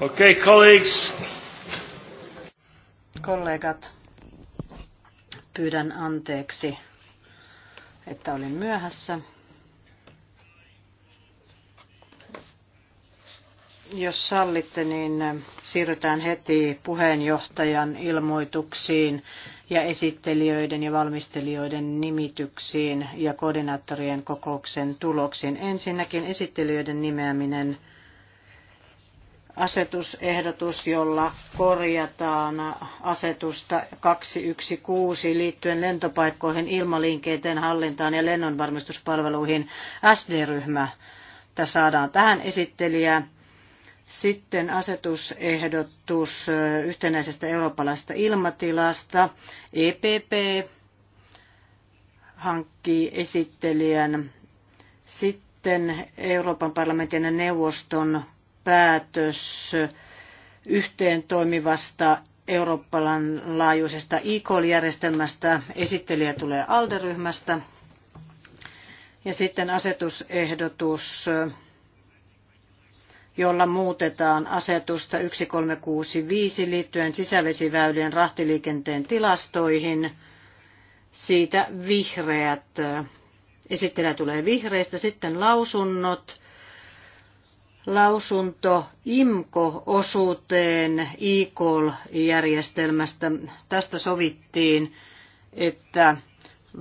Okay, colleagues. Kollegat, pyydän anteeksi, että olin myöhässä. Jos sallitte, niin siirrytään heti puheenjohtajan ilmoituksiin ja esittelijöiden ja valmistelijoiden nimityksiin ja koordinaattorien kokouksen tuloksiin. Ensinnäkin esittelijöiden nimeäminen asetusehdotus, jolla korjataan asetusta 216 liittyen lentopaikkoihin, ilmaliikenteen hallintaan ja lennonvarmistuspalveluihin SD-ryhmä. Tässä saadaan tähän esittelijä Sitten asetusehdotus yhtenäisestä eurooppalaisesta ilmatilasta. EPP hankkii esittelijän. Sitten Euroopan parlamentin ja neuvoston päätös yhteen toimivasta Euroopan laajuisesta e järjestelmästä Esittelijä tulee ALDE-ryhmästä. Ja sitten asetusehdotus, jolla muutetaan asetusta 1365 liittyen sisävesiväylien rahtiliikenteen tilastoihin. Siitä vihreät. Esittelijä tulee vihreistä. Sitten lausunnot lausunto IMKO-osuuteen IKOL-järjestelmästä. Tästä sovittiin, että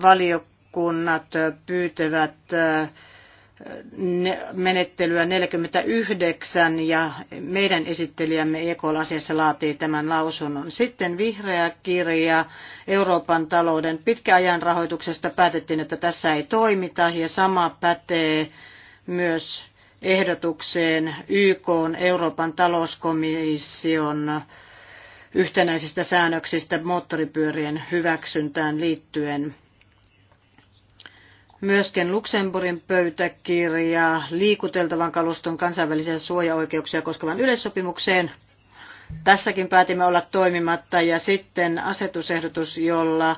valiokunnat pyytävät äh, menettelyä 49 ja meidän esittelijämme EKL-asiassa laatii tämän lausunnon. Sitten vihreä kirja Euroopan talouden pitkäajan rahoituksesta päätettiin, että tässä ei toimita ja sama pätee myös ehdotukseen YK Euroopan talouskomission yhtenäisistä säännöksistä moottoripyörien hyväksyntään liittyen. Myöskin Luxemburgin pöytäkirja liikuteltavan kaluston kansainvälisiä suojaoikeuksia koskevan yleissopimukseen. Tässäkin päätimme olla toimimatta ja sitten asetusehdotus, jolla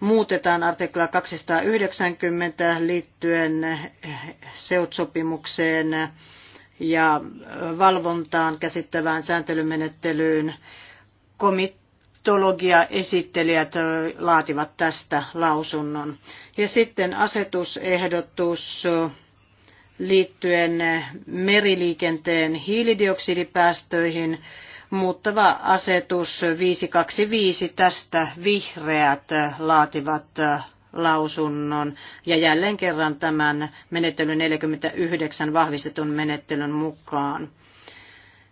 muutetaan artikla 290 liittyen seutsopimukseen ja valvontaan käsittävään sääntelymenettelyyn. Komitologiaesittelijät esittelijät laativat tästä lausunnon. Ja sitten asetusehdotus liittyen meriliikenteen hiilidioksidipäästöihin muuttava asetus 525 tästä vihreät laativat äh, lausunnon ja jälleen kerran tämän menettelyn 49 vahvistetun menettelyn mukaan.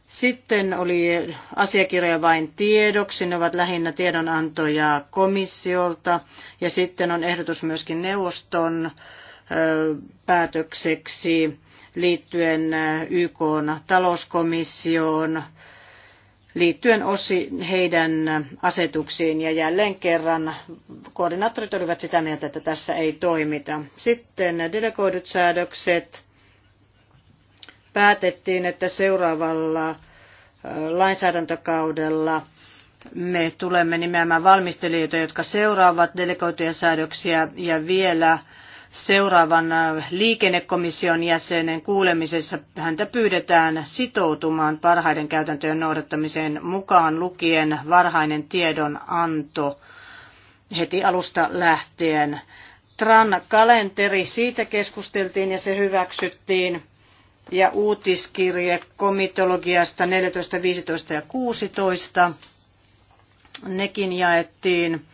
Sitten oli asiakirja vain tiedoksi, ne ovat lähinnä tiedonantoja komissiolta ja sitten on ehdotus myöskin neuvoston äh, päätökseksi liittyen äh, YK talouskomissioon liittyen osin heidän asetuksiin. Ja jälleen kerran koordinaattorit olivat sitä mieltä, että tässä ei toimita. Sitten delegoidut säädökset. Päätettiin, että seuraavalla lainsäädäntökaudella me tulemme nimeämään valmistelijoita, jotka seuraavat delegoituja säädöksiä ja vielä seuraavan äh, liikennekomission jäsenen kuulemisessa häntä pyydetään sitoutumaan parhaiden käytäntöjen noudattamiseen mukaan lukien varhainen tiedonanto heti alusta lähtien. Tran kalenteri, siitä keskusteltiin ja se hyväksyttiin. Ja uutiskirje komitologiasta 14, 15 ja 16. Nekin jaettiin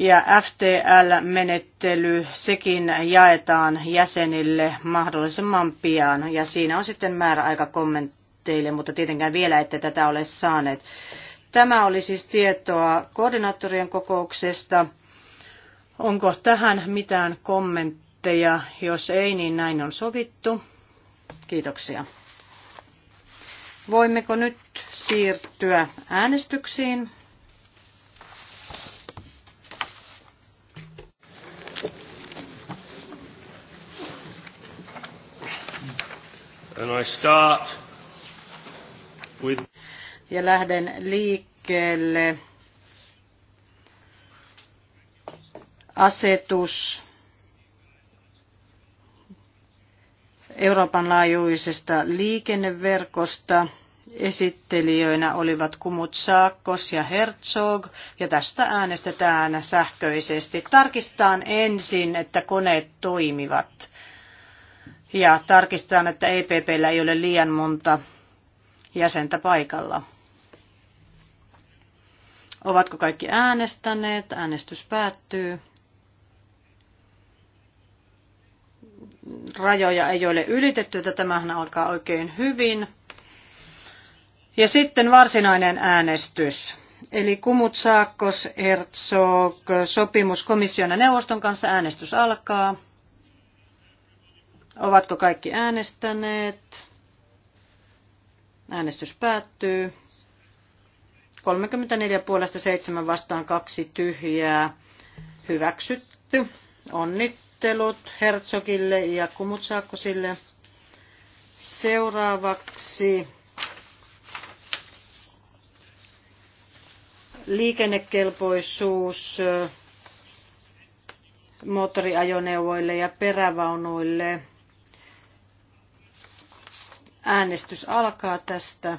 ja FTL-menettely, sekin jaetaan jäsenille mahdollisimman pian. Ja siinä on sitten määräaika kommentteille, mutta tietenkään vielä ette tätä ole saaneet. Tämä oli siis tietoa koordinaattorien kokouksesta. Onko tähän mitään kommentteja? Jos ei, niin näin on sovittu. Kiitoksia. Voimmeko nyt siirtyä äänestyksiin? And I start with... Ja lähden liikkeelle asetus Euroopan laajuisesta liikenneverkosta. Esittelijöinä olivat Kumut Saakkos ja Herzog, ja tästä äänestetään sähköisesti. Tarkistaan ensin, että koneet toimivat. Ja tarkistetaan, että EPPllä ei ole liian monta jäsentä paikalla. Ovatko kaikki äänestäneet? Äänestys päättyy. Rajoja ei ole ylitetty, että tämähän alkaa oikein hyvin. Ja sitten varsinainen äänestys. Eli Kumut Saakkos Herzog sopimus komission ja neuvoston kanssa äänestys alkaa. Ovatko kaikki äänestäneet? Äänestys päättyy. 34 puolesta 7 vastaan kaksi tyhjää. Hyväksytty. Onnittelut Herzogille ja Kumutsaakkosille. Seuraavaksi liikennekelpoisuus äh, moottoriajoneuvoille ja perävaunuille. Äänestys alkaa tästä.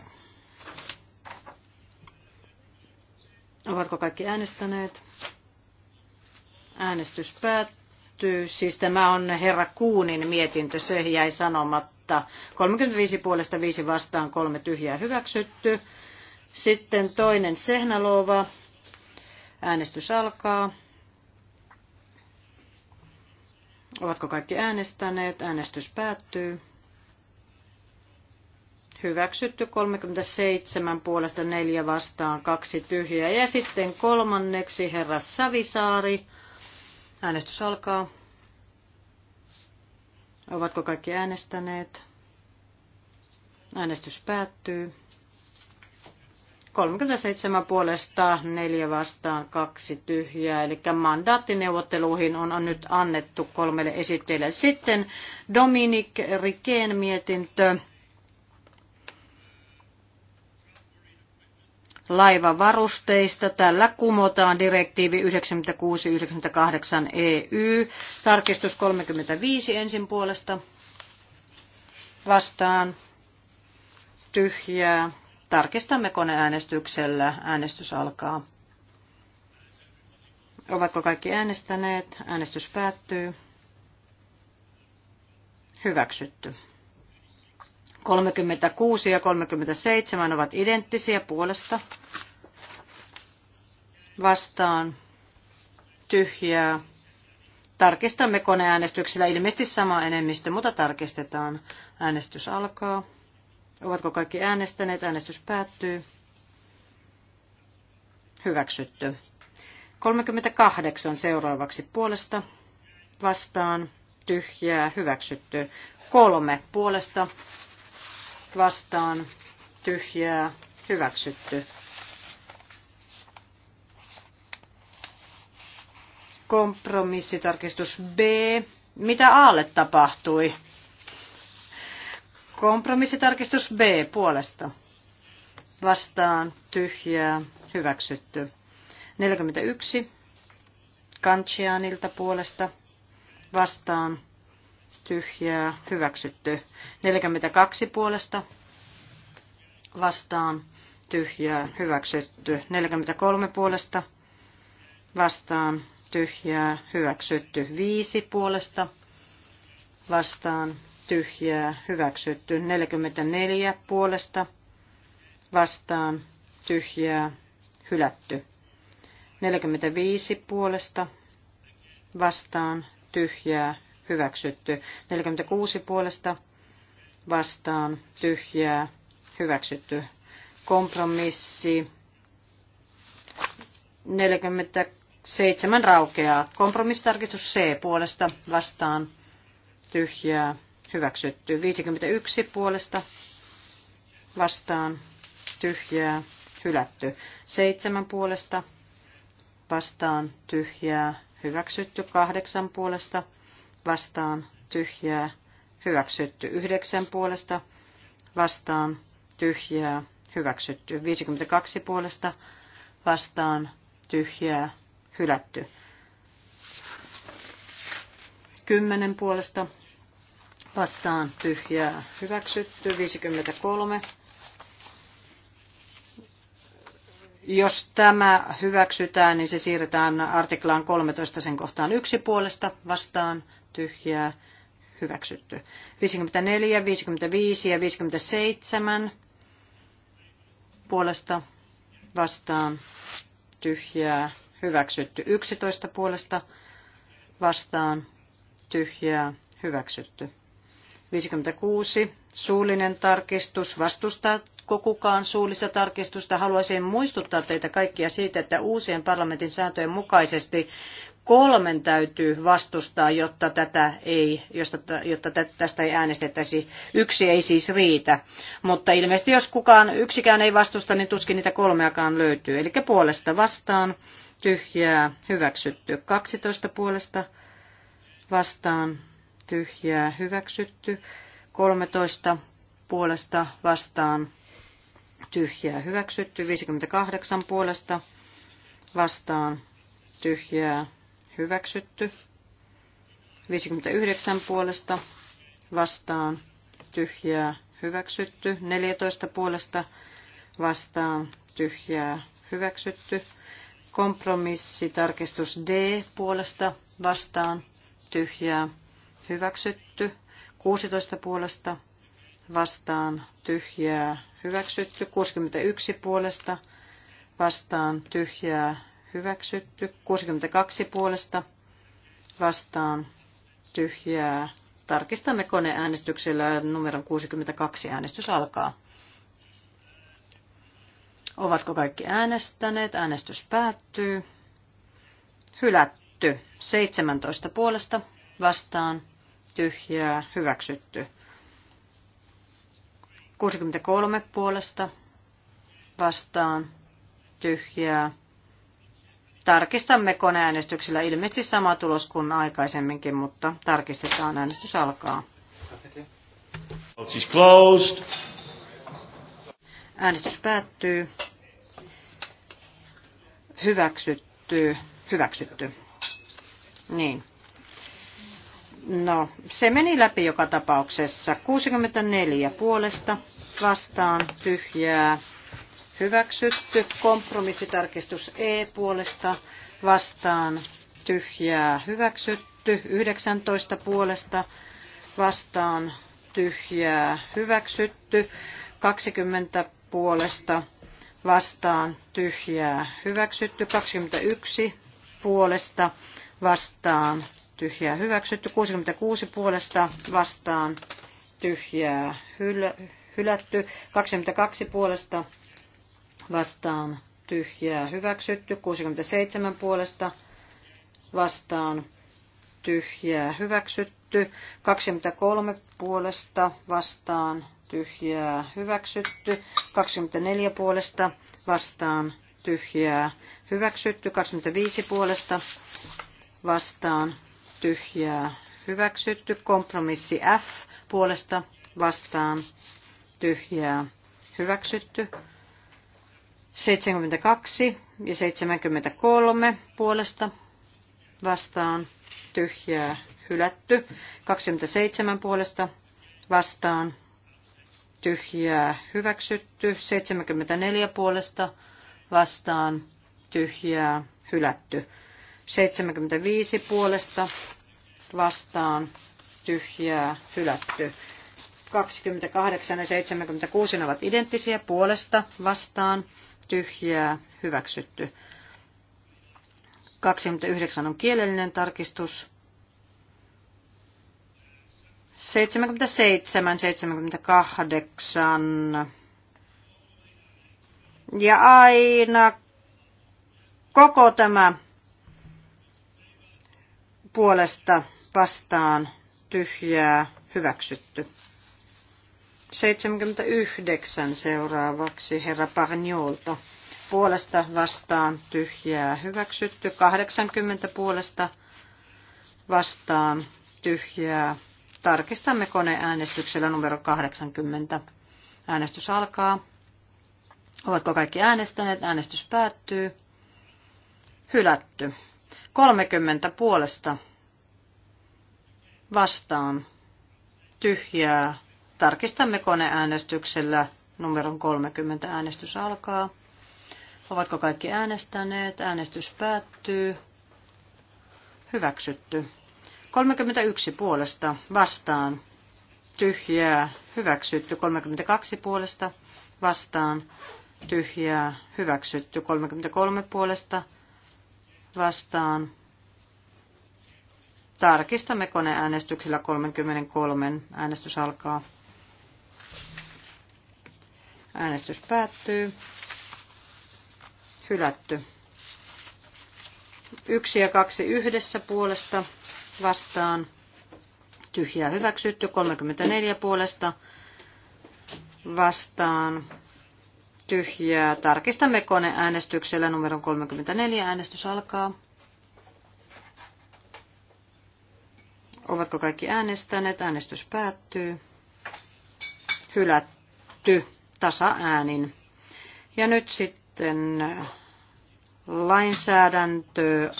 Ovatko kaikki äänestäneet? Äänestys päättyy. Siis tämä on herra Kuunin mietintö, se jäi sanomatta. 35 puolesta 5 vastaan, kolme tyhjää hyväksytty. Sitten toinen Sehnalova. Äänestys alkaa. Ovatko kaikki äänestäneet? Äänestys päättyy hyväksytty 37 puolesta 4 vastaan, kaksi tyhjää. Ja sitten kolmanneksi herra Savisaari. Äänestys alkaa. Ovatko kaikki äänestäneet? Äänestys päättyy. 37 puolesta, 4 vastaan, 2 tyhjää. Eli mandaattineuvotteluihin on nyt annettu kolmelle esittäjälle. Sitten Dominik Rikeen mietintö. laivavarusteista. Tällä kumotaan direktiivi 96-98 EU. Tarkistus 35 ensin puolesta. Vastaan. Tyhjää. Tarkistamme koneäänestyksellä. Äänestys alkaa. Ovatko kaikki äänestäneet? Äänestys päättyy. Hyväksytty. 36 ja 37 ovat identtisiä puolesta. Vastaan tyhjää. Tarkistamme koneäänestyksellä ilmeisesti sama enemmistö, mutta tarkistetaan. Äänestys alkaa. Ovatko kaikki äänestäneet? Äänestys päättyy. Hyväksytty. 38 seuraavaksi puolesta. Vastaan. Tyhjää. Hyväksytty. Kolme puolesta vastaan tyhjää hyväksytty. Kompromissitarkistus B. Mitä Aalle tapahtui? Kompromissitarkistus B puolesta. Vastaan tyhjää hyväksytty. 41. Kanchianilta puolesta vastaan tyhjää, hyväksytty. 42 puolesta vastaan, tyhjää, hyväksytty. 43 puolesta vastaan, tyhjää, hyväksytty. 5 puolesta vastaan, tyhjää, hyväksytty. 44 puolesta vastaan, tyhjää, hylätty. 45 puolesta vastaan, tyhjää, hyväksytty. 46 puolesta vastaan tyhjää hyväksytty. Kompromissi 47 raukeaa. Kompromissitarkistus C puolesta vastaan tyhjää hyväksytty. 51 puolesta vastaan tyhjää hylätty. 7 puolesta vastaan tyhjää hyväksytty. 8 puolesta vastaan, vastaan tyhjää hyväksytty. yhdeksän puolesta vastaan tyhjää hyväksytty. 52 puolesta vastaan tyhjää hylätty. 10 puolesta vastaan tyhjää hyväksytty. 53 Jos tämä hyväksytään, niin se siirretään artiklaan 13 sen kohtaan yksi puolesta vastaan tyhjää hyväksytty. 54, 55 ja 57 puolesta vastaan tyhjää hyväksytty. 11 puolesta vastaan tyhjää hyväksytty. 56. Suullinen tarkistus. vastustaa vastustanutko kukaan suullista tarkistusta. Haluaisin muistuttaa teitä kaikkia siitä, että uusien parlamentin sääntöjen mukaisesti kolmen täytyy vastustaa, jotta, tätä ei, josta, jotta tästä ei äänestettäisi. Yksi ei siis riitä. Mutta ilmeisesti jos kukaan yksikään ei vastusta, niin tuskin niitä kolmeakaan löytyy. Eli puolesta vastaan, tyhjää, hyväksytty. 12 puolesta vastaan, tyhjää, hyväksytty. 13 puolesta vastaan, tyhjää hyväksytty, 58 puolesta vastaan tyhjää hyväksytty, 59 puolesta vastaan tyhjää hyväksytty, 14 puolesta vastaan tyhjää hyväksytty, kompromissitarkistus D puolesta vastaan tyhjää hyväksytty, 16 puolesta vastaan tyhjää hyväksytty. 61 puolesta vastaan tyhjää hyväksytty. 62 puolesta vastaan tyhjää. Tarkistamme koneäänestyksellä numeron 62 äänestys alkaa. Ovatko kaikki äänestäneet? Äänestys päättyy. Hylätty. 17 puolesta vastaan tyhjää hyväksytty. 63 puolesta vastaan tyhjää. Tarkistamme koneäänestyksellä ilmeisesti sama tulos kuin aikaisemminkin, mutta tarkistetaan äänestys alkaa. Äänestys päättyy. Hyväksytty. Hyväksytty. Niin. No, se meni läpi joka tapauksessa. 64 puolesta vastaan tyhjää hyväksytty. Kompromissitarkistus E puolesta vastaan tyhjää hyväksytty. 19 puolesta vastaan tyhjää hyväksytty. 20 puolesta vastaan tyhjää hyväksytty. 21 puolesta vastaan tyhjää hyväksytty. 66 puolesta vastaan tyhjää hylätty hylätty. 22 puolesta vastaan tyhjää hyväksytty. 67 puolesta vastaan tyhjää hyväksytty. 23 puolesta vastaan tyhjää hyväksytty. 24 puolesta vastaan tyhjää hyväksytty. 25 puolesta vastaan tyhjää hyväksytty. Kompromissi F puolesta vastaan tyhjää hyväksytty. 72 ja 73 puolesta vastaan tyhjää hylätty. 27 puolesta vastaan tyhjää hyväksytty. 74 puolesta vastaan tyhjää hylätty. 75 puolesta vastaan tyhjää hylätty. 28 ja 76 ovat identtisiä puolesta vastaan tyhjää hyväksytty. 29 on kielellinen tarkistus. 77, 78 ja aina koko tämä puolesta vastaan tyhjää hyväksytty. 79 seuraavaksi herra Parniolta. Puolesta vastaan tyhjää hyväksytty. 80 puolesta vastaan tyhjää. Tarkistamme koneäänestyksellä numero 80. Äänestys alkaa. Ovatko kaikki äänestäneet? Äänestys päättyy. Hylätty. 30 puolesta vastaan tyhjää Tarkistamme koneäänestyksellä. Numeron 30 äänestys alkaa. Ovatko kaikki äänestäneet? Äänestys päättyy. Hyväksytty. 31 puolesta vastaan. Tyhjää. Hyväksytty. 32 puolesta vastaan. Tyhjää. Hyväksytty. 33 puolesta vastaan. Tarkistamme koneäänestyksellä 33. Äänestys alkaa. Äänestys päättyy. Hylätty. Yksi ja kaksi yhdessä puolesta vastaan. Tyhjää hyväksytty. 34 puolesta vastaan. Tyhjää. Tarkistamme koneäänestyksellä numero 34. Äänestys alkaa. Ovatko kaikki äänestäneet? Äänestys päättyy. Hylätty tasaäänin. Ja nyt sitten lainsäädäntö, äh,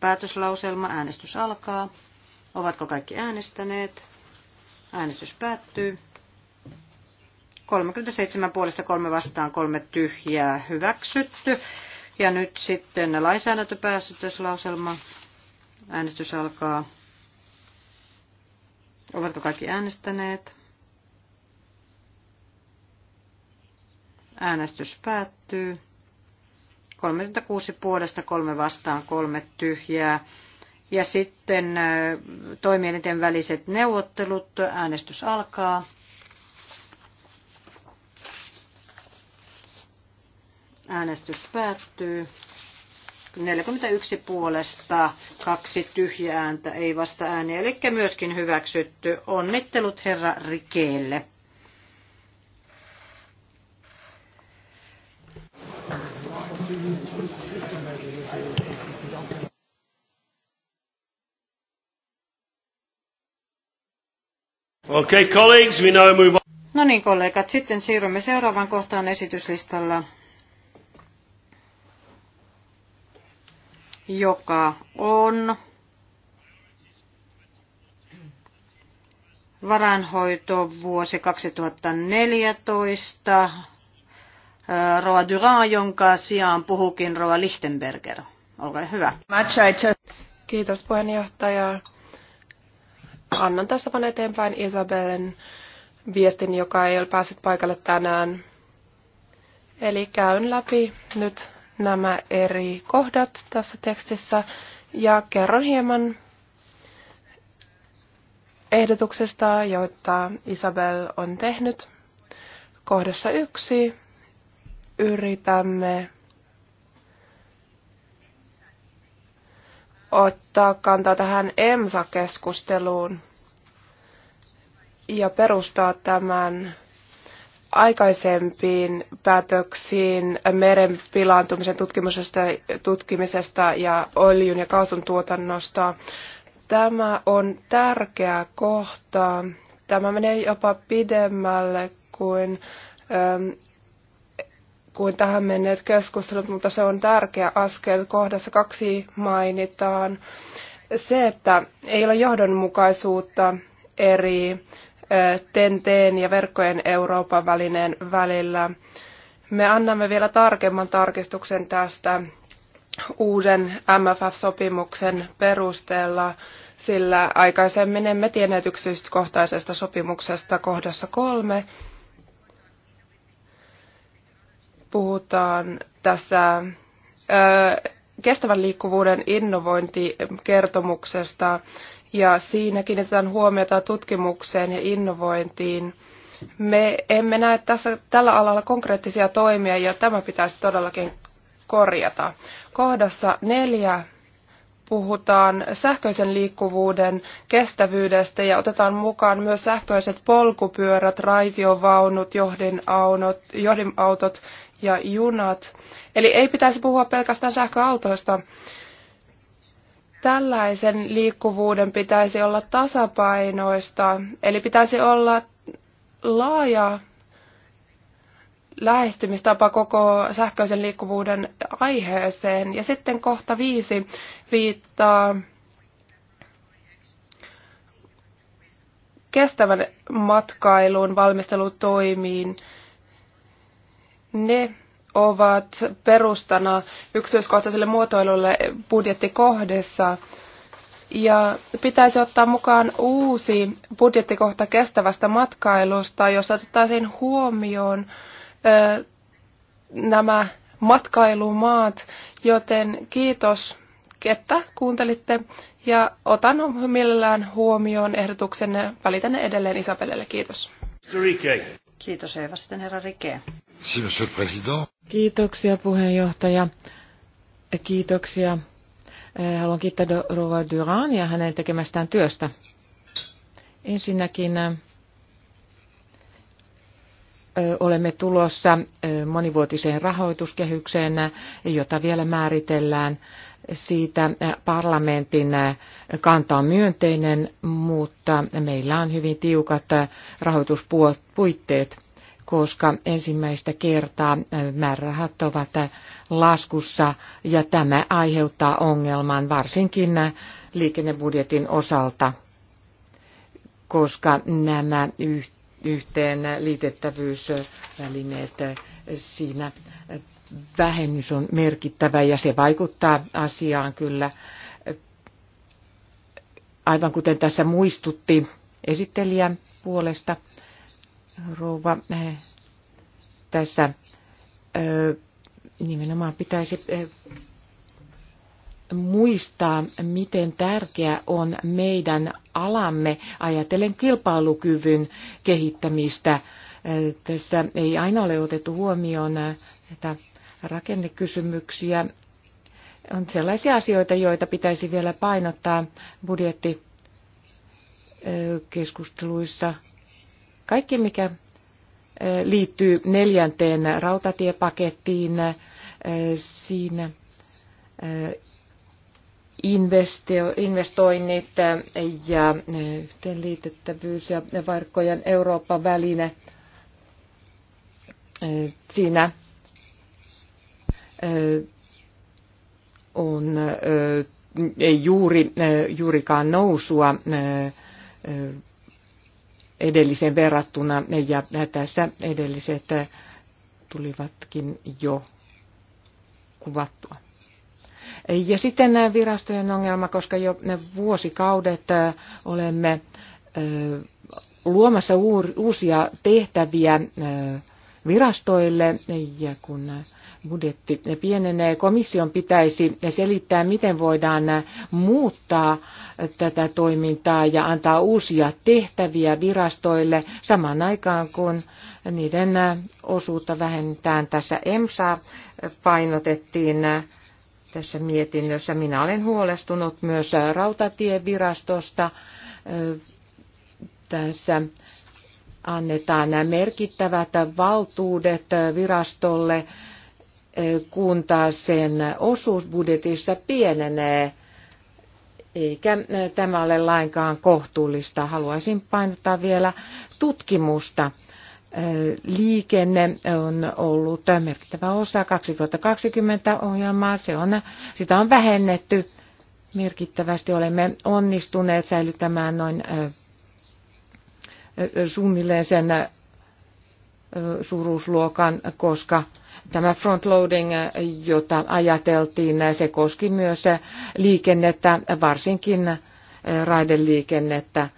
päätöslauselma, äänestys alkaa. Ovatko kaikki äänestäneet? Äänestys päättyy. 37 puolesta kolme vastaan kolme tyhjää hyväksytty. Ja nyt sitten lainsäädäntöpäätöslauselma. Äänestys alkaa. Ovatko kaikki äänestäneet? Äänestys päättyy. 36 puolesta, kolme vastaan, kolme tyhjää. Ja sitten toimielinten väliset neuvottelut. Äänestys alkaa. Äänestys päättyy. 41 puolesta, kaksi tyhjää ääntä, ei vasta ääniä, eli myöskin hyväksytty. Onnittelut herra Rikeelle. Okay, colleagues, we now move on. No niin, kollegat, sitten siirrymme seuraavaan kohtaan esityslistalla, joka on varainhoito vuosi 2014. Roa Duran, jonka sijaan puhukin Roa Lichtenberger. Olkaa hyvä. Kiitos puheenjohtaja annan tässä vain eteenpäin Isabellen viestin, joka ei ole päässyt paikalle tänään. Eli käyn läpi nyt nämä eri kohdat tässä tekstissä ja kerron hieman ehdotuksesta, joita Isabel on tehnyt. Kohdassa yksi yritämme ottaa kantaa tähän EMSA-keskusteluun ja perustaa tämän aikaisempiin päätöksiin meren pilaantumisen tutkimisesta, tutkimisesta ja öljyn ja kaasun tuotannosta. Tämä on tärkeä kohta. Tämä menee jopa pidemmälle kuin kuin tähän menneet keskustelut, mutta se on tärkeä askel. Kohdassa kaksi mainitaan se, että ei ole johdonmukaisuutta eri TENTEen ja verkkojen Euroopan välineen välillä. Me annamme vielä tarkemman tarkistuksen tästä uuden MFF-sopimuksen perusteella, sillä aikaisemmin emme tienneet yksityiskohtaisesta sopimuksesta kohdassa kolme, puhutaan tässä kestävän liikkuvuuden innovointikertomuksesta ja siinä kiinnitetään huomiota tutkimukseen ja innovointiin. Me emme näe tässä, tällä alalla konkreettisia toimia ja tämä pitäisi todellakin korjata. Kohdassa neljä puhutaan sähköisen liikkuvuuden kestävyydestä ja otetaan mukaan myös sähköiset polkupyörät, raitiovaunut, johdinautot, johdinautot ja junat. Eli ei pitäisi puhua pelkästään sähköautoista. Tällaisen liikkuvuuden pitäisi olla tasapainoista, eli pitäisi olla laaja lähestymistapa koko sähköisen liikkuvuuden aiheeseen. Ja sitten kohta viisi viittaa kestävän matkailun valmistelutoimiin. Ne ovat perustana yksityiskohtaiselle muotoilulle budjettikohdessa. Ja pitäisi ottaa mukaan uusi budjettikohta kestävästä matkailusta, jossa otettaisiin huomioon ö, nämä matkailumaat, joten kiitos, että kuuntelitte ja otan millään huomioon ehdotuksenne. Välitän ne edelleen Isabellelle. Kiitos. Kiitos Eva, sitten herra Rike. Kiitoksia puheenjohtaja. Kiitoksia. Eh, haluan kiittää Rova ja hänen tekemästään työstä. Ensinnäkin eh, olemme tulossa eh, monivuotiseen rahoituskehykseen, jota vielä määritellään. Siitä parlamentin kanta on myönteinen, mutta meillä on hyvin tiukat rahoituspuitteet koska ensimmäistä kertaa äh, määrärahat ovat äh, laskussa ja tämä aiheuttaa ongelman varsinkin äh, liikennebudjetin osalta, koska nämä yhteen liitettävyysvälineet siinä vähennys on merkittävä ja se vaikuttaa asiaan kyllä. Aivan kuten tässä muistutti esittelijän puolesta, rouva. Eh, tässä eh, nimenomaan pitäisi eh, muistaa, miten tärkeä on meidän alamme ajatellen kilpailukyvyn kehittämistä. Tässä ei aina ole otettu huomioon näitä rakennekysymyksiä. On sellaisia asioita, joita pitäisi vielä painottaa budjetti keskusteluissa. Kaikki, mikä e, liittyy neljänteen rautatiepakettiin, e, siinä e, investoinnit ja yhteenliitettävyys ja verkkojen Euroopan väline. Siinä on ei juuri, juurikaan nousua edelliseen verrattuna. Ja tässä edelliset tulivatkin jo kuvattua. Ja sitten nämä virastojen ongelma, koska jo ne vuosikaudet olemme luomassa uusia tehtäviä virastoille ja kun budjetti pienenee. Komission pitäisi selittää, miten voidaan muuttaa tätä toimintaa ja antaa uusia tehtäviä virastoille samaan aikaan, kun niiden osuutta vähentään Tässä EMSA painotettiin tässä mietinnössä. Minä olen huolestunut myös rautatievirastosta. Tässä annetaan merkittävät valtuudet virastolle kun taas sen osuus budjetissa pienenee, eikä tämä ole lainkaan kohtuullista. Haluaisin painottaa vielä tutkimusta. Liikenne on ollut merkittävä osa 2020 ohjelmaa. Se on, sitä on vähennetty merkittävästi. Olemme onnistuneet säilyttämään noin suunnilleen sen suuruusluokan, koska Tämä frontloading, jota ajateltiin, se koski myös liikennettä, varsinkin raideliikennettä.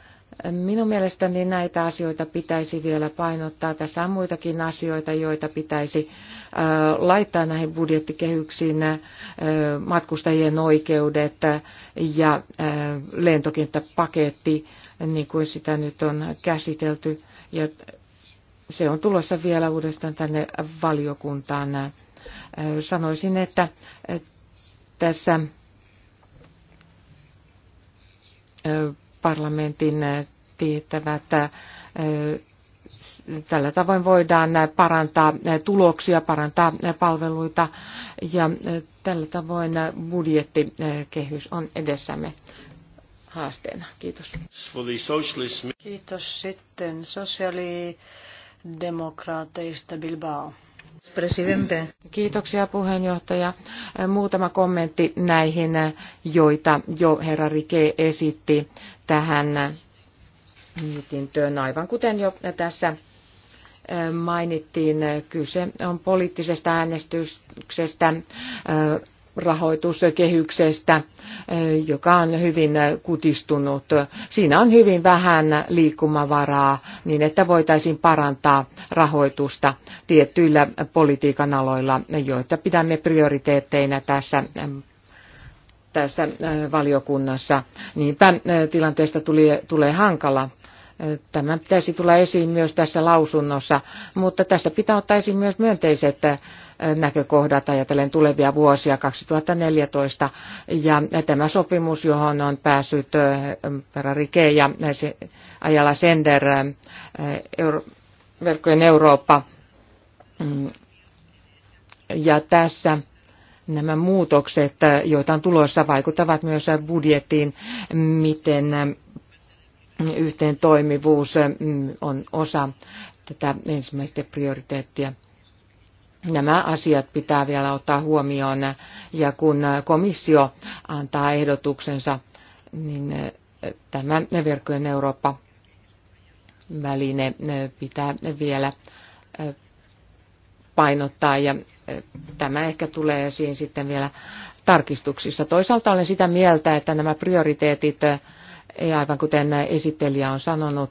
Minun mielestäni näitä asioita pitäisi vielä painottaa. Tässä on muitakin asioita, joita pitäisi laittaa näihin budjettikehyksiin matkustajien oikeudet ja lentokenttäpaketti, niin kuin sitä nyt on käsitelty. Ja se on tulossa vielä uudestaan tänne valiokuntaan. Äh, sanoisin, että äh, tässä äh, parlamentin tehtävät tällä tavoin voidaan parantaa tuloksia, parantaa palveluita ja tällä tavoin budjettikehys on edessämme haasteena. Kiitos. Kiitos sitten sosiaali demokraateista Bilbao. Presidente. Kiitoksia puheenjohtaja. Muutama kommentti näihin, joita jo herra Rike esitti tähän mietintöön. Aivan kuten jo tässä eh, mainittiin, kyse on poliittisesta äänestyksestä eh, rahoituskehyksestä, joka on hyvin kutistunut. Siinä on hyvin vähän liikkumavaraa niin, että voitaisiin parantaa rahoitusta tiettyillä politiikan aloilla, joita pidämme prioriteetteina tässä tässä valiokunnassa. Niinpä tilanteesta tuli, tulee hankala. Tämä pitäisi tulla esiin myös tässä lausunnossa, mutta tässä pitää ottaa esiin myös myönteiset äh, näkökohdat ajatellen tulevia vuosia 2014. Ja tämä sopimus, johon on päässyt äh, Rike ja äh, Ajala Sender, verkkojen Eurooppa. Mm. Ja tässä nämä muutokset, joita on tulossa, vaikuttavat myös budjettiin, miten yhteen toimivuus mm, on osa tätä ensimmäistä prioriteettia. Nämä asiat pitää vielä ottaa huomioon ja kun komissio antaa ehdotuksensa, niin tämä verkkojen Eurooppa-väline pitää vielä painottaa ja tämä ehkä tulee esiin sitten vielä tarkistuksissa. Toisaalta olen sitä mieltä, että nämä prioriteetit aivan kuten esittelijä on sanonut,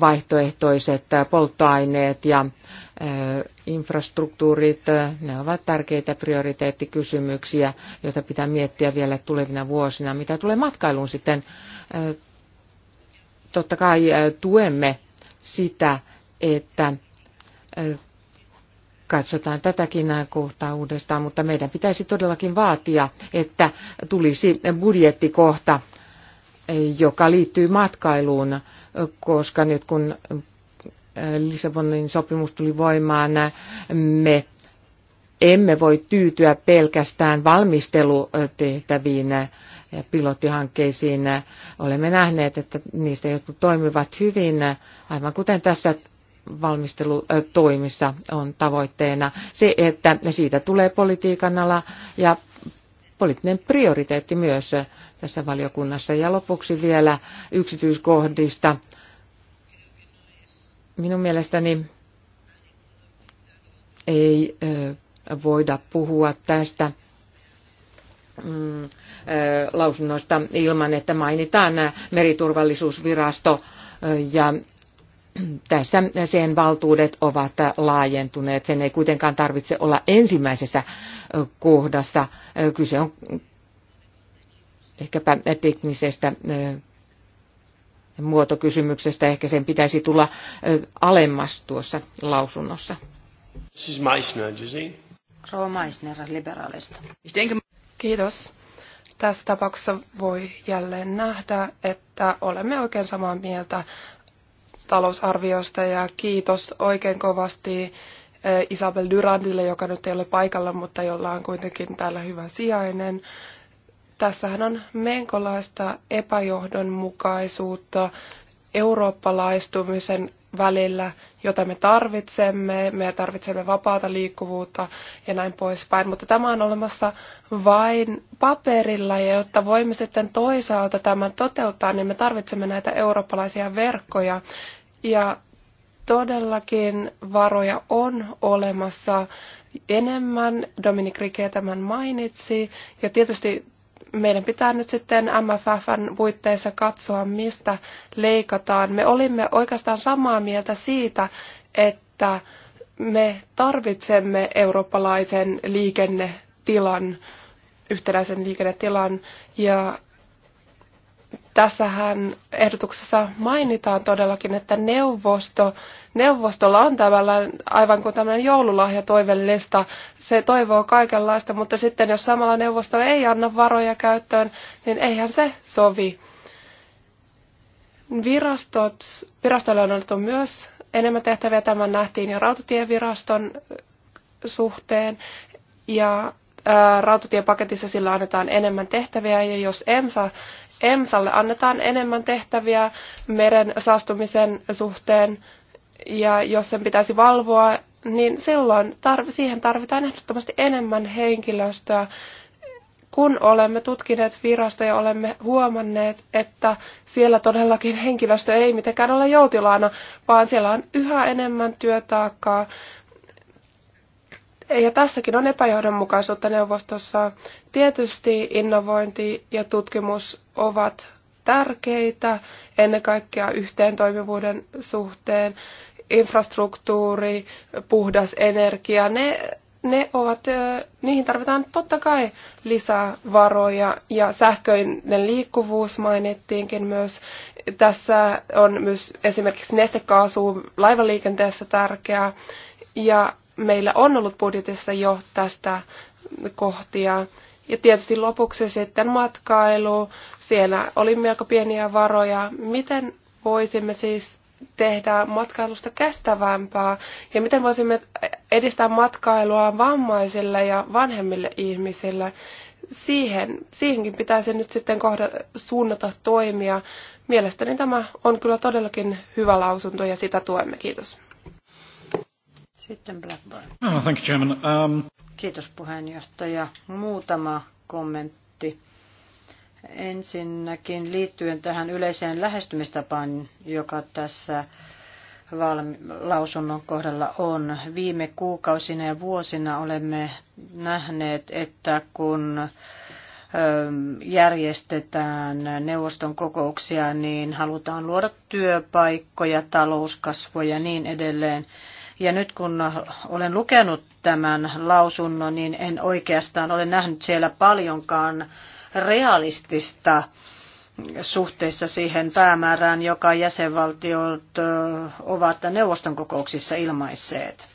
vaihtoehtoiset polttoaineet ja infrastruktuurit, ne ovat tärkeitä prioriteettikysymyksiä, joita pitää miettiä vielä tulevina vuosina. Mitä tulee matkailuun sitten, totta kai tuemme sitä, että katsotaan tätäkin kohtaa uudestaan, mutta meidän pitäisi todellakin vaatia, että tulisi budjettikohta joka liittyy matkailuun, koska nyt kun Lissabonin sopimus tuli voimaan, me emme voi tyytyä pelkästään valmistelutehtäviin ja pilottihankkeisiin. Olemme nähneet, että niistä jotkut toimivat hyvin, aivan kuten tässä valmistelutoimissa on tavoitteena se, että siitä tulee politiikan ala ja poliittinen prioriteetti myös tässä valiokunnassa. Ja lopuksi vielä yksityiskohdista. Minun mielestäni ei voida puhua tästä mm, lausunnosta ilman, että mainitaan meriturvallisuusvirasto ja tässä sen valtuudet ovat laajentuneet. Sen ei kuitenkaan tarvitse olla ensimmäisessä kohdassa. Kyse on ehkäpä teknisestä eh, muotokysymyksestä. Ehkä sen pitäisi tulla eh, alemmas tuossa lausunnossa. Siis Meissner, Rova Meissner, liberaalista. Kiitos. Tässä tapauksessa voi jälleen nähdä, että olemme oikein samaa mieltä talousarviosta ja kiitos oikein kovasti eh, Isabel Durandille, joka nyt ei ole paikalla, mutta jolla on kuitenkin täällä hyvä sijainen. Tässähän on menkolaista epäjohdonmukaisuutta eurooppalaistumisen välillä, jota me tarvitsemme. Me tarvitsemme vapaata liikkuvuutta ja näin poispäin. Mutta tämä on olemassa vain paperilla ja jotta voimme sitten toisaalta tämän toteuttaa, niin me tarvitsemme näitä eurooppalaisia verkkoja. Ja todellakin varoja on olemassa enemmän. Dominik Rike tämän mainitsi. Ja tietysti meidän pitää nyt sitten MFFn puitteissa katsoa, mistä leikataan. Me olimme oikeastaan samaa mieltä siitä, että me tarvitsemme eurooppalaisen liikennetilan, yhtenäisen liikennetilan, ja Tässähän ehdotuksessa mainitaan todellakin, että neuvosto, neuvostolla on tavallaan aivan kuin tämmöinen joululahja toivellista. Se toivoo kaikenlaista, mutta sitten jos samalla neuvosto ei anna varoja käyttöön, niin eihän se sovi. Virastot, virastoilla on annettu myös enemmän tehtäviä. Tämän nähtiin jo rautatieviraston äh, suhteen. Ja äh, rautatiepaketissa sillä annetaan enemmän tehtäviä ja jos EMSA EMSalle annetaan enemmän tehtäviä meren saastumisen suhteen, ja jos sen pitäisi valvoa, niin silloin tarv- siihen tarvitaan ehdottomasti enemmän henkilöstöä. Kun olemme tutkineet virastoja, olemme huomanneet, että siellä todellakin henkilöstö ei mitenkään ole joutilaana, vaan siellä on yhä enemmän työtaakkaa ja tässäkin on epäjohdonmukaisuutta neuvostossa. Tietysti innovointi ja tutkimus ovat tärkeitä ennen kaikkea yhteentoimivuuden suhteen. Infrastruktuuri, puhdas energia, ne, ne ovat, niihin tarvitaan totta kai lisää varoja ja sähköinen liikkuvuus mainittiinkin myös. Tässä on myös esimerkiksi nestekaasu laivaliikenteessä tärkeää ja meillä on ollut budjetissa jo tästä kohtia. Ja tietysti lopuksi sitten matkailu, siellä oli melko pieniä varoja. Miten voisimme siis tehdä matkailusta kestävämpää ja miten voisimme edistää matkailua vammaisille ja vanhemmille ihmisille. Siihen, siihenkin pitäisi nyt sitten kohda, suunnata toimia. Mielestäni tämä on kyllä todellakin hyvä lausunto ja sitä tuemme. Kiitos. Sitten Blackburn. Oh, thank you, Chairman. Um... Kiitos puheenjohtaja. Muutama kommentti. Ensinnäkin liittyen tähän yleiseen lähestymistapaan, joka tässä lausunnon kohdalla on. Viime kuukausina ja vuosina olemme nähneet, että kun ähm, järjestetään neuvoston kokouksia, niin halutaan luoda työpaikkoja, talouskasvoja ja niin edelleen. Ja nyt kun olen lukenut tämän lausunnon, niin en oikeastaan ole nähnyt siellä paljonkaan realistista suhteessa siihen päämäärään, joka jäsenvaltiot ovat neuvoston kokouksissa ilmaisseet.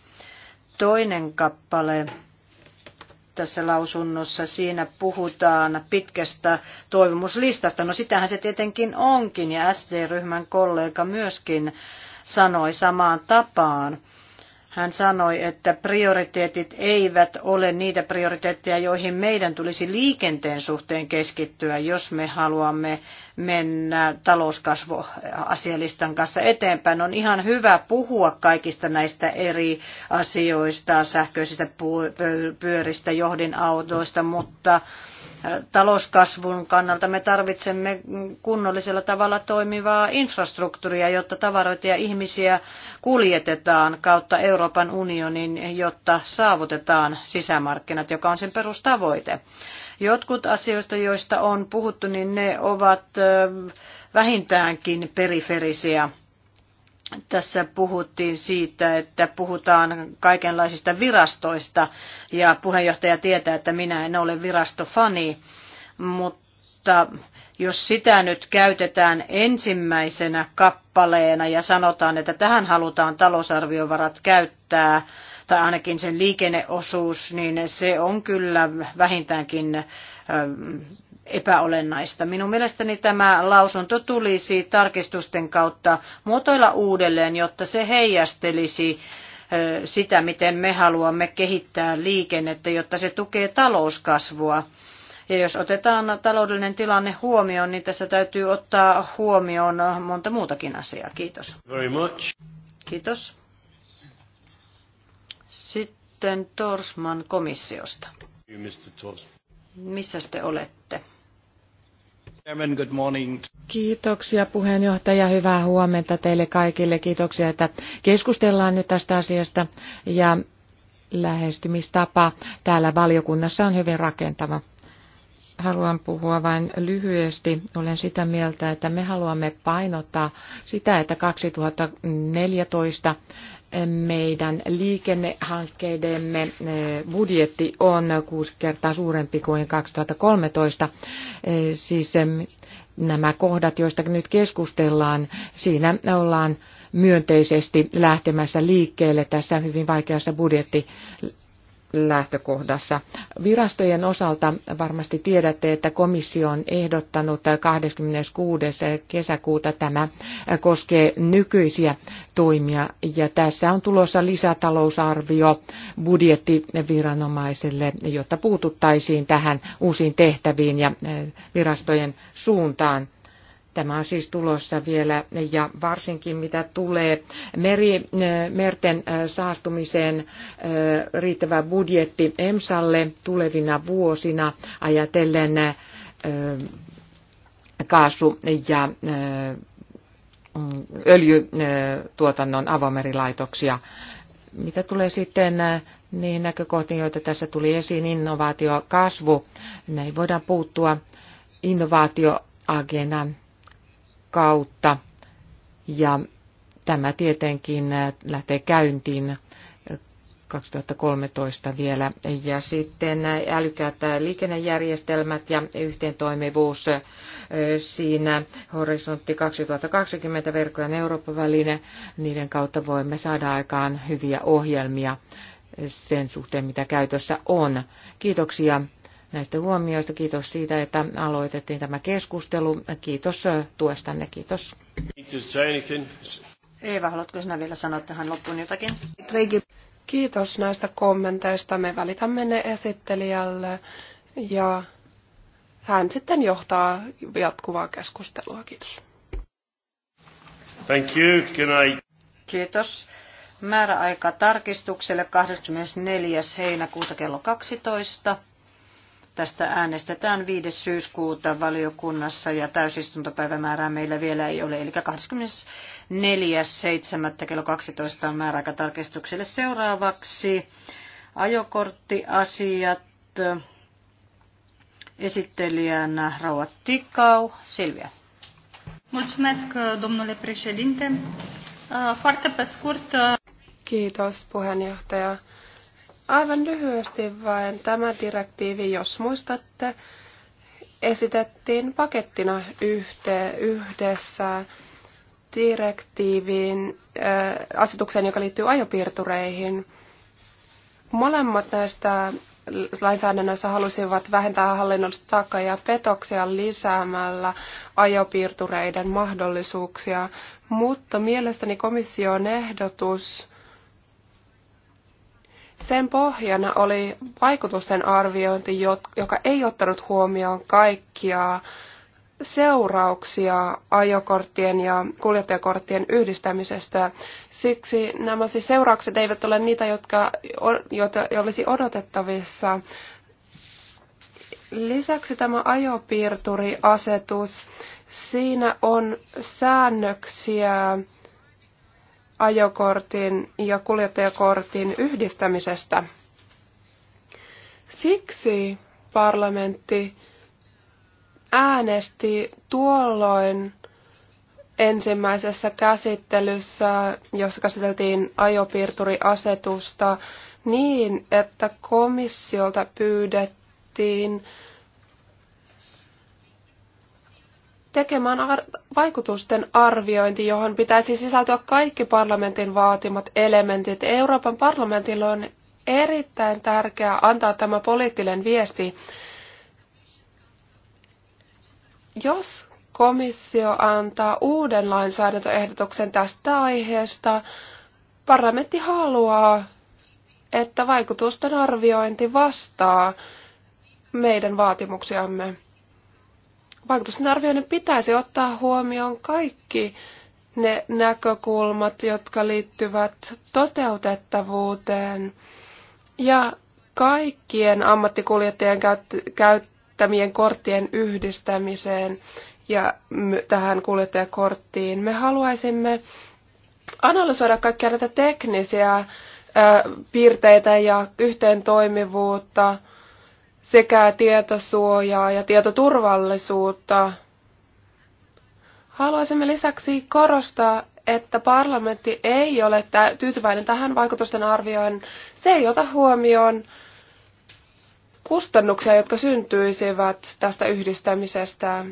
Toinen kappale tässä lausunnossa, siinä puhutaan pitkästä toivomuslistasta. No sitähän se tietenkin onkin, ja SD-ryhmän kollega myöskin sanoi samaan tapaan. Hän sanoi, että prioriteetit eivät ole niitä prioriteetteja, joihin meidän tulisi liikenteen suhteen keskittyä, jos me haluamme mennä talouskasvuasialistan kanssa eteenpäin. On ihan hyvä puhua kaikista näistä eri asioista, sähköisistä pyöristä, johdinautoista, mutta äh, talouskasvun kannalta me tarvitsemme kunnollisella tavalla toimivaa infrastruktuuria, jotta tavaroita ja ihmisiä kuljetetaan kautta Euroopan unionin, jotta saavutetaan sisämarkkinat, joka on sen perustavoite. Jotkut asioista, joista on puhuttu, niin ne ovat vähintäänkin periferisiä. Tässä puhuttiin siitä, että puhutaan kaikenlaisista virastoista ja puheenjohtaja tietää, että minä en ole virastofani, mutta jos sitä nyt käytetään ensimmäisenä kappaleena ja sanotaan, että tähän halutaan talousarviovarat käyttää, tai ainakin sen liikenneosuus, niin se on kyllä vähintäänkin epäolennaista. Minun mielestäni tämä lausunto tulisi tarkistusten kautta muotoilla uudelleen, jotta se heijastelisi sitä, miten me haluamme kehittää liikennettä, jotta se tukee talouskasvua. Ja jos otetaan taloudellinen tilanne huomioon, niin tässä täytyy ottaa huomioon monta muutakin asiaa. Kiitos. Very much. Kiitos. Sitten Torsman komissiosta. Missä te olette? Kiitoksia puheenjohtaja, hyvää huomenta teille kaikille. Kiitoksia, että keskustellaan nyt tästä asiasta ja lähestymistapa täällä valiokunnassa on hyvin rakentava. Haluan puhua vain lyhyesti. Olen sitä mieltä, että me haluamme painottaa sitä, että 2014 meidän liikennehankkeidemme eh, budjetti on kuusi kertaa suurempi kuin 2013. Eh, siis nämä kohdat, joista nyt keskustellaan, siinä ollaan myönteisesti lähtemässä liikkeelle tässä hyvin vaikeassa budjetti lähtökohdassa. Virastojen osalta varmasti tiedätte, että komissio on ehdottanut 26. kesäkuuta tämä koskee nykyisiä toimia ja tässä on tulossa lisätalousarvio budjettiviranomaiselle, jotta puututtaisiin tähän uusiin tehtäviin ja eh, virastojen suuntaan. Tämä on siis tulossa vielä ja varsinkin mitä tulee meri, merten saastumiseen riittävä budjetti EMSalle tulevina vuosina ajatellen kaasu- ja öljytuotannon avomerilaitoksia. Mitä tulee sitten niihin näkökohtiin, joita tässä tuli esiin, innovaatio, kasvu, näin voidaan puuttua innovaatioagena kautta. Ja tämä tietenkin lähtee käyntiin 2013 vielä. Ja sitten älykkäät liikennejärjestelmät ja yhteentoimivuus siinä horisontti 2020 verkkojen Euroopan väline. Niiden kautta voimme saada aikaan hyviä ohjelmia sen suhteen, mitä käytössä on. Kiitoksia näistä huomioista. Kiitos siitä, että aloitettiin tämä keskustelu. Kiitos tuestanne. Kiitos. Eeva, haluatko sinä vielä sanoa tähän loppuun jotakin? Kiitos näistä kommenteista. Me välitämme ne esittelijälle ja hän sitten johtaa jatkuvaa keskustelua. Kiitos. Thank you. Good night. Kiitos. Määräaika tarkistukselle 24. heinäkuuta kello 12. Tästä äänestetään 5. syyskuuta valiokunnassa ja täysistuntopäivämäärää meillä vielä ei ole, eli 24.7. kello 12 on määräaika tarkistukselle seuraavaksi. Ajokorttiasiat esittelijänä Rauha Tikau. Silvia. Mulțumesc, domnule președinte. Foarte pe scurt... Kiitos, puheenjohtaja. Aivan lyhyesti vain tämä direktiivi, jos muistatte, esitettiin pakettina yhteen, yhdessä direktiiviin, äh, asetukseen, joka liittyy ajopiirtureihin. Molemmat näistä lainsäädännössä halusivat vähentää hallinnollista taakkaa ja petoksia lisäämällä ajopiirtureiden mahdollisuuksia, mutta mielestäni komission ehdotus sen pohjana oli vaikutusten arviointi, joka ei ottanut huomioon kaikkia seurauksia ajokorttien ja kuljettajakorttien yhdistämisestä. Siksi nämä siis seuraukset eivät ole niitä, jotka joita olisi odotettavissa. Lisäksi tämä ajopiirturiasetus, siinä on säännöksiä ajokortin ja kuljettajakortin yhdistämisestä. Siksi parlamentti äänesti tuolloin ensimmäisessä käsittelyssä, jossa käsiteltiin ajopiirturiasetusta, niin, että komissiolta pyydettiin tekemään ar- vaikutusten arviointi, johon pitäisi sisältyä kaikki parlamentin vaatimat elementit. Euroopan parlamentilla on erittäin tärkeää antaa tämä poliittinen viesti. Jos komissio antaa uuden lainsäädäntöehdotuksen tästä aiheesta, parlamentti haluaa, että vaikutusten arviointi vastaa meidän vaatimuksiamme vaikutusten arvioinnin pitäisi ottaa huomioon kaikki ne näkökulmat, jotka liittyvät toteutettavuuteen ja kaikkien ammattikuljettajien käyttämien korttien yhdistämiseen ja tähän kuljettajakorttiin. Me haluaisimme analysoida kaikkia näitä teknisiä piirteitä ja yhteentoimivuutta toimivuutta sekä tietosuojaa ja tietoturvallisuutta. Haluaisimme lisäksi korostaa, että parlamentti ei ole tyytyväinen tähän vaikutusten arvioon. Se ei ota huomioon kustannuksia, jotka syntyisivät tästä yhdistämisestä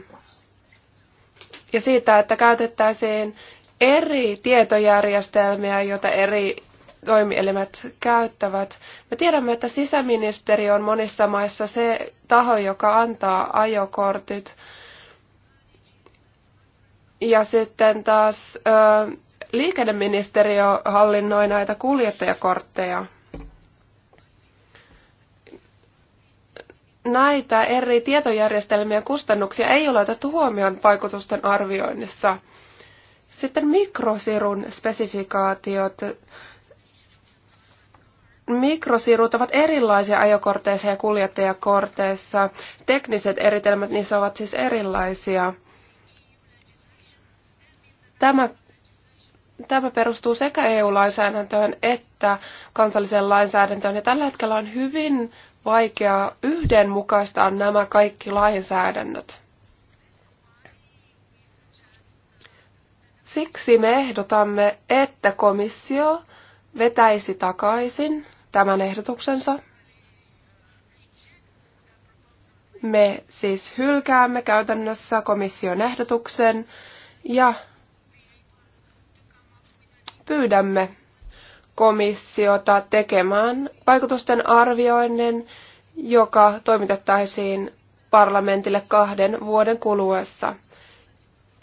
ja siitä, että käytettäisiin eri tietojärjestelmiä, joita eri toimielimet käyttävät. Me tiedämme, että sisäministeri on monissa maissa se taho, joka antaa ajokortit. Ja sitten taas ö, liikenneministeriö hallinnoi näitä kuljettajakortteja. Näitä eri tietojärjestelmien kustannuksia ei ole otettu huomioon vaikutusten arvioinnissa. Sitten mikrosirun spesifikaatiot Mikrosirut ovat erilaisia ajokorteissa ja kuljettajakorteissa. Tekniset eritelmät niissä ovat siis erilaisia. Tämä, tämä perustuu sekä EU-lainsäädäntöön että kansalliseen lainsäädäntöön. Ja tällä hetkellä on hyvin vaikea yhdenmukaistaa nämä kaikki lainsäädännöt. Siksi me ehdotamme, että komissio vetäisi takaisin tämän ehdotuksensa. Me siis hylkäämme käytännössä komission ehdotuksen ja pyydämme komissiota tekemään vaikutusten arvioinnin, joka toimitettaisiin parlamentille kahden vuoden kuluessa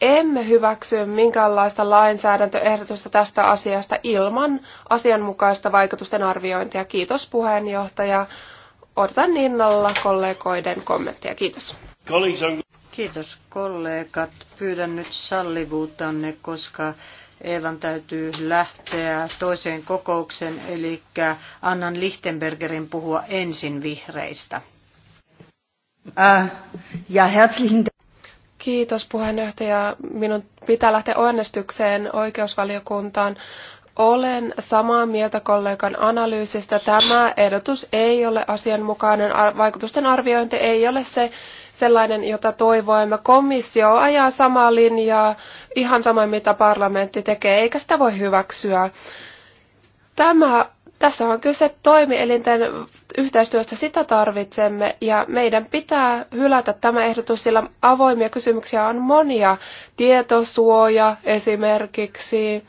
emme hyväksy minkäänlaista lainsäädäntöehdotusta tästä asiasta ilman asianmukaista vaikutusten arviointia. Kiitos puheenjohtaja. Odotan innolla kollegoiden kommentteja. Kiitos. Kiitos kollegat. Pyydän nyt sallivuutanne, koska Eevan täytyy lähteä toiseen kokoukseen, eli annan Lichtenbergerin puhua ensin vihreistä. Äh, ja herzlichen Kiitos puheenjohtaja. Minun pitää lähteä onnistukseen oikeusvaliokuntaan. Olen samaa mieltä kollegan analyysistä. Tämä ehdotus ei ole asianmukainen. Vaikutusten arviointi ei ole se sellainen, jota toivoimme. Komissio ajaa samaa linjaa, ihan sama mitä parlamentti tekee, eikä sitä voi hyväksyä. Tämä, tässä on kyse toimielinten yhteistyöstä sitä tarvitsemme ja meidän pitää hylätä tämä ehdotus, sillä avoimia kysymyksiä on monia. Tietosuoja esimerkiksi,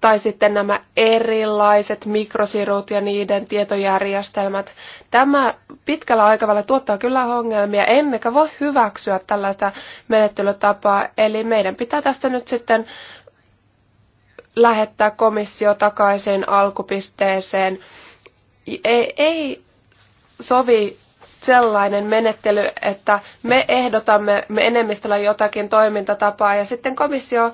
tai sitten nämä erilaiset mikrosirut ja niiden tietojärjestelmät. Tämä pitkällä aikavälillä tuottaa kyllä ongelmia, emmekä voi hyväksyä tällaista menettelytapaa. Eli meidän pitää tässä nyt sitten lähettää komissio takaisin alkupisteeseen ei sovi sellainen menettely, että me ehdotamme me enemmistöllä jotakin toimintatapaa ja sitten komissio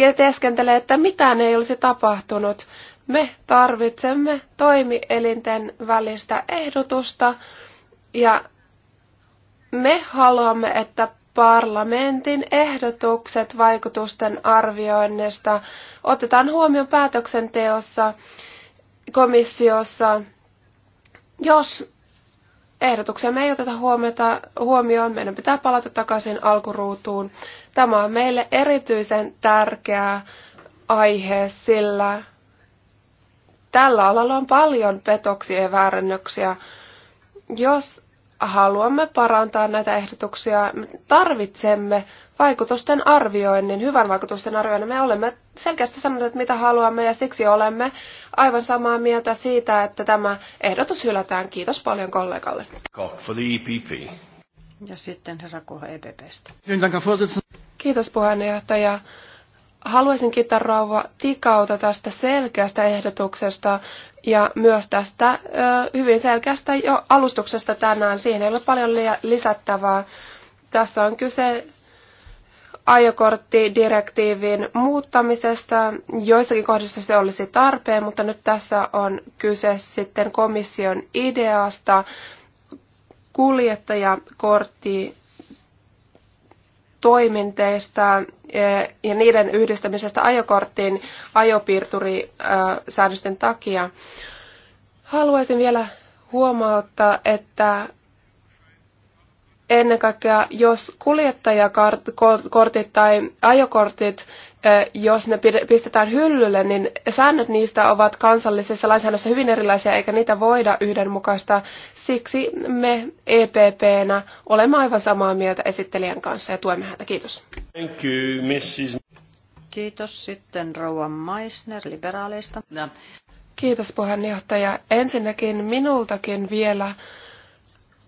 ö, teeskentelee, että mitään ei olisi tapahtunut. Me tarvitsemme toimielinten välistä ehdotusta ja me haluamme, että parlamentin ehdotukset vaikutusten arvioinnista otetaan huomioon päätöksenteossa komissiossa, jos ehdotuksia me ei oteta huomiota, huomioon, meidän pitää palata takaisin alkuruutuun. Tämä on meille erityisen tärkeä aihe, sillä tällä alalla on paljon petoksia ja väärännöksiä. Jos haluamme parantaa näitä ehdotuksia. Tarvitsemme vaikutusten arvioinnin, hyvän vaikutusten arvioinnin. Me olemme selkeästi sanoneet, mitä haluamme ja siksi olemme aivan samaa mieltä siitä, että tämä ehdotus hylätään. Kiitos paljon kollegalle. E ja sitten herra Kuha EPPstä. Kiitos puheenjohtaja haluaisin kiittää Rauva Tikauta tästä selkeästä ehdotuksesta ja myös tästä hyvin selkeästä jo alustuksesta tänään. Siihen ei ole paljon lisättävää. Tässä on kyse ajokorttidirektiivin muuttamisesta. Joissakin kohdissa se olisi tarpeen, mutta nyt tässä on kyse sitten komission ideasta kuljettajakortti toiminteista eh, ja niiden yhdistämisestä ajokorttiin ajopiirturisäädösten eh, takia. Haluaisin vielä huomauttaa, että ennen kaikkea jos kuljettajakortit tai ajokortit jos ne pistetään hyllylle, niin säännöt niistä ovat kansallisessa lainsäädännössä hyvin erilaisia, eikä niitä voida yhdenmukaista. Siksi me EPPnä olemme aivan samaa mieltä esittelijän kanssa ja tuemme häntä. Kiitos. Thank you, Mrs. Kiitos sitten rouva Meissner liberaaleista. No. Kiitos puheenjohtaja. Ensinnäkin minultakin vielä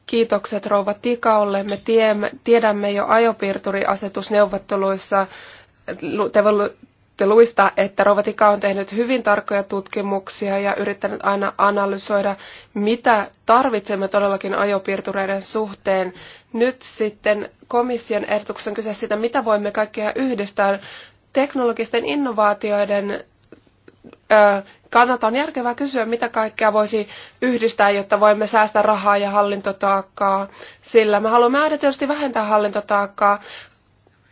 kiitokset rouva Tikaolle. Me tiedämme jo ajopiirturiasetusneuvotteluissa te voitte luistaa, että Rovatika on tehnyt hyvin tarkkoja tutkimuksia ja yrittänyt aina analysoida, mitä tarvitsemme todellakin ajopiirtureiden suhteen. Nyt sitten komission ehdotuksen kyse siitä, mitä voimme kaikkea yhdistää. Teknologisten innovaatioiden kannalta on järkevää kysyä, mitä kaikkea voisi yhdistää, jotta voimme säästää rahaa ja hallintotaakkaa. Sillä me haluamme aina tietysti vähentää hallintotaakkaa.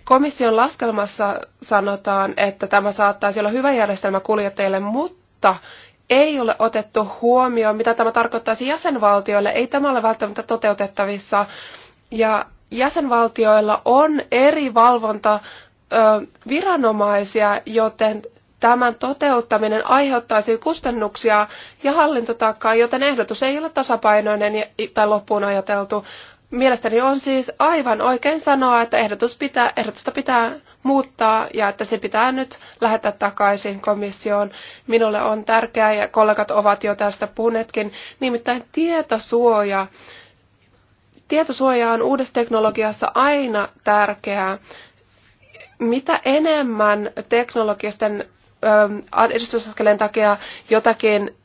Komission laskelmassa sanotaan, että tämä saattaisi olla hyvä järjestelmä kuljettajille, mutta ei ole otettu huomioon, mitä tämä tarkoittaisi jäsenvaltioille. Ei tämä ole välttämättä toteutettavissa. Ja jäsenvaltioilla on eri valvontaviranomaisia, joten tämän toteuttaminen aiheuttaisi kustannuksia ja hallintotaakkaa, joten ehdotus ei ole tasapainoinen tai loppuun ajateltu. Mielestäni on siis aivan oikein sanoa, että ehdotus pitää, ehdotusta pitää muuttaa ja että se pitää nyt lähettää takaisin komissioon. Minulle on tärkeää ja kollegat ovat jo tästä puhuneetkin, nimittäin tietosuoja. Tietosuoja on uudessa teknologiassa aina tärkeää. Mitä enemmän teknologisten edistysaskeleen takia jotakin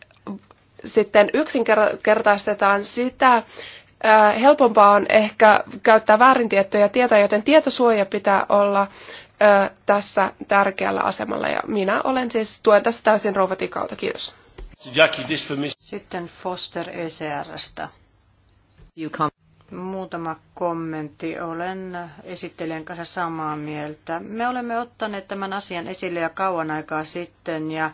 sitten yksinkertaistetaan sitä, helpompaa on ehkä käyttää väärin tiettyjä tietoja, joten tietosuoja pitää olla tässä tärkeällä asemalla. Ja minä olen siis, tuen tässä täysin kautta. Kiitos. Sitten Foster ECRstä. Muutama kommentti. Olen esittelijän kanssa samaa mieltä. Me olemme ottaneet tämän asian esille jo kauan aikaa sitten ja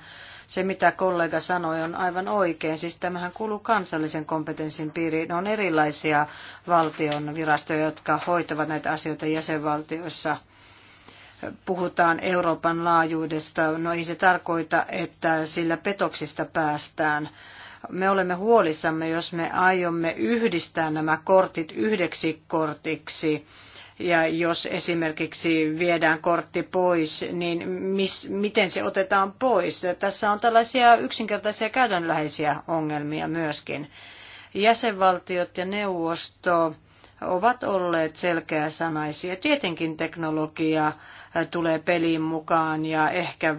se, mitä kollega sanoi, on aivan oikein. Siis tämähän kuuluu kansallisen kompetenssin piiriin. On erilaisia valtion virastoja, jotka hoitavat näitä asioita jäsenvaltioissa puhutaan Euroopan laajuudesta, no ei se tarkoita, että sillä petoksista päästään. Me olemme huolissamme, jos me aiomme yhdistää nämä kortit yhdeksi kortiksi ja jos esimerkiksi viedään kortti pois, niin mis, miten se otetaan pois? Tässä on tällaisia yksinkertaisia käytännönläheisiä ongelmia myöskin. Jäsenvaltiot ja neuvosto ovat olleet selkeäsanaisia. Tietenkin teknologia tulee peliin mukaan ja ehkä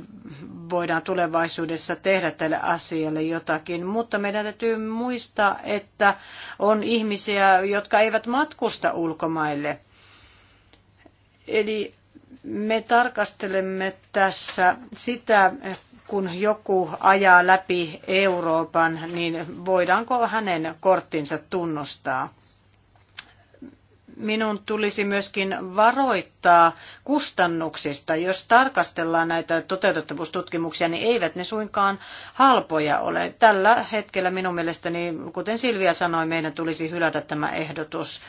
voidaan tulevaisuudessa tehdä tälle asialle jotakin, mutta meidän täytyy muistaa, että on ihmisiä, jotka eivät matkusta ulkomaille – Eli me tarkastelemme tässä sitä, kun joku ajaa läpi Euroopan, niin voidaanko hänen korttinsa tunnustaa? minun tulisi myöskin varoittaa kustannuksista. Jos tarkastellaan näitä toteutettavuustutkimuksia, niin eivät ne suinkaan halpoja ole. Tällä hetkellä minun mielestäni, kuten Silvia sanoi, meidän tulisi hylätä tämä ehdotus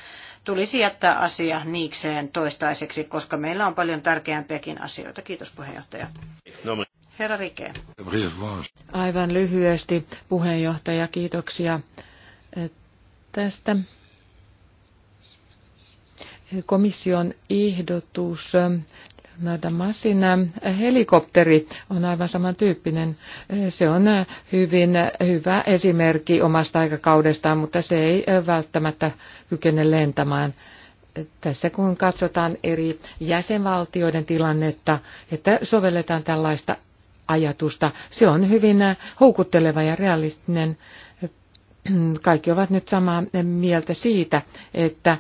tulisi jättää asia niikseen toistaiseksi, koska meillä on paljon tärkeämpiäkin asioita. Kiitos puheenjohtaja. No Herra Rike. Aivan lyhyesti puheenjohtaja, kiitoksia eh, tästä. Komission ehdotus eh, Nadamasin äh, helikopteri on aivan samantyyppinen. Äh, se on äh, hyvin hyvä esimerkki omasta aikakaudestaan, mutta se ei välttämättä kykene lentämään. Tässä kun katsotaan eri jäsenvaltioiden tilannetta, että sovelletaan tällaista ajatusta, se on hyvin houkutteleva ja realistinen. Kaikki ovat nyt samaa mieltä siitä, että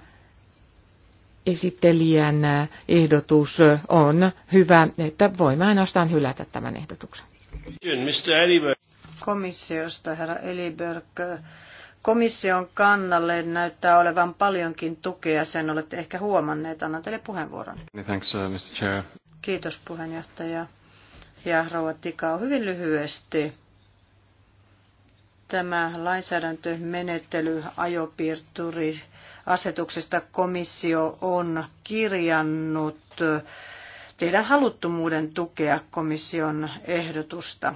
esittelijän ehdotus on hyvä, että voimme ainoastaan hylätä tämän ehdotuksen. Komissiosta herra Eliberg. Komission kannalle näyttää olevan paljonkin tukea, sen olette ehkä huomanneet. Annan teille puheenvuoron. Thanks, uh, Mr. Chair. Kiitos puheenjohtaja. Ja rouva Tikau, hyvin lyhyesti tämä lainsäädäntömenettely ajopiirturi asetuksesta komissio on kirjannut teidän haluttomuuden tukea komission ehdotusta.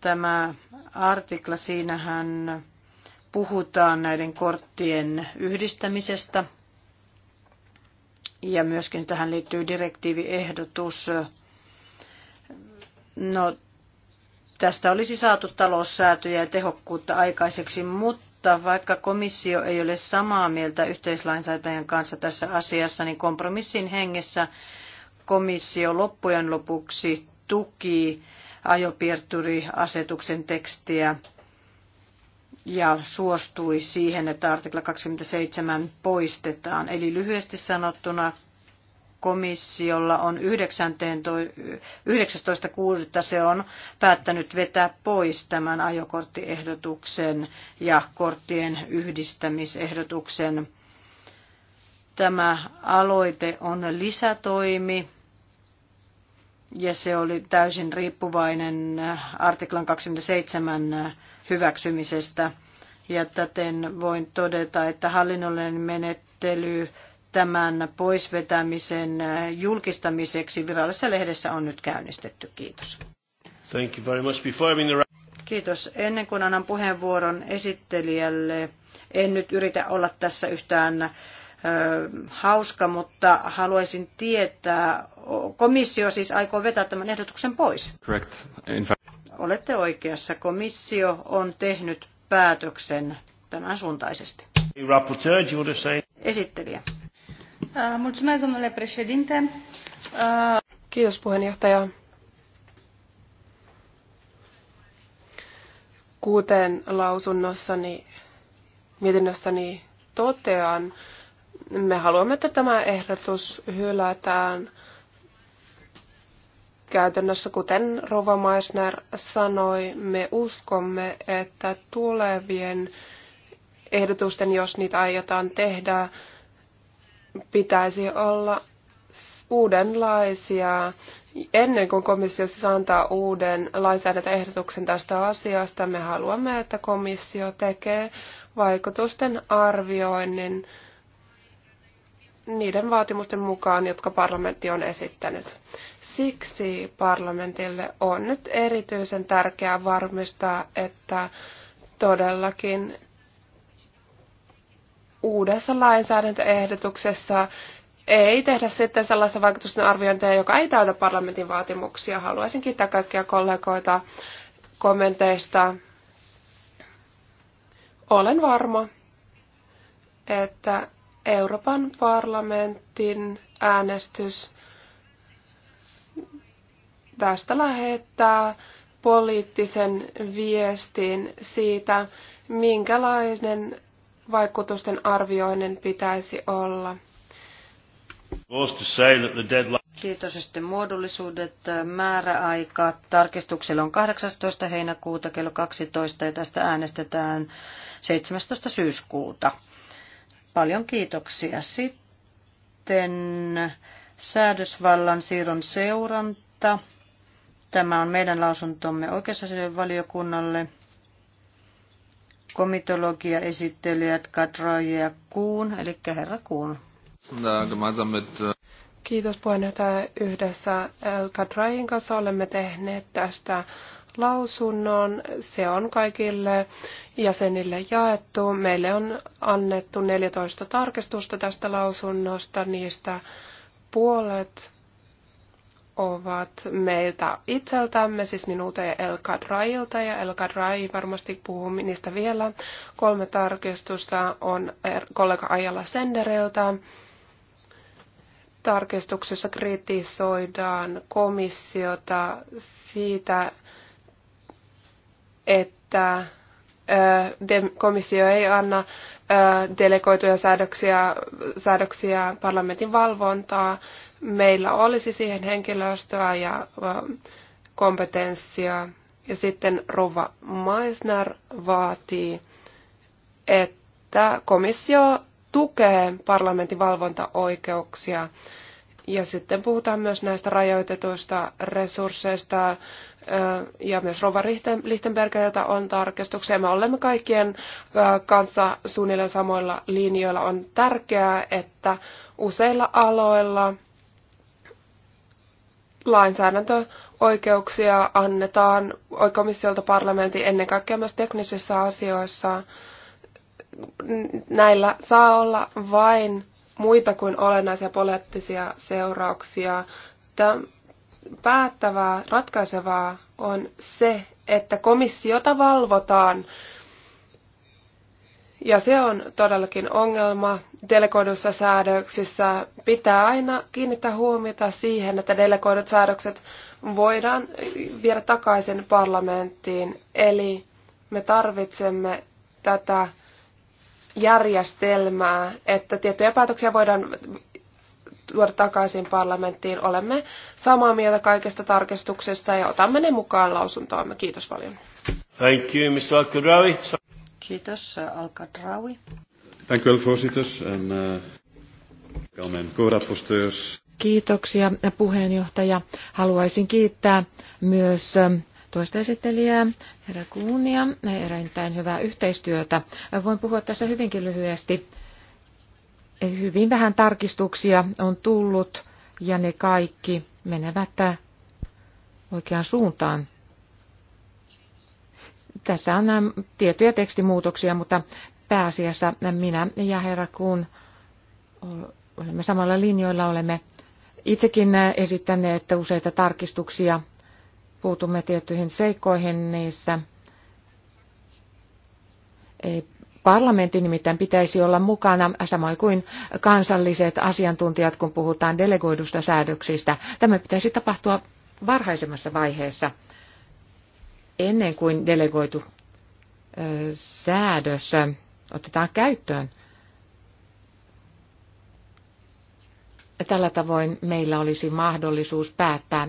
Tämä artikla, siinähän puhutaan näiden korttien yhdistämisestä ja myöskin tähän liittyy direktiiviehdotus. No, Tästä olisi saatu taloussäätöjä ja tehokkuutta aikaiseksi, mutta vaikka komissio ei ole samaa mieltä yhteislainsäätäjän kanssa tässä asiassa, niin kompromissin hengessä komissio loppujen lopuksi tuki ajopiirturiasetuksen tekstiä ja suostui siihen, että artikla 27 poistetaan. Eli lyhyesti sanottuna komissiolla on 19.6. se on päättänyt vetää pois tämän ajokorttiehdotuksen ja korttien yhdistämisehdotuksen. Tämä aloite on lisätoimi ja se oli täysin riippuvainen artiklan 27 hyväksymisestä. Ja täten voin todeta, että hallinnollinen menettely tämän poisvetämisen julkistamiseksi virallisessa lehdessä on nyt käynnistetty. Kiitos. Thank you very much. Before the... Kiitos. Ennen kuin annan puheenvuoron esittelijälle, en nyt yritä olla tässä yhtään hauska, mutta haluaisin tietää, komissio siis aikoo vetää tämän ehdotuksen pois. Correct. In fact. Olette oikeassa. Komissio on tehnyt päätöksen tämän suuntaisesti. Esittelijä. Uh, mulțumesc, domnule uh, Kiitos puheenjohtaja. Kuten lausunnossani, mietinnössäni totean, me haluamme, että tämä ehdotus hylätään käytännössä, kuten Rova Meissner sanoi, me uskomme, että tulevien ehdotusten, jos niitä aiotaan tehdä, pitäisi olla uudenlaisia. Ennen kuin komissio siis antaa uuden lainsäädäntöehdotuksen tästä asiasta, me haluamme, että komissio tekee vaikutusten arvioinnin niiden vaatimusten mukaan, jotka parlamentti on esittänyt. Siksi parlamentille on nyt erityisen tärkeää varmistaa, että todellakin uudessa lainsäädäntöehdotuksessa ei tehdä sitten sellaista vaikutusten arviointia, joka ei täytä parlamentin vaatimuksia. Haluaisin kiittää kaikkia kollegoita kommenteista. Olen varma, että Euroopan parlamentin äänestys tästä lähettää poliittisen viestin siitä, minkälainen vaikutusten arvioinnin pitäisi olla. Kiitos. sitten muodollisuudet. Määräaika tarkistukselle on 18. heinäkuuta kello 12 ja tästä äänestetään 17. syyskuuta. Paljon kiitoksia. Sitten säädösvallan siirron seuranta. Tämä on meidän lausuntomme oikeusasioiden valiokunnalle komitologiaesittelijät Katroje ja Kuun, eli herra Kuun. Äh, Kiitos puheenjohtaja. Yhdessä El Kadrain kanssa olemme tehneet tästä lausunnon. Se on kaikille jäsenille jaettu. Meille on annettu 14 tarkistusta tästä lausunnosta, niistä puolet ovat meiltä itseltämme, siis minulta ja El Kadrailta, ja El Kadrai varmasti puhuu niistä vielä. Kolme tarkistusta on er, kollega Ajalla Senderiltä. Tarkistuksessa kritisoidaan komissiota siitä, että komissio ei anna delegoituja säädöksiä, säädöksiä parlamentin valvontaa meillä olisi siihen henkilöstöä ja kompetenssia. Ja sitten Rova Meisner vaatii, että komissio tukee parlamentin valvontaoikeuksia. Ja sitten puhutaan myös näistä rajoitetuista resursseista ja myös Rova Lichtenbergeriltä on tarkistuksia. Me olemme kaikkien kanssa suunnilleen samoilla linjoilla. On tärkeää, että useilla aloilla – lainsäädäntöoikeuksia annetaan komissiolta parlamentin ennen kaikkea myös teknisissä asioissa. Näillä saa olla vain muita kuin olennaisia poliittisia seurauksia. Tämä päättävää, ratkaisevaa on se, että komissiota valvotaan ja se on todellakin ongelma. Delegoidussa säädöksissä pitää aina kiinnittää huomiota siihen, että delegoidut säädökset voidaan viedä takaisin parlamenttiin. Eli me tarvitsemme tätä järjestelmää, että tiettyjä päätöksiä voidaan tuoda takaisin parlamenttiin. Olemme samaa mieltä kaikesta tarkistuksesta ja otamme ne mukaan lausuntoamme. Kiitos paljon. Thank you, Mr. Kiitos. Alka Draui. Dank wel, voorzitter. En, uh, mijn co-rapporteurs. Kiitoksia puheenjohtaja. Haluaisin kiittää myös eh, toista esittelijää, herra Kuunia, erittäin hyvää yhteistyötä. Voin puhua tässä hyvinkin lyhyesti. Hyvin vähän tarkistuksia on tullut ja ne kaikki menevät eh, oikeaan suuntaan. Tässä on nämä tiettyjä tekstimuutoksia, mutta pääasiassa minä ja herra Kuun olemme samalla linjoilla, olemme itsekin äh, esittäneet että useita tarkistuksia. Puutumme tiettyihin seikkoihin niissä. Ei parlamentin nimittäin pitäisi olla mukana, samoin kuin kansalliset asiantuntijat, kun puhutaan delegoidusta säädöksistä. Tämä pitäisi tapahtua varhaisemmassa vaiheessa ennen kuin delegoitu säädös otetaan käyttöön. Tällä tavoin meillä olisi mahdollisuus päättää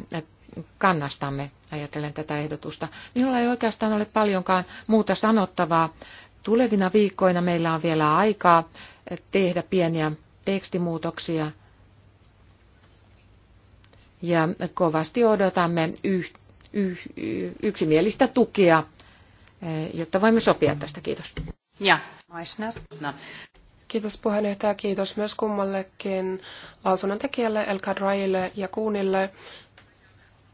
kannastamme, ajatellen tätä ehdotusta. Minulla ei oikeastaan ole paljonkaan muuta sanottavaa. Tulevina viikkoina meillä on vielä aikaa tehdä pieniä tekstimuutoksia. Ja kovasti odotamme yhteyttä yksimielistä tukea, eh, jotta voimme sopia tästä. Kiitos. Ja, Meissner. No. Kiitos puheenjohtaja, kiitos myös kummallekin lausunnontekijälle, Elka Raille ja Kuunille.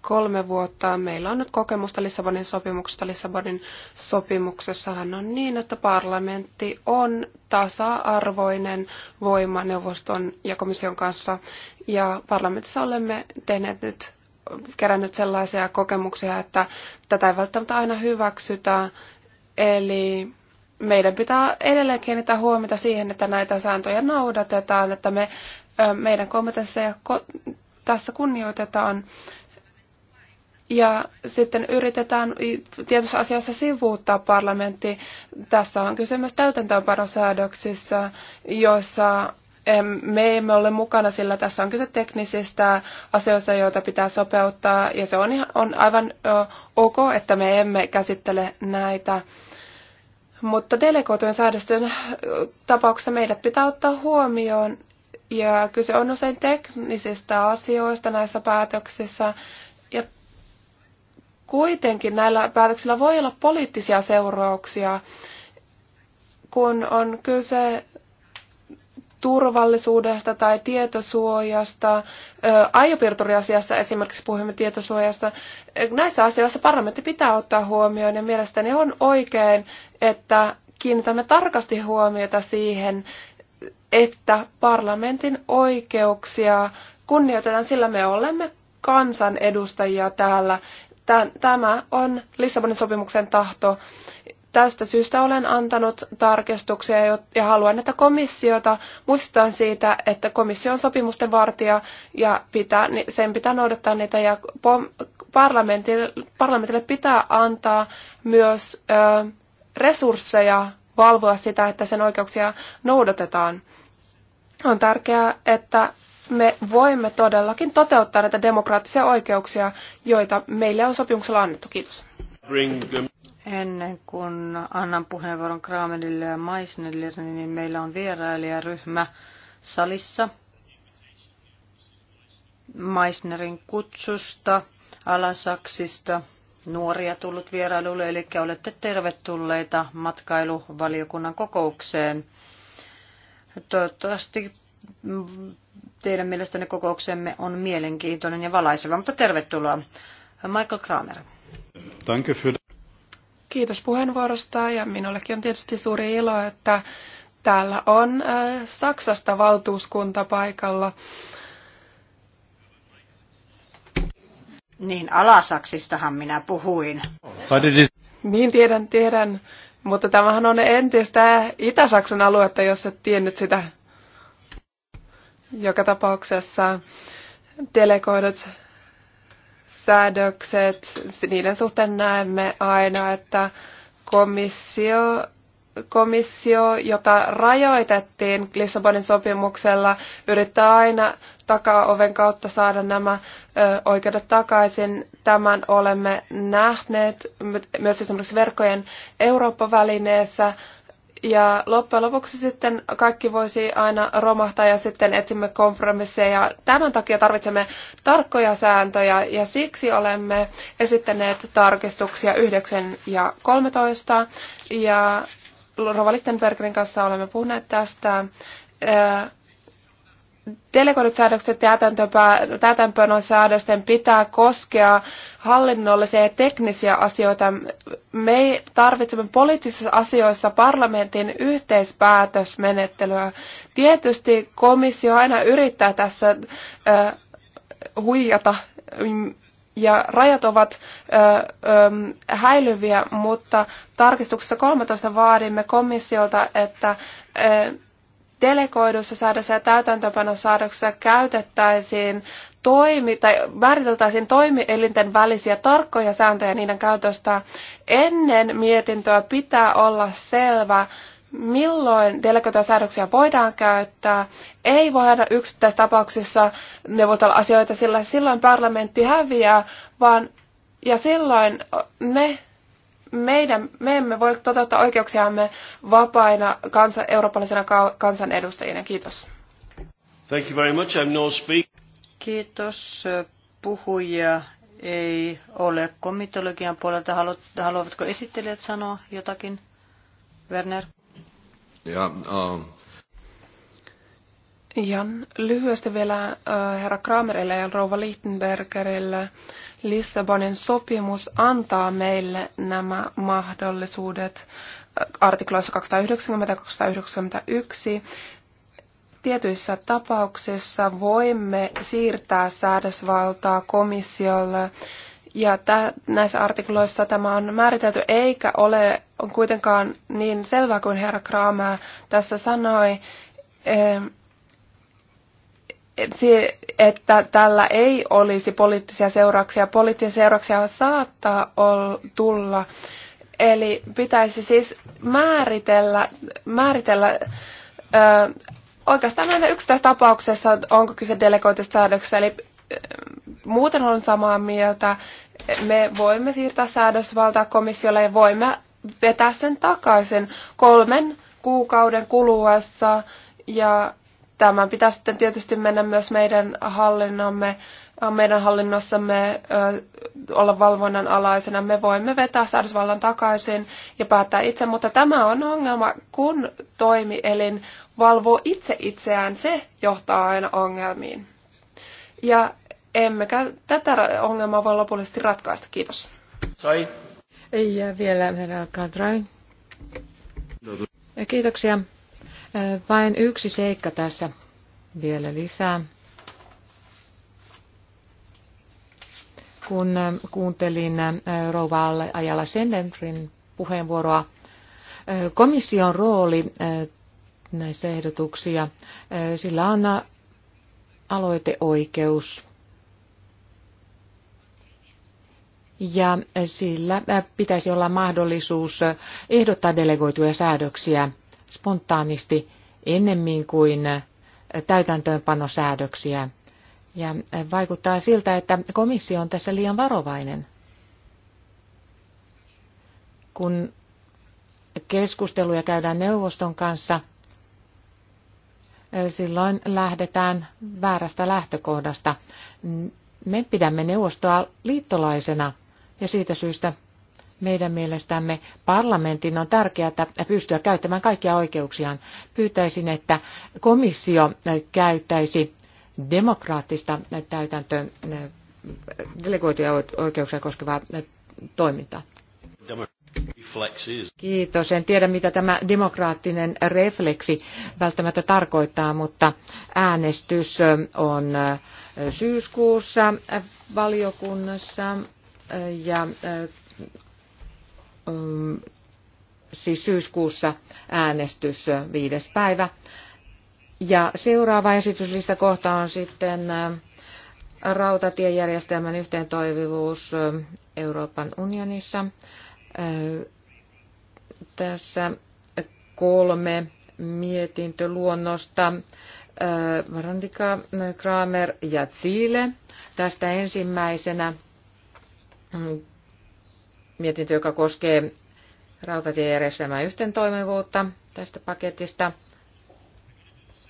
Kolme vuotta. Meillä on nyt kokemusta Lissabonin sopimuksesta. Lissabonin sopimuksessahan on niin, että parlamentti on tasa-arvoinen voima neuvoston ja komission kanssa. Ja parlamentissa olemme tehneet nyt kerännyt sellaisia kokemuksia, että tätä ei välttämättä aina hyväksytä. Eli meidän pitää edelleen kiinnittää huomiota siihen, että näitä sääntöjä noudatetaan, että me, meidän kompetensseja tässä kunnioitetaan. Ja sitten yritetään tietyissä asioissa sivuuttaa parlamentti. Tässä on kysymys täytäntöönpanosäädöksissä, joissa me emme ole mukana, sillä tässä on kyse teknisistä asioista, joita pitää sopeuttaa, ja se on, ihan, on aivan ok, että me emme käsittele näitä. Mutta delegoitujen säädösten tapauksessa meidät pitää ottaa huomioon, ja kyse on usein teknisistä asioista näissä päätöksissä, ja kuitenkin näillä päätöksillä voi olla poliittisia seurauksia, kun on kyse turvallisuudesta tai tietosuojasta. Aiopiirturiasiassa esimerkiksi puhumme tietosuojasta. Näissä asioissa parlamentti pitää ottaa huomioon ja mielestäni on oikein, että kiinnitämme tarkasti huomiota siihen, että parlamentin oikeuksia kunnioitetaan, sillä me olemme kansanedustajia täällä. Tämä on Lissabonin sopimuksen tahto. Tästä syystä olen antanut tarkistuksia ja haluan, että komissiota muistetaan siitä, että komissio on sopimusten vartija ja pitää, sen pitää noudattaa niitä ja parlamentille, parlamentille pitää antaa myös ö, resursseja valvoa sitä, että sen oikeuksia noudatetaan. On tärkeää, että me voimme todellakin toteuttaa näitä demokraattisia oikeuksia, joita meille on sopimuksella annettu. Kiitos. Ennen kuin annan puheenvuoron Kramerille ja Maisnerille, niin meillä on vierailijaryhmä salissa Maisnerin kutsusta, Alasaksista, nuoria tullut vierailulle, eli olette tervetulleita matkailuvaliokunnan kokoukseen. Toivottavasti teidän mielestänne kokouksemme on mielenkiintoinen ja valaiseva, mutta tervetuloa. Michael Kramer. Danke für Kiitos puheenvuorosta ja minullekin on tietysti suuri ilo, että täällä on äh, Saksasta valtuuskunta paikalla. Niin, Alasaksistahan minä puhuin. Niin, tiedän, tiedän. Mutta tämähän on entistä Itä-Saksan aluetta, jos et tiennyt sitä. Joka tapauksessa delegoidut säädökset, niiden suhteen näemme aina, että komissio, komissio, jota rajoitettiin Lissabonin sopimuksella, yrittää aina takaoven kautta saada nämä ö, oikeudet takaisin. Tämän olemme nähneet myös esimerkiksi verkkojen Eurooppa-välineessä ja loppujen lopuksi sitten kaikki voisi aina romahtaa ja sitten etsimme kompromisseja. Ja tämän takia tarvitsemme tarkkoja sääntöjä ja siksi olemme esittäneet tarkistuksia 9 ja 13. Ja Rova Lichtenbergerin kanssa olemme puhuneet tästä. Delegoidut säädökset täytäntöönpäin säädösten pitää koskea hallinnollisia ja teknisiä asioita me tarvitsemme poliittisissa asioissa parlamentin yhteispäätösmenettelyä. Tietysti komissio aina yrittää tässä ö, huijata mm, ja rajat ovat ö, ö, häilyviä, mutta tarkistuksessa 13 vaadimme komissiolta, että ö, delegoidussa säädössä ja täytäntöpanosäädöksessä käytettäisiin toimi, tai määriteltäisiin toimielinten välisiä tarkkoja sääntöjä niiden käytöstä. Ennen mietintöä pitää olla selvä, milloin delegoituja säädöksiä voidaan käyttää. Ei voida tapauksissa neuvotella asioita, sillä silloin parlamentti häviää, vaan ja silloin ne meidän, me emme voi toteuttaa oikeuksiamme vapaina kansa, eurooppalaisina kansanedustajina. Kiitos. Thank you very much. I'm no speak. Kiitos puhujia. Ei ole komitologian puolelta. Haluavatko esittelijät sanoa jotakin? Werner? Ja, uh... Ihan lyhyesti vielä äh, herra Kramerille ja rouva Lichtenbergerille. Lissabonin sopimus antaa meille nämä mahdollisuudet äh, artikloissa 290 ja 291. Tietyissä tapauksissa voimme siirtää säädösvaltaa komissiolle ja tä, näissä artikloissa tämä on määritelty, eikä ole on kuitenkaan niin selvää kuin herra Kramer tässä sanoi että tällä ei olisi poliittisia seurauksia. Poliittisia seurauksia saattaa tulla. Eli pitäisi siis määritellä, määritellä ö, oikeastaan aina yksittäisessä tapauksessa, onko kyse delegoitusta säädöksestä. Eli ö, muuten on samaa mieltä. Me voimme siirtää säädösvaltaa komissiolle ja voimme vetää sen takaisin kolmen kuukauden kuluessa. Ja Tämän pitää sitten tietysti mennä myös meidän hallinnomme, meidän hallinnossamme olla valvonnan alaisena. Me voimme vetää säädösvallan takaisin ja päättää itse, mutta tämä on ongelma, kun toimielin valvoo itse itseään, se johtaa aina ongelmiin. Ja emmekä tätä ongelmaa voi lopullisesti ratkaista. Kiitos. Sai. jää vielä herra Kadrai. No. Kiitoksia. Vain yksi seikka tässä vielä lisää. Kun kuuntelin rouva Ajala Sendenrin puheenvuoroa, komission rooli näissä ehdotuksia, sillä on aloiteoikeus ja sillä pitäisi olla mahdollisuus ehdottaa delegoituja säädöksiä spontaanisti ennemmin kuin täytäntöönpanosäädöksiä. Ja vaikuttaa siltä, että komissio on tässä liian varovainen. Kun keskusteluja käydään neuvoston kanssa, silloin lähdetään väärästä lähtökohdasta. Me pidämme neuvostoa liittolaisena ja siitä syystä meidän mielestämme parlamentin on tärkeää pystyä käyttämään kaikkia oikeuksiaan. Pyytäisin, että komissio käyttäisi demokraattista täytäntöön delegoituja oikeuksia koskevaa toimintaa. Kiitos. En tiedä, mitä tämä demokraattinen refleksi välttämättä tarkoittaa, mutta äänestys on syyskuussa valiokunnassa ja Mm, siis syyskuussa äänestys viides päivä. Ja seuraava esityslistakohta on sitten rautatiejärjestelmän yhteentoimivuus Euroopan unionissa. Tässä kolme mietintöluonnosta. Randika, Kramer ja Ziele. Tästä ensimmäisenä mietintö, joka koskee rautatiejärjestelmän yhteen toimivuutta tästä paketista.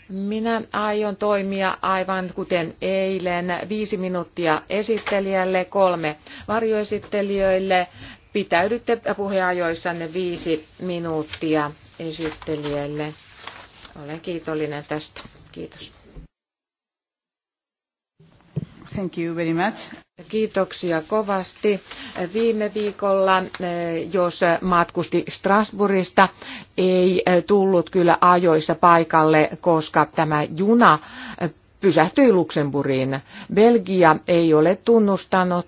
Minä aion toimia aivan kuten eilen viisi minuuttia esittelijälle, kolme varjoesittelijöille. Pitäydytte puheajoissanne viisi minuuttia esittelijälle. Olen kiitollinen tästä. Kiitos. Thank you very much. Kiitoksia kovasti. Viime viikolla, eh, jos matkusti Strasbourgista, ei eh, tullut kyllä ajoissa paikalle, koska tämä juna eh, pysähtyi Luxemburgiin. Belgia ei ole tunnustanut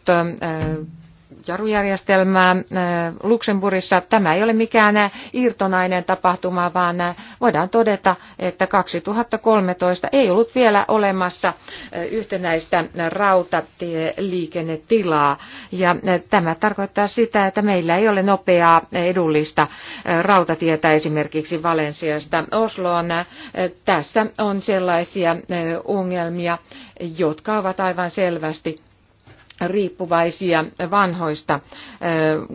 jarujärjestelmää äh, Luxemburgissa. Tämä ei ole mikään irtonainen tapahtuma, vaan äh, voidaan todeta, että 2013 ei ollut vielä olemassa äh, yhtenäistä rautatieliikennetilaa. Ja tämä tarkoittaa sitä, että meillä ei ole nopeaa edullista rautatietä esimerkiksi Valensiasta Osloon. Tässä on sellaisia ongelmia, jotka ovat aivan selvästi riippuvaisia vanhoista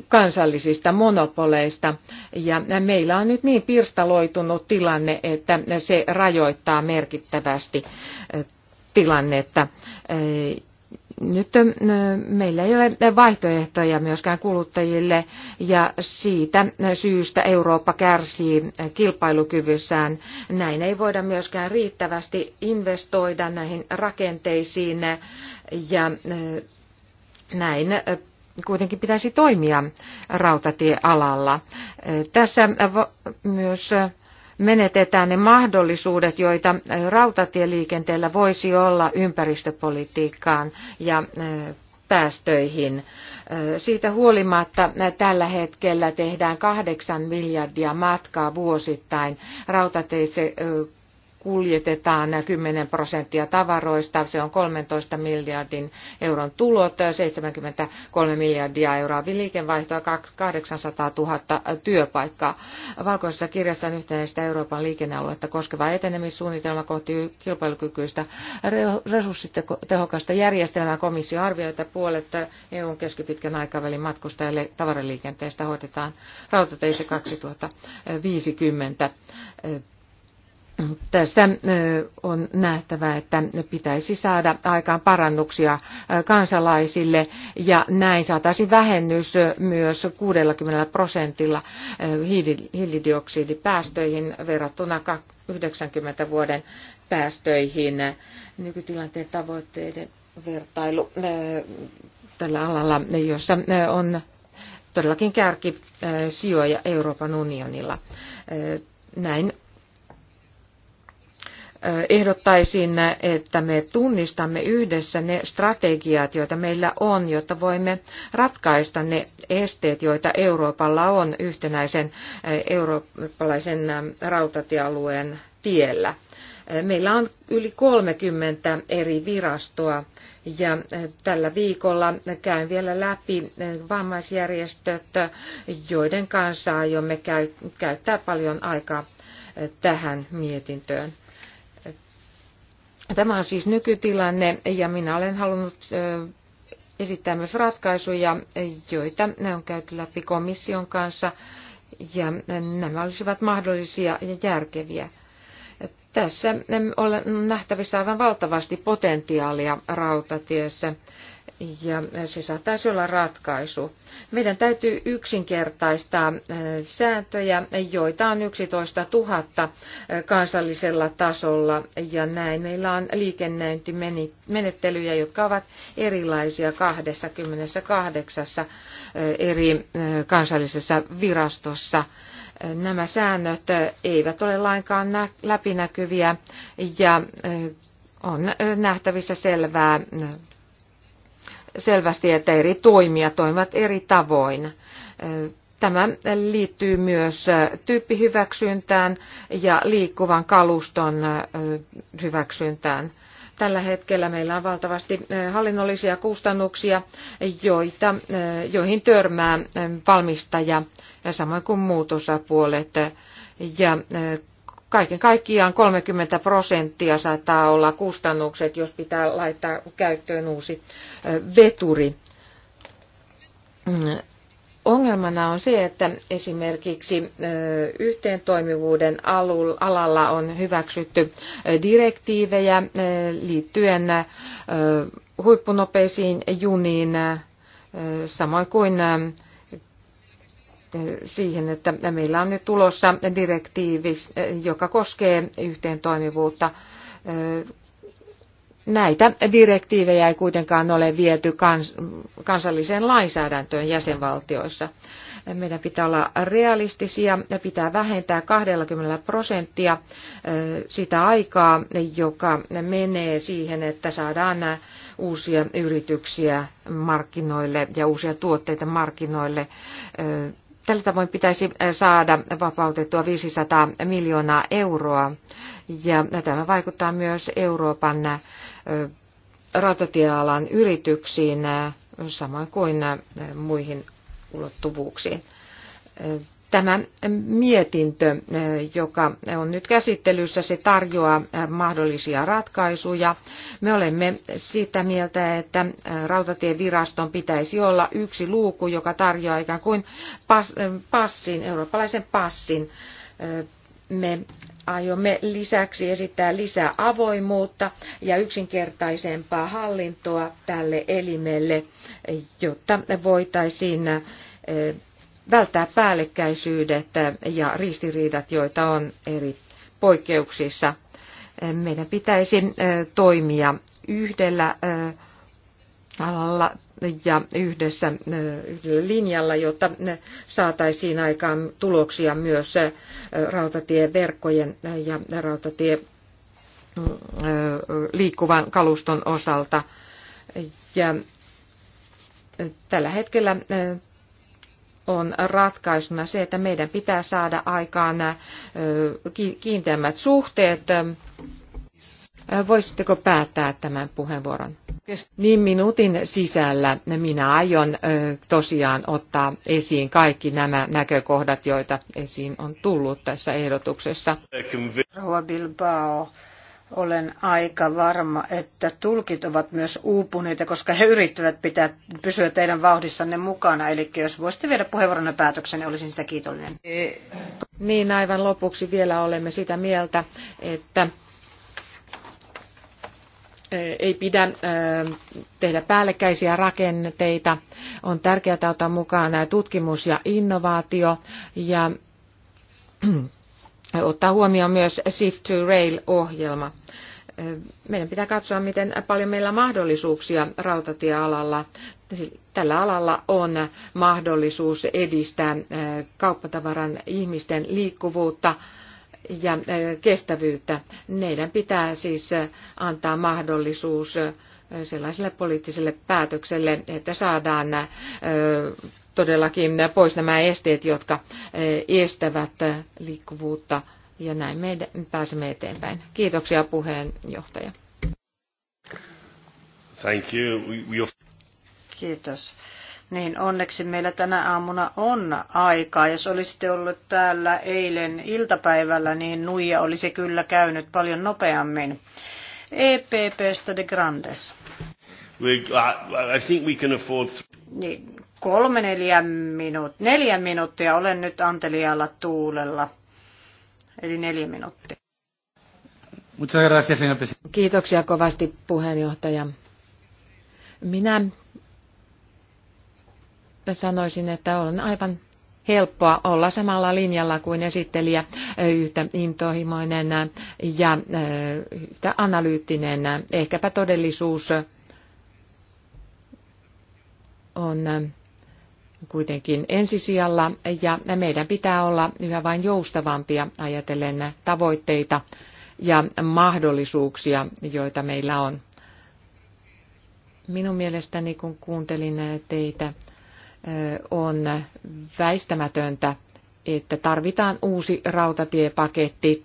kansallisista monopoleista. Ja meillä on nyt niin pirstaloitunut tilanne, että se rajoittaa merkittävästi tilannetta. Nyt meillä ei ole vaihtoehtoja myöskään kuluttajille ja siitä syystä Eurooppa kärsii kilpailukyvyssään. Näin ei voida myöskään riittävästi investoida näihin rakenteisiin ja näin kuitenkin pitäisi toimia rautatiealalla. Tässä myös menetetään ne mahdollisuudet, joita rautatieliikenteellä voisi olla ympäristöpolitiikkaan ja päästöihin. Siitä huolimatta tällä hetkellä tehdään kahdeksan miljardia matkaa vuosittain rautateitse kuljetetaan 10 prosenttia tavaroista. Se on 13 miljardin euron tulot, 73 miljardia euroa liikevaihtoa, 800 000 työpaikkaa. Valkoisessa kirjassa on yhtenäistä Euroopan liikennealuetta koskeva etenemissuunnitelma kohti kilpailukykyistä resurssitehokasta järjestelmää. Komissio arvioi, että puolet EUn keskipitkän aikavälin matkustajille tavaraliikenteestä hoitetaan rautateitse 2050 tässä on nähtävä, että pitäisi saada aikaan parannuksia kansalaisille ja näin saataisiin vähennys myös 60 prosentilla hiilidioksidipäästöihin verrattuna 90 vuoden päästöihin. Nykytilanteen tavoitteiden vertailu tällä alalla, jossa on todellakin kärki sijoja Euroopan unionilla. Näin ehdottaisin, että me tunnistamme yhdessä ne strategiat, joita meillä on, jotta voimme ratkaista ne esteet, joita Euroopalla on yhtenäisen eurooppalaisen rautatiealueen tiellä. Meillä on yli 30 eri virastoa ja tällä viikolla käyn vielä läpi vammaisjärjestöt, joiden kanssa aiomme käyttää paljon aikaa tähän mietintöön. Tämä on siis nykytilanne ja minä olen halunnut esittää myös ratkaisuja, joita ne on käyty läpi komission kanssa ja nämä olisivat mahdollisia ja järkeviä. Tässä on nähtävissä aivan valtavasti potentiaalia rautatiessä ja se saattaisi olla ratkaisu. Meidän täytyy yksinkertaistaa äh, sääntöjä, joita on 11 000 äh, kansallisella tasolla ja näin meillä on liikennöintimenettelyjä, jotka ovat erilaisia 28 äh, eri kansallisessa virastossa. Nämä säännöt eivät ole lainkaan läpinäkyviä ja on nähtävissä selvää selvästi, että eri toimijat toimivat eri tavoin. Tämä liittyy myös tyyppihyväksyntään ja liikkuvan kaluston hyväksyntään. Tällä hetkellä meillä on valtavasti hallinnollisia kustannuksia, joita, joihin törmää valmistaja ja samoin kuin muutosapuolet. Ja kaiken kaikkiaan 30 prosenttia saattaa olla kustannukset, jos pitää laittaa käyttöön uusi veturi. Mm, ongelmana on se, että esimerkiksi yhteentoimivuuden alalla on hyväksytty direktiivejä liittyen huippunopeisiin juniin, samoin kuin siihen, että meillä on nyt tulossa direktiivi, joka koskee yhteen toimivuutta. Näitä direktiivejä ei kuitenkaan ole viety kans- kansalliseen lainsäädäntöön jäsenvaltioissa. Meidän pitää olla realistisia ja pitää vähentää 20 prosenttia sitä aikaa, joka menee siihen, että saadaan uusia yrityksiä markkinoille ja uusia tuotteita markkinoille Tällä tavoin pitäisi saada vapautettua 500 miljoonaa euroa. Ja tämä vaikuttaa myös Euroopan ratatiealan yrityksiin, samoin kuin muihin ulottuvuuksiin. Tämä mietintö, eh, joka on nyt käsittelyssä, se tarjoaa eh, mahdollisia ratkaisuja. Me olemme sitä mieltä, että eh, rautatieviraston pitäisi olla yksi luuku, joka tarjoaa ikään kuin passin, eurooppalaisen passin. Me aiomme lisäksi esittää lisää avoimuutta ja yksinkertaisempaa hallintoa tälle elimelle, jotta voitaisiin välttää päällekkäisyydet ja ristiriidat, joita on eri poikkeuksissa. Meidän pitäisi toimia yhdellä alalla ja yhdessä yhdellä linjalla, jotta saataisiin aikaan tuloksia myös rautatieverkkojen ja rautatie liikkuvan kaluston osalta. Ja tällä hetkellä on ratkaisuna se, että meidän pitää saada aikaan kiinteämmät suhteet. Voisitteko päättää tämän puheenvuoron? Niin minuutin sisällä minä aion tosiaan ottaa esiin kaikki nämä näkökohdat, joita esiin on tullut tässä ehdotuksessa. Bilbao olen aika varma, että tulkit ovat myös uupuneita, koska he yrittävät pitää, pysyä teidän vauhdissanne mukana. Eli jos voisitte viedä puheenvuoronne päätöksen, niin olisin sitä kiitollinen. Niin, aivan lopuksi vielä olemme sitä mieltä, että e, ei pidä e, tehdä päällekkäisiä rakenteita. On tärkeää ottaa mukaan tutkimus ja innovaatio ja ottaa huomioon myös Shift to Rail-ohjelma. Meidän pitää katsoa, miten paljon meillä on mahdollisuuksia rautatiealalla. Tällä alalla on mahdollisuus edistää kauppatavaran ihmisten liikkuvuutta ja kestävyyttä. Meidän pitää siis antaa mahdollisuus sellaiselle poliittiselle päätökselle, että saadaan todellakin pois nämä esteet, jotka eh, estävät eh, liikkuvuutta. Ja näin me pääsemme eteenpäin. Kiitoksia puheenjohtaja. Thank you. We... Kiitos. Niin onneksi meillä tänä aamuna on aikaa. Jos olisitte ollut täällä eilen iltapäivällä, niin nuija olisi kyllä käynyt paljon nopeammin. EPP Stade Grandes. I think we can afford... Niin, kolme neljä minuuttia. Neljä minuuttia. Olen nyt anteliaalla tuulella. Eli neljä minuuttia. Kiitoksia kovasti puheenjohtaja. Minä sanoisin, että on aivan helppoa olla samalla linjalla kuin esittelijä, yhtä intohimoinen ja yhtä analyyttinen. Ehkäpä todellisuus on äh, kuitenkin ensisijalla ja meidän pitää olla yhä vain joustavampia ajatellen tavoitteita ja mahdollisuuksia, joita meillä on. Minun mielestäni, kun kuuntelin teitä, äh, on väistämätöntä, että tarvitaan uusi rautatiepaketti,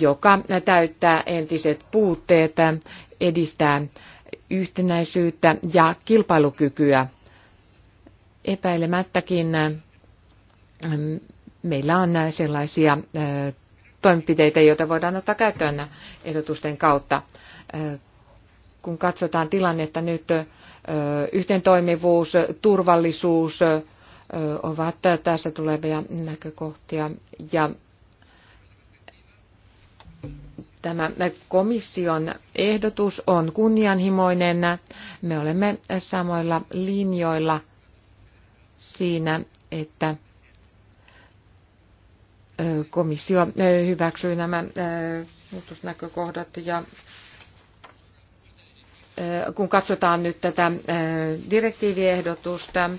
joka täyttää entiset puutteet, edistää yhtenäisyyttä ja kilpailukykyä epäilemättäkin ähm, meillä on sellaisia äh, toimenpiteitä, joita voidaan ottaa käyttöön ehdotusten kautta. Äh, kun katsotaan tilannetta nyt, äh, yhteentoimivuus, turvallisuus ovat tässä tulevia näkökohtia. Ja tämä komission ehdotus on kunnianhimoinen. Me olemme samoilla linjoilla siinä, että komissio hyväksyi nämä muutosnäkökohdat ja kun katsotaan nyt tätä direktiiviehdotusta,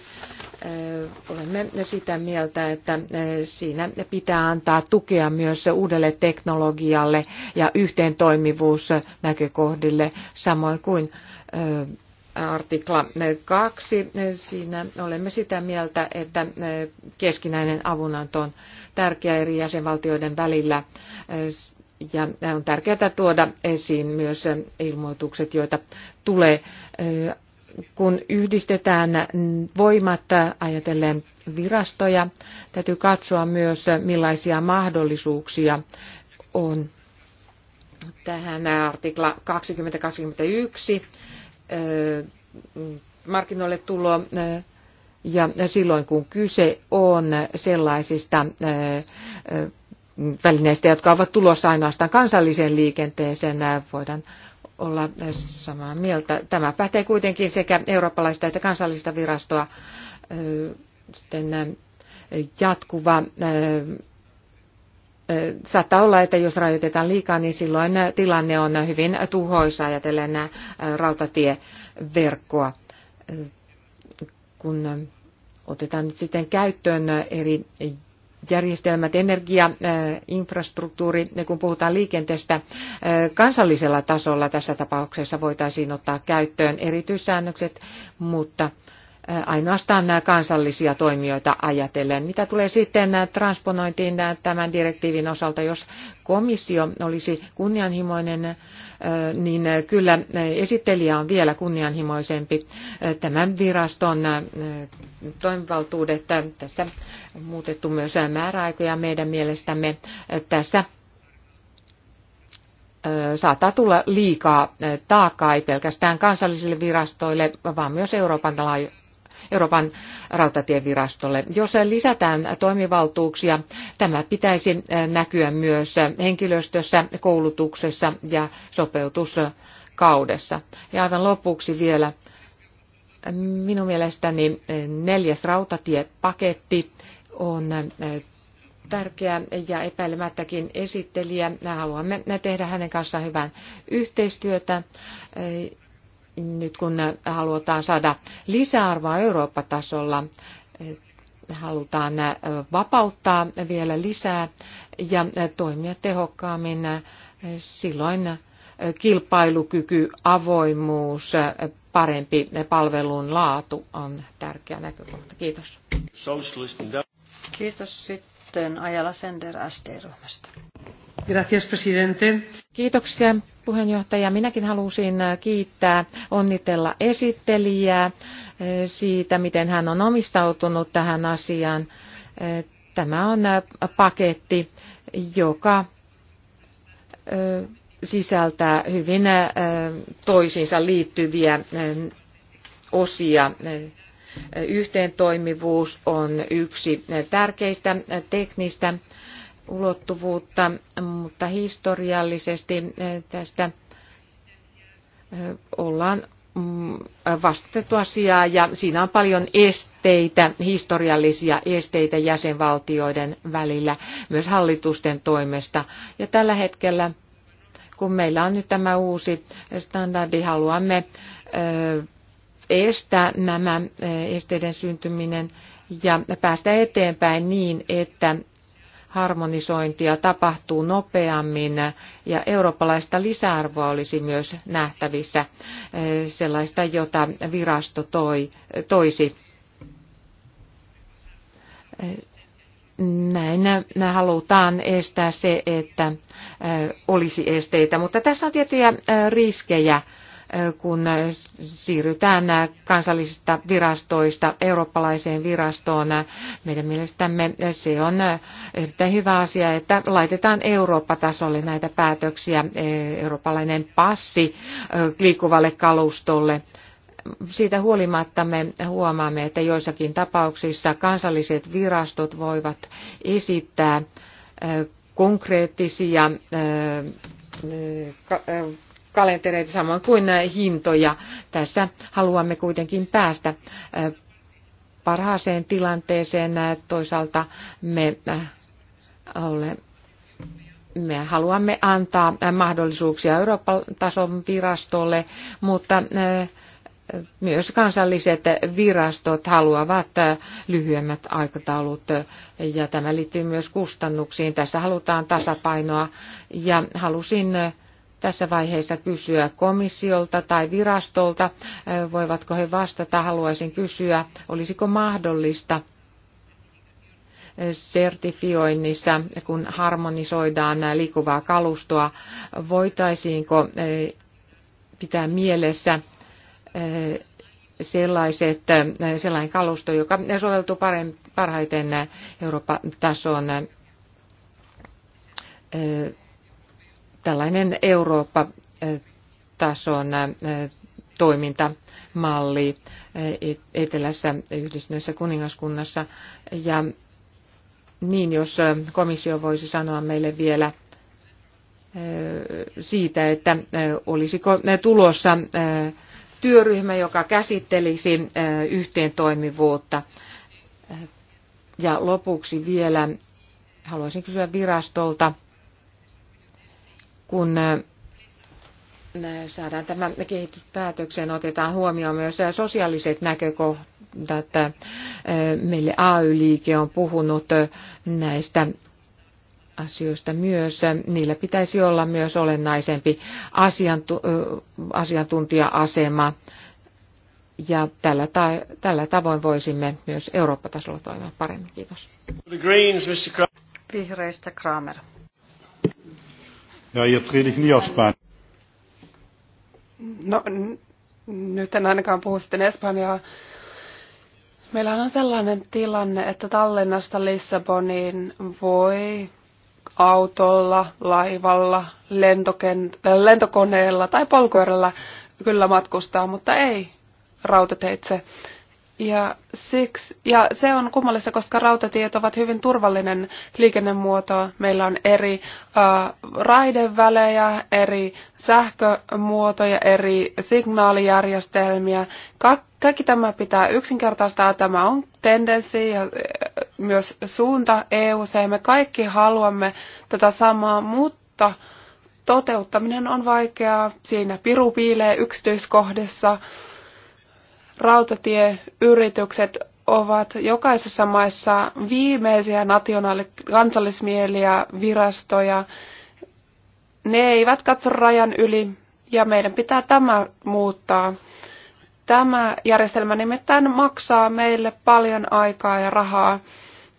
olemme sitä mieltä, että siinä pitää antaa tukea myös uudelle teknologialle ja yhteentoimivuusnäkökohdille, samoin kuin artikla 2. Siinä olemme sitä mieltä, että keskinäinen avunanto on tärkeä eri jäsenvaltioiden välillä. Ja on tärkeää tuoda esiin myös ilmoitukset, joita tulee, kun yhdistetään voimat ajatellen virastoja. Täytyy katsoa myös, millaisia mahdollisuuksia on tähän artikla 2021 markkinoille tulo ja silloin kun kyse on sellaisista välineistä, jotka ovat tulossa ainoastaan kansalliseen liikenteeseen, voidaan olla samaa mieltä. Tämä pätee kuitenkin sekä eurooppalaista että kansallista virastoa. Sitten jatkuva saattaa olla, että jos rajoitetaan liikaa, niin silloin tilanne on hyvin tuhoisa ajatellen rautatieverkkoa. Kun otetaan nyt sitten käyttöön eri järjestelmät, energia, infrastruktuuri, kun puhutaan liikenteestä kansallisella tasolla tässä tapauksessa voitaisiin ottaa käyttöön erityissäännökset, mutta ainoastaan kansallisia toimijoita ajatellen. Mitä tulee sitten transponointiin tämän direktiivin osalta, jos komissio olisi kunnianhimoinen, niin kyllä esittelijä on vielä kunnianhimoisempi tämän viraston toimivaltuudet. Tässä on muutettu myös määräaikoja meidän mielestämme. Tässä saattaa tulla liikaa taakkaa ei pelkästään kansallisille virastoille, vaan myös Euroopan Euroopan rautatievirastolle. Jos lisätään toimivaltuuksia, tämä pitäisi eh, näkyä myös henkilöstössä, koulutuksessa ja sopeutuskaudessa. Ja aivan lopuksi vielä minun mielestäni eh, neljäs rautatiepaketti on eh, tärkeä ja epäilemättäkin esittelijä. Haluamme tehdä hänen kanssaan hyvän yhteistyötä nyt kun halutaan saada lisäarvoa Eurooppa-tasolla, eh, halutaan eh, vapauttaa vielä lisää ja eh, toimia tehokkaammin, silloin kilpailukyky, avoimuus, parempi palvelun laatu on tärkeä näkökohta. Kiitos. Kiitos sitten Ajala Sender SD-ryhmästä. Gracias, presidente. Kiitoksia puheenjohtaja. Minäkin halusin kiittää, onnitella esittelijää eh, siitä, miten hän on omistautunut tähän asiaan. Eh, tämä on eh, paketti, joka sisältää hyvin toisiinsa liittyviä osia. Yhteentoimivuus on yksi tärkeistä teknistä ulottuvuutta, mutta historiallisesti eh, tästä eh, ollaan mm, vastettu asiaa ja siinä on paljon esteitä, historiallisia esteitä jäsenvaltioiden välillä, myös hallitusten toimesta. Ja tällä hetkellä, kun meillä on nyt tämä uusi standardi, haluamme eh, estää nämä esteiden syntyminen ja päästä eteenpäin niin, että harmonisointia tapahtuu nopeammin ja eurooppalaista lisäarvoa olisi myös nähtävissä eh, sellaista, jota virasto toi, toisi. Eh, näin halutaan estää se, että eh, olisi esteitä, mutta tässä on tiettyjä riskejä kun siirrytään kansallisista virastoista eurooppalaiseen virastoon. Meidän mielestämme se on erittäin hyvä asia, että laitetaan Eurooppa-tasolle näitä päätöksiä, eurooppalainen passi liikkuvalle kalustolle siitä huolimatta me huomaamme, että joissakin tapauksissa kansalliset virastot voivat esittää konkreettisia kalentereita samoin kuin hintoja. Tässä haluamme kuitenkin päästä parhaaseen tilanteeseen. Toisaalta me, ole, me haluamme antaa mahdollisuuksia Euroopan tason virastolle, mutta myös kansalliset virastot haluavat lyhyemmät aikataulut ja tämä liittyy myös kustannuksiin. Tässä halutaan tasapainoa ja halusin tässä vaiheessa kysyä komissiolta tai virastolta, voivatko he vastata, haluaisin kysyä, olisiko mahdollista sertifioinnissa, kun harmonisoidaan liikkuvaa kalustoa, voitaisiinko pitää mielessä sellaiset, sellainen kalusto, joka soveltuu parhaiten Euroopan tason tällainen Eurooppa-tason toimintamalli e-, etelässä yhdistyneessä kuningaskunnassa. Ja niin, jos komissio voisi sanoa meille vielä siitä, että olisiko tulossa työryhmä, joka käsittelisi yhteentoimivuutta. Ja lopuksi vielä haluaisin kysyä virastolta, kun saadaan tämä kehityspäätökseen, otetaan huomioon myös sosiaaliset näkökohdat. Meille AY-liike on puhunut näistä asioista myös. Niillä pitäisi olla myös olennaisempi asiantuntija-asema. Ja tällä, ta- tällä tavoin voisimme myös Eurooppa-tasolla toimia paremmin. Kiitos. Vihreistä Kramer. Ja jetzt rede ich nie auf Spanisch. No, nyt en ainakaan puhu sitten Espanjaa. Meillä on sellainen tilanne, että Tallinnasta Lissaboniin voi autolla, laivalla, lentokoneella tai polkuerällä kyllä matkustaa, mutta ei rautateitse. Ja, siksi, ja se on kummallista, koska rautatiet ovat hyvin turvallinen liikennemuoto. Meillä on eri äh, raidevälejä, eri sähkömuotoja, eri signaalijärjestelmiä. Ka- kaikki tämä pitää yksinkertaistaa. Tämä on tendenssi ja myös suunta eu -se. Me kaikki haluamme tätä samaa, mutta toteuttaminen on vaikeaa. Siinä piru piilee yksityiskohdissa. Äh, rautatieyritykset ovat jokaisessa maissa viimeisiä nationaali- kansallismieliä virastoja. Ne eivät katso rajan yli ja meidän pitää tämä muuttaa. Tämä järjestelmä nimittäin maksaa meille paljon aikaa ja rahaa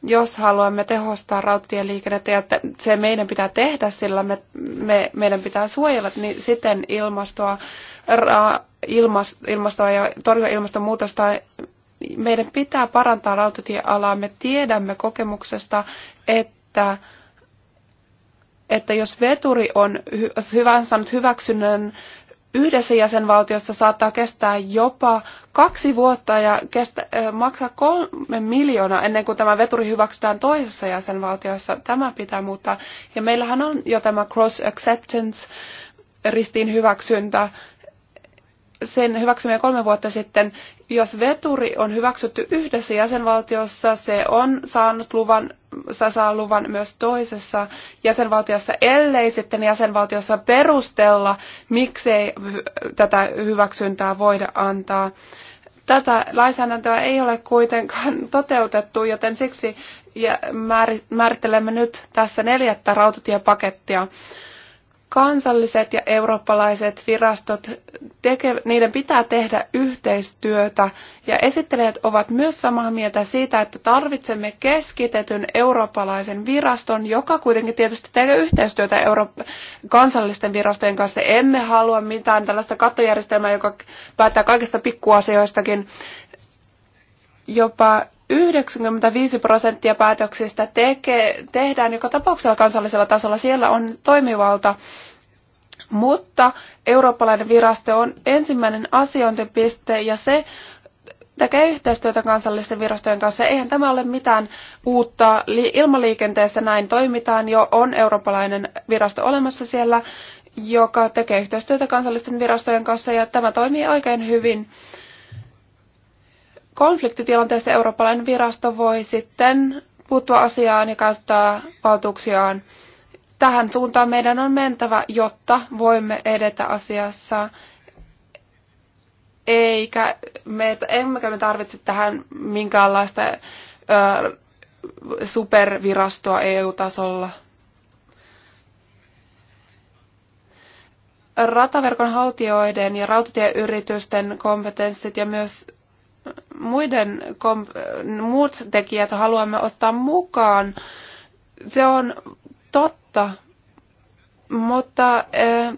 jos haluamme tehostaa rautatieliikennettä, ja se meidän pitää tehdä, sillä me, me, meidän pitää suojella niin siten ilmastoa, ra, ilmas, ilmastoa ja torjua ilmastonmuutosta. Meidän pitää parantaa rautatiealaa. Me tiedämme kokemuksesta, että, että jos veturi on hy, hyvän saanut hyväksynnän yhdessä jäsenvaltiossa saattaa kestää jopa kaksi vuotta ja kestä, maksaa kolme miljoonaa ennen kuin tämä veturi hyväksytään toisessa jäsenvaltiossa. Tämä pitää muuttaa. Ja meillähän on jo tämä cross acceptance ristiin hyväksyntä sen hyväksymiä kolme vuotta sitten, jos veturi on hyväksytty yhdessä jäsenvaltiossa, se on saanut luvan, se saa luvan myös toisessa jäsenvaltiossa, ellei sitten jäsenvaltiossa perustella, miksei tätä hyväksyntää voida antaa. Tätä lainsäädäntöä ei ole kuitenkaan toteutettu, joten siksi määrittelemme nyt tässä neljättä rautatiepakettia kansalliset ja eurooppalaiset virastot, teke, niiden pitää tehdä yhteistyötä ja esittelijät ovat myös samaa mieltä siitä, että tarvitsemme keskitetyn eurooppalaisen viraston, joka kuitenkin tietysti tekee yhteistyötä euro- kansallisten virastojen kanssa. Emme halua mitään tällaista kattojärjestelmää, joka päättää kaikista pikkuasioistakin. Jopa 95 prosenttia päätöksistä teke, tehdään joka tapauksella kansallisella tasolla. Siellä on toimivalta. Mutta eurooppalainen virasto on ensimmäinen asiointipiste ja se tekee yhteistyötä kansallisten virastojen kanssa. Eihän tämä ole mitään uutta. Ilmaliikenteessä näin toimitaan jo. On eurooppalainen virasto olemassa siellä, joka tekee yhteistyötä kansallisten virastojen kanssa ja tämä toimii oikein hyvin konfliktitilanteessa eurooppalainen virasto voi sitten puuttua asiaan ja käyttää valtuuksiaan. Tähän suuntaan meidän on mentävä, jotta voimme edetä asiassa. Eikä me, emmekä me tarvitse tähän minkäänlaista ö, supervirastoa EU-tasolla. Rataverkon haltijoiden ja rautatieyritysten kompetenssit ja myös muiden, muut tekijät haluamme ottaa mukaan. Se on totta, mutta eh,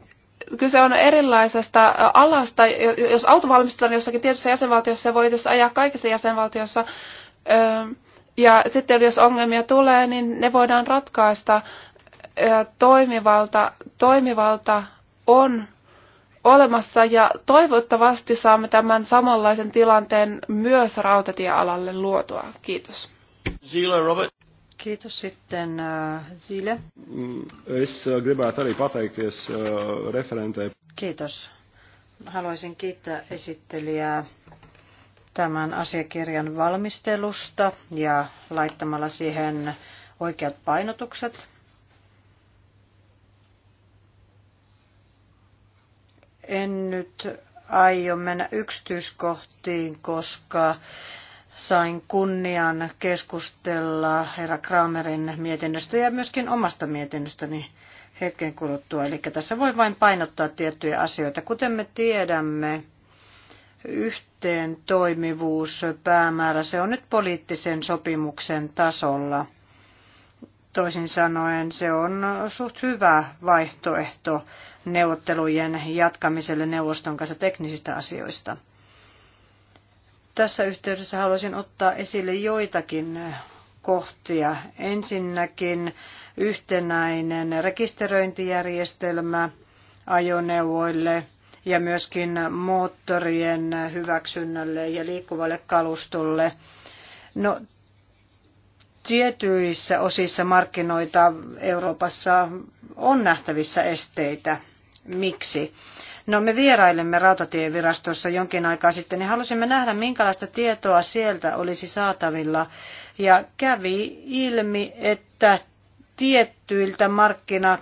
kyse on erilaisesta eh, alasta. Jos auto valmistetaan jossakin tietyssä jäsenvaltiossa, se voi ajaa kaikissa jäsenvaltioissa. Eh, ja sitten jos ongelmia tulee, niin ne voidaan ratkaista. Toimivalta, toimivalta on olemassa ja toivottavasti saamme tämän samanlaisen tilanteen myös rautatiealalle luotua. Kiitos. Zila Robert. Kiitos sitten äh, Zile. Mm, es äh, gribētu arī pateikties äh, referentei. Kiitos. Haluaisin kiittää esittelijää tämän asiakirjan valmistelusta ja laittamalla siihen oikeat painotukset En nyt aio mennä yksityiskohtiin, koska sain kunnian keskustella herra Kramerin mietinnöstä ja myöskin omasta mietinnöstäni hetken kuluttua. Eli tässä voi vain painottaa tiettyjä asioita. Kuten me tiedämme, yhteen toimivuus, päämäärä, se on nyt poliittisen sopimuksen tasolla – Toisin sanoen se on suht hyvä vaihtoehto neuvottelujen jatkamiselle neuvoston kanssa teknisistä asioista. Tässä yhteydessä haluaisin ottaa esille joitakin kohtia. Ensinnäkin yhtenäinen rekisteröintijärjestelmä ajoneuvoille ja myöskin moottorien hyväksynnälle ja liikkuvalle kalustolle. No, tietyissä osissa markkinoita Euroopassa on nähtävissä esteitä. Miksi? No me vierailemme rautatievirastossa jonkin aikaa sitten ja halusimme nähdä, minkälaista tietoa sieltä olisi saatavilla. Ja kävi ilmi, että tiettyiltä markkina,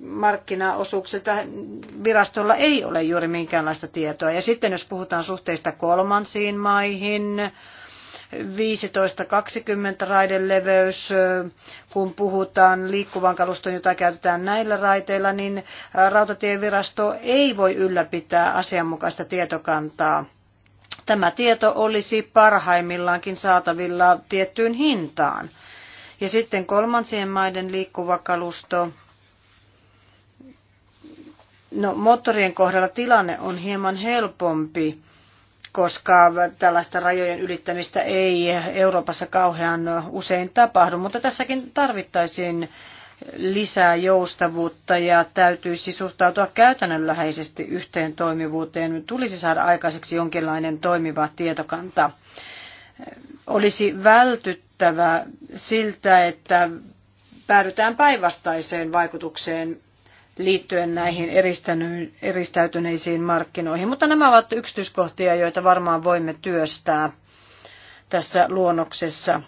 markkinaosuuksilta virastolla ei ole juuri minkäänlaista tietoa. Ja sitten jos puhutaan suhteista kolmansiin maihin, 15-20 raiden leveys, kun puhutaan liikkuvan kaluston, jota käytetään näillä raiteilla, niin rautatievirasto ei voi ylläpitää asianmukaista tietokantaa. Tämä tieto olisi parhaimmillaankin saatavilla tiettyyn hintaan. Ja sitten kolmansien maiden liikkuva kalusto. No, moottorien kohdalla tilanne on hieman helpompi koska tällaista rajojen ylittämistä ei Euroopassa kauhean usein tapahdu. Mutta tässäkin tarvittaisiin lisää joustavuutta ja täytyisi suhtautua käytännönläheisesti yhteen toimivuuteen. Tulisi saada aikaiseksi jonkinlainen toimiva tietokanta. Olisi vältyttävä siltä, että päädytään päinvastaiseen vaikutukseen liittyen näihin eristäytyneisiin markkinoihin. Mutta nämä ovat yksityiskohtia, joita varmaan voimme työstää tässä luonnoksessa.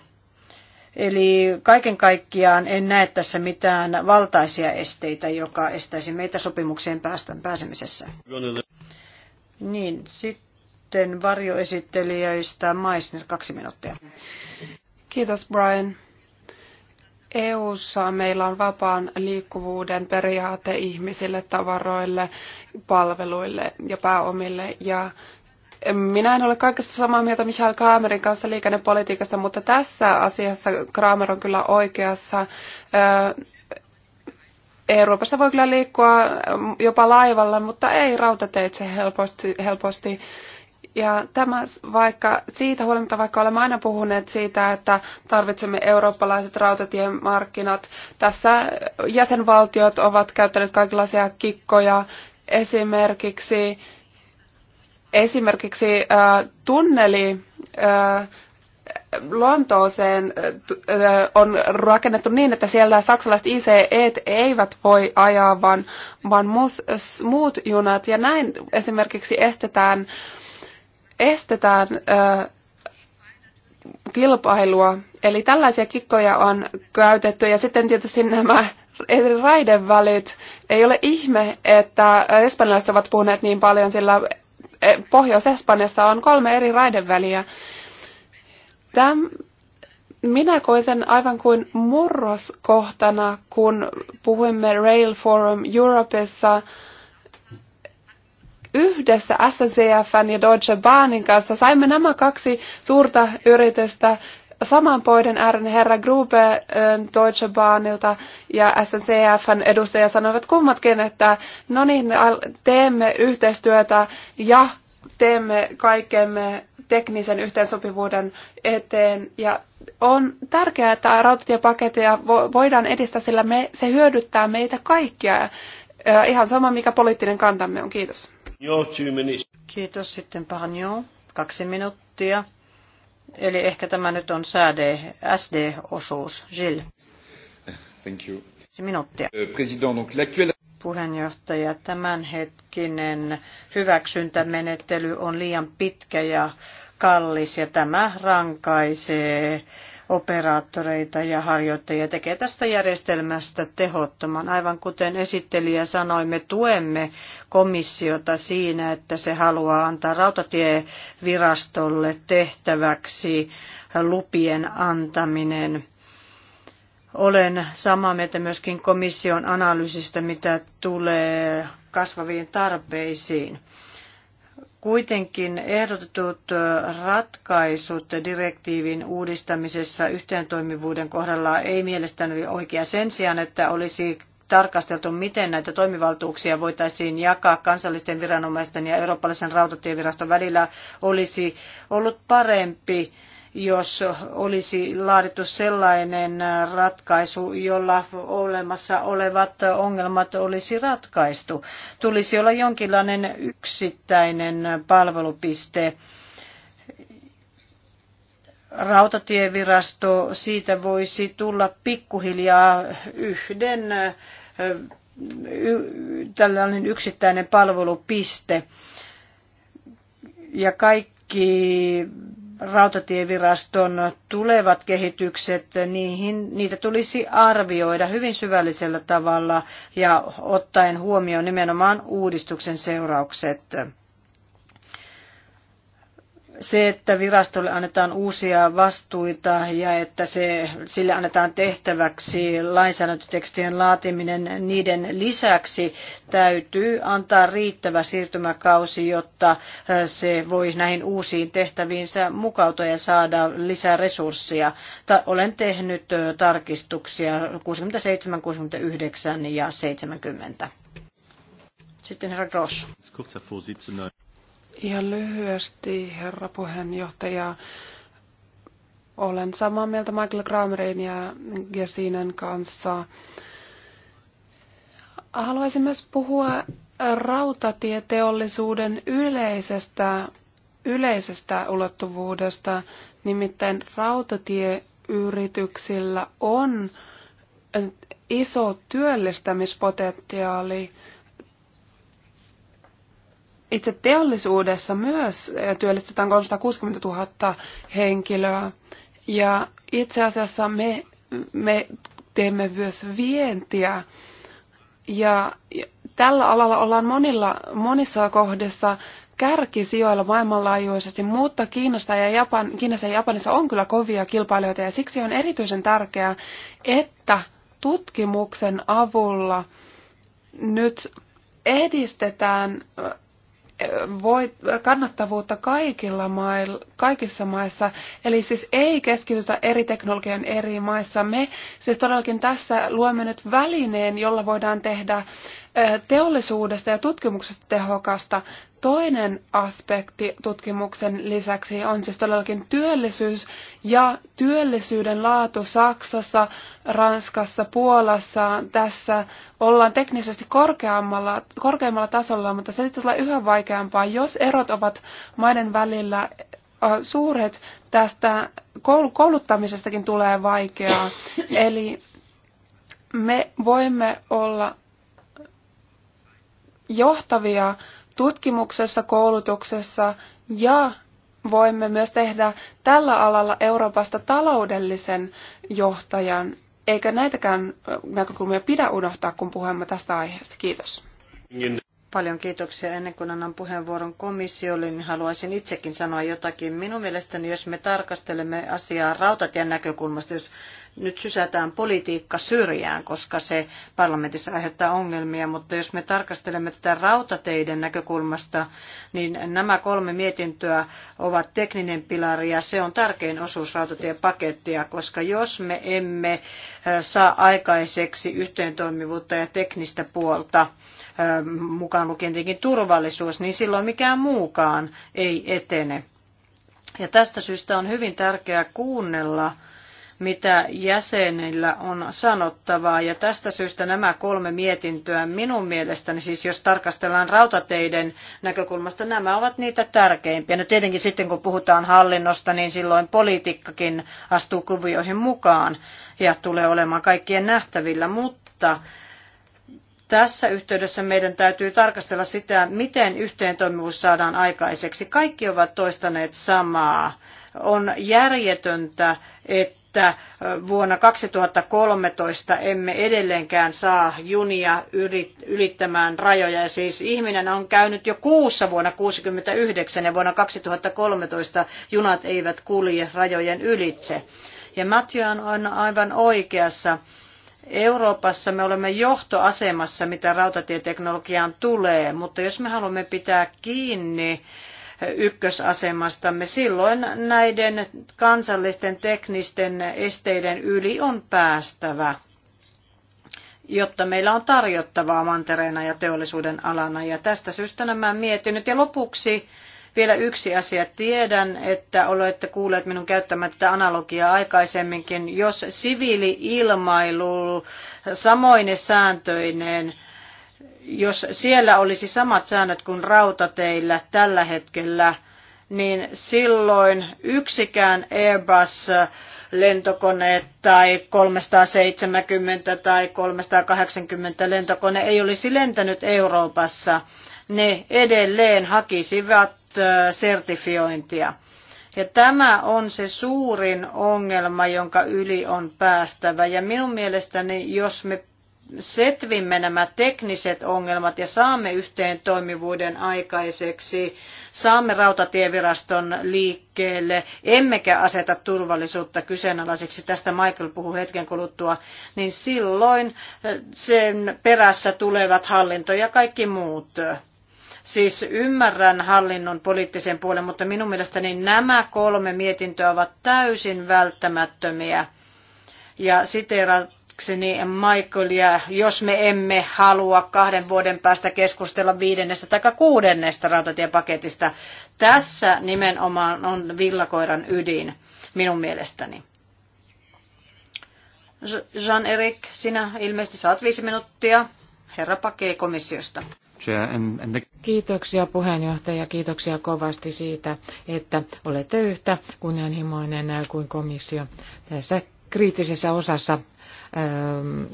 Eli kaiken kaikkiaan en näe tässä mitään valtaisia esteitä, joka estäisi meitä sopimukseen päästä, pääsemisessä. Niin, sitten varjoesittelijöistä Maisner kaksi minuuttia. Kiitos Brian. EU-ssa meillä on vapaan liikkuvuuden periaate ihmisille, tavaroille, palveluille ja pääomille. Ja minä en ole kaikesta samaa mieltä Michael Kramerin kanssa liikennepolitiikasta, mutta tässä asiassa Kramer on kyllä oikeassa. Euroopassa voi kyllä liikkua jopa laivalla, mutta ei rautateitse helposti. helposti. Ja tämä vaikka siitä huolimatta, vaikka olemme aina puhuneet siitä, että tarvitsemme eurooppalaiset rautatiemarkkinat, tässä jäsenvaltiot ovat käyttäneet kaikenlaisia kikkoja, esimerkiksi, esimerkiksi äh, tunneli äh, Lontooseen on rakennettu niin, että siellä saksalaiset ICE eivät voi ajaa, vaan, vaan muut junat. Ja näin esimerkiksi estetään äh, estetään kilpailua. Eli tällaisia kikkoja on käytetty ja sitten tietysti nämä eri raidevälit. Ei ole ihme, että espanjalaiset ovat puhuneet niin paljon, sillä e, Pohjois-Espanjassa on kolme eri raideväliä. Täm, minä koin sen aivan kuin murroskohtana, kun puhuimme Rail Forum Europeissa – yhdessä SNCFn ja Deutsche Bahnin kanssa saimme nämä kaksi suurta yritystä saman poiden ääreen herra Grube Deutsche Bahnilta ja SNCFn edustaja sanoivat kummatkin, että no niin, teemme yhteistyötä ja teemme kaikkemme teknisen yhteensopivuuden eteen. Ja on tärkeää, että rautatiepakettia voidaan edistää, sillä me, se hyödyttää meitä kaikkia. Ihan sama, mikä poliittinen kantamme on. Kiitos. Kiitos sitten Pahanjo. Kaksi minuuttia. Eli ehkä tämä nyt on sääde, SD-osuus. Jill. Thank you. Kaksi minuuttia. Eh, President, puheenjohtaja, tämänhetkinen hyväksyntämenettely on liian pitkä ja kallis ja tämä rankaisee operaattoreita ja harjoittajia tekee tästä järjestelmästä tehottoman. Aivan kuten esittelijä sanoi, me tuemme komissiota siinä, että se haluaa antaa rautatievirastolle tehtäväksi lupien antaminen. Olen samaa mieltä myöskin komission analyysistä, mitä tulee kasvaviin tarpeisiin Kuitenkin ehdotetut ratkaisut direktiivin uudistamisessa yhteentoimivuuden kohdalla ei mielestäni ole oikea sen sijaan, että olisi tarkasteltu, miten näitä toimivaltuuksia voitaisiin jakaa kansallisten viranomaisten ja eurooppalaisen rautatieviraston välillä, olisi ollut parempi jos olisi laadittu sellainen ratkaisu, jolla olemassa olevat ongelmat olisi ratkaistu. Tulisi olla jonkinlainen yksittäinen palvelupiste. Rautatievirasto siitä voisi tulla pikkuhiljaa yhden tällainen yksittäinen palvelupiste. Ja kaikki rautatieviraston tulevat kehitykset, niihin, niitä tulisi arvioida hyvin syvällisellä tavalla ja ottaen huomioon nimenomaan uudistuksen seuraukset se, että virastolle annetaan uusia vastuita ja että se, sille annetaan tehtäväksi lainsäädäntötekstien laatiminen, niiden lisäksi täytyy antaa riittävä siirtymäkausi, jotta se voi näihin uusiin tehtäviinsä mukautua ja saada lisää resursseja. olen tehnyt tarkistuksia 67, 69 ja 70. Sitten herra Gross. Ihan lyhyesti, herra puheenjohtaja. Olen samaa mieltä Michael Kramerin ja Gesinen kanssa. Haluaisin myös puhua rautatieteollisuuden yleisestä, yleisestä ulottuvuudesta. Nimittäin rautatieyrityksillä on iso työllistämispotentiaali itse teollisuudessa myös työllistetään 360 000 henkilöä. Ja itse asiassa me, me teemme myös vientiä. Ja tällä alalla ollaan monilla, monissa kohdissa kärkisijoilla maailmanlaajuisesti, mutta Kiinassa ja, Japan, Kiinassa ja Japanissa on kyllä kovia kilpailijoita ja siksi on erityisen tärkeää, että tutkimuksen avulla nyt edistetään voi, kannattavuutta kaikilla mailla, kaikissa maissa. Eli siis ei keskitytä eri teknologian eri maissa. Me siis todellakin tässä luomme nyt välineen, jolla voidaan tehdä teollisuudesta ja tutkimuksesta tehokasta. Toinen aspekti tutkimuksen lisäksi on siis todellakin työllisyys ja työllisyyden laatu Saksassa, Ranskassa, Puolassa. Tässä ollaan teknisesti korkeammalla, korkeammalla tasolla, mutta se tulee yhä vaikeampaa, jos erot ovat maiden välillä suuret. Tästä kouluttamisestakin tulee vaikeaa. Eli me voimme olla johtavia tutkimuksessa, koulutuksessa ja voimme myös tehdä tällä alalla Euroopasta taloudellisen johtajan, eikä näitäkään näkökulmia pidä unohtaa, kun puhumme tästä aiheesta. Kiitos. Paljon kiitoksia. Ennen kuin annan puheenvuoron komissiolle, niin haluaisin itsekin sanoa jotakin. Minun mielestäni, jos me tarkastelemme asiaa rautatien näkökulmasta, jos nyt sysätään politiikka syrjään, koska se parlamentissa aiheuttaa ongelmia, mutta jos me tarkastelemme tätä rautateiden näkökulmasta, niin nämä kolme mietintöä ovat tekninen pilari ja se on tärkein osuus rautatiepakettia, koska jos me emme saa aikaiseksi yhteentoimivuutta ja teknistä puolta, mukaan lukien tietenkin turvallisuus, niin silloin mikään muukaan ei etene. Ja tästä syystä on hyvin tärkeää kuunnella mitä jäsenillä on sanottavaa. Ja tästä syystä nämä kolme mietintöä minun mielestäni, siis jos tarkastellaan rautateiden näkökulmasta, nämä ovat niitä tärkeimpiä. No tietenkin sitten kun puhutaan hallinnosta, niin silloin politiikkakin astuu kuvioihin mukaan ja tulee olemaan kaikkien nähtävillä, mutta tässä yhteydessä meidän täytyy tarkastella sitä, miten yhteentoimivuus saadaan aikaiseksi. Kaikki ovat toistaneet samaa. On järjetöntä, että että vuonna 2013 emme edelleenkään saa junia ylittämään rajoja. Ja siis ihminen on käynyt jo kuussa vuonna 1969 ja vuonna 2013 junat eivät kulje rajojen ylitse. Ja Matthew on aivan oikeassa. Euroopassa me olemme johtoasemassa, mitä rautatieteknologiaan tulee, mutta jos me haluamme pitää kiinni ykkösasemastamme. Silloin näiden kansallisten teknisten esteiden yli on päästävä jotta meillä on tarjottavaa mantereena ja teollisuuden alana. Ja tästä syystä nämä mietinnöt. Ja lopuksi vielä yksi asia. Tiedän, että olette kuulleet minun käyttämään tätä analogiaa aikaisemminkin. Jos siviili-ilmailu samoine sääntöineen jos siellä olisi samat säännöt kuin rautateillä tällä hetkellä, niin silloin yksikään Airbus lentokone tai 370 tai 380 lentokone ei olisi lentänyt Euroopassa. Ne edelleen hakisivat sertifiointia. Ja tämä on se suurin ongelma, jonka yli on päästävä. Ja minun mielestäni, jos me setvimme nämä tekniset ongelmat ja saamme yhteen toimivuuden aikaiseksi, saamme rautatieviraston liikkeelle, emmekä aseta turvallisuutta kyseenalaiseksi, tästä Michael puhuu hetken kuluttua, niin silloin eh, sen perässä tulevat hallinto ja kaikki muut siis ymmärrän hallinnon poliittisen puolen, mutta minun mielestäni nämä kolme mietintöä ovat täysin välttämättömiä. Ja siteeran Michael, ja jos me emme halua kahden vuoden päästä keskustella viidennestä tai kuudennesta rautatiepaketista. Tässä nimenomaan on villakoiran ydin minun mielestäni. Jean-Erik, sinä ilmeisesti saat viisi minuuttia. Herra Pakee komissiosta. Kiitoksia puheenjohtaja, kiitoksia kovasti siitä, että olette yhtä kunnianhimoinen kuin komissio tässä kriittisessä osassa Ähm,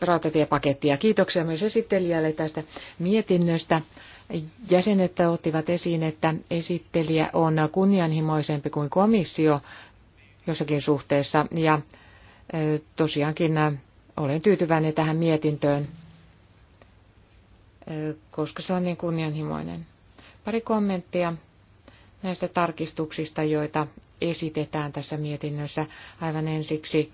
rautatiepakettia. Kiitoksia myös esittelijälle tästä mietinnöstä. Jäsenet ottivat esiin, että esittelijä on kunnianhimoisempi kuin komissio jossakin suhteessa. Ja äh, tosiaankin äh, olen tyytyväinen tähän mietintöön, äh, koska se on niin kunnianhimoinen. Pari kommenttia näistä tarkistuksista, joita esitetään tässä mietinnössä. Aivan ensiksi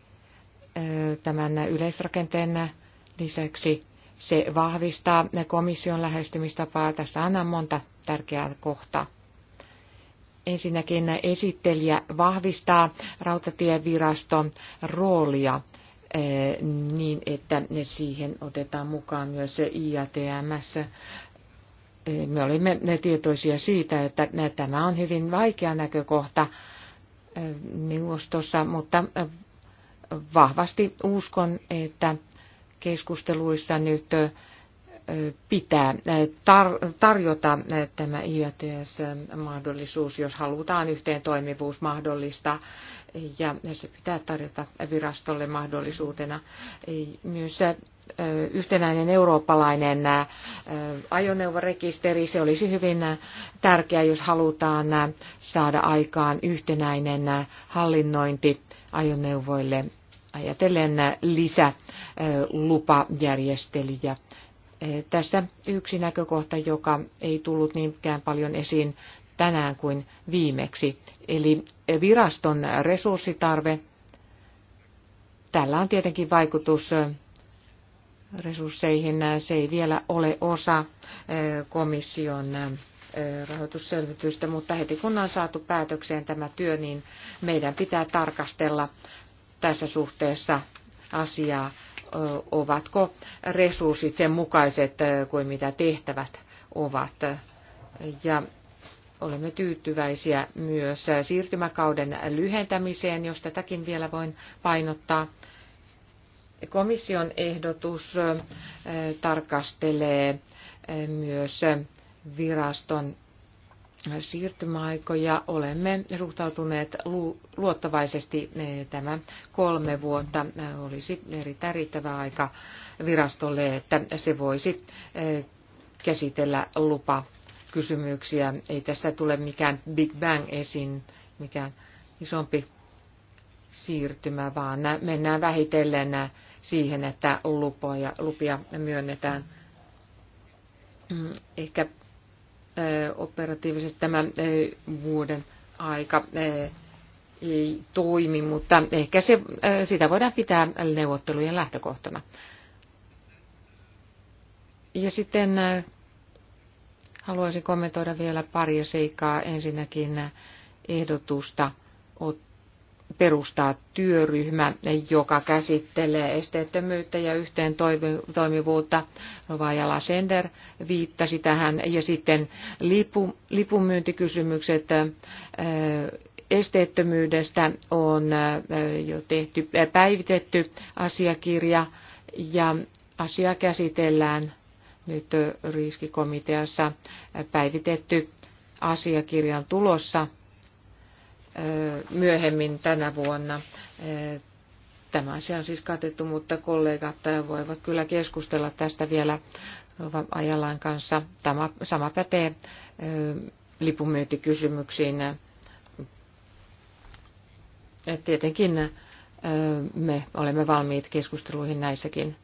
tämän yleisrakenteen lisäksi se vahvistaa komission lähestymistapaa. Tässä on monta tärkeää kohtaa. Ensinnäkin esittelijä vahvistaa rautatieviraston roolia niin, että ne siihen otetaan mukaan myös IATMS. Me olimme tietoisia siitä, että tämä on hyvin vaikea näkökohta neuvostossa, mutta vahvasti uskon, että keskusteluissa nyt pitää tarjota tämä IATS-mahdollisuus, jos halutaan yhteen toimivuus mahdollista, ja se pitää tarjota virastolle mahdollisuutena. Myös yhtenäinen eurooppalainen ajoneuvorekisteri, se olisi hyvin tärkeä, jos halutaan saada aikaan yhtenäinen hallinnointi ajoneuvoille ajatellen lisälupajärjestelyjä. E, tässä yksi näkökohta, joka ei tullut niinkään paljon esiin tänään kuin viimeksi, eli viraston resurssitarve. Tällä on tietenkin vaikutus resursseihin. Se ei vielä ole osa e, komission rahoitusselvitystä, mutta heti kun on saatu päätökseen tämä työ, niin meidän pitää tarkastella tässä suhteessa asiaa, ovatko resurssit sen mukaiset kuin mitä tehtävät ovat. Ja olemme tyytyväisiä myös siirtymäkauden lyhentämiseen, jos tätäkin vielä voin painottaa. Komission ehdotus tarkastelee myös viraston siirtymäaikoja. Olemme suhtautuneet luottavaisesti eh, tämä kolme vuotta. Eh, olisi erittäin riittävä aika virastolle, että se voisi eh, käsitellä lupakysymyksiä. Ei tässä tule mikään Big Bang esiin, mikään isompi siirtymä, vaan mennään vähitellen siihen, että lupoja, lupia myönnetään. Mm, ehkä operatiivisesti tämä vuoden aika ei toimi, mutta ehkä se, sitä voidaan pitää neuvottelujen lähtökohtana. Ja sitten haluaisin kommentoida vielä pari seikkaa. Ensinnäkin ehdotusta ottaa perustaa työryhmä, joka käsittelee esteettömyyttä ja yhteen toimivuutta. Vajala Sender viittasi tähän. Ja sitten lipu, lipunmyyntikysymykset äh, esteettömyydestä on äh, jo tehty äh, päivitetty asiakirja ja asia käsitellään nyt riskikomiteassa päivitetty asiakirjan tulossa myöhemmin tänä vuonna. Tämä asia on siis katettu, mutta kollegat voivat kyllä keskustella tästä vielä ajallaan kanssa. Tämä sama pätee lipunmyyntikysymyksiin. Tietenkin me olemme valmiit keskusteluihin näissäkin.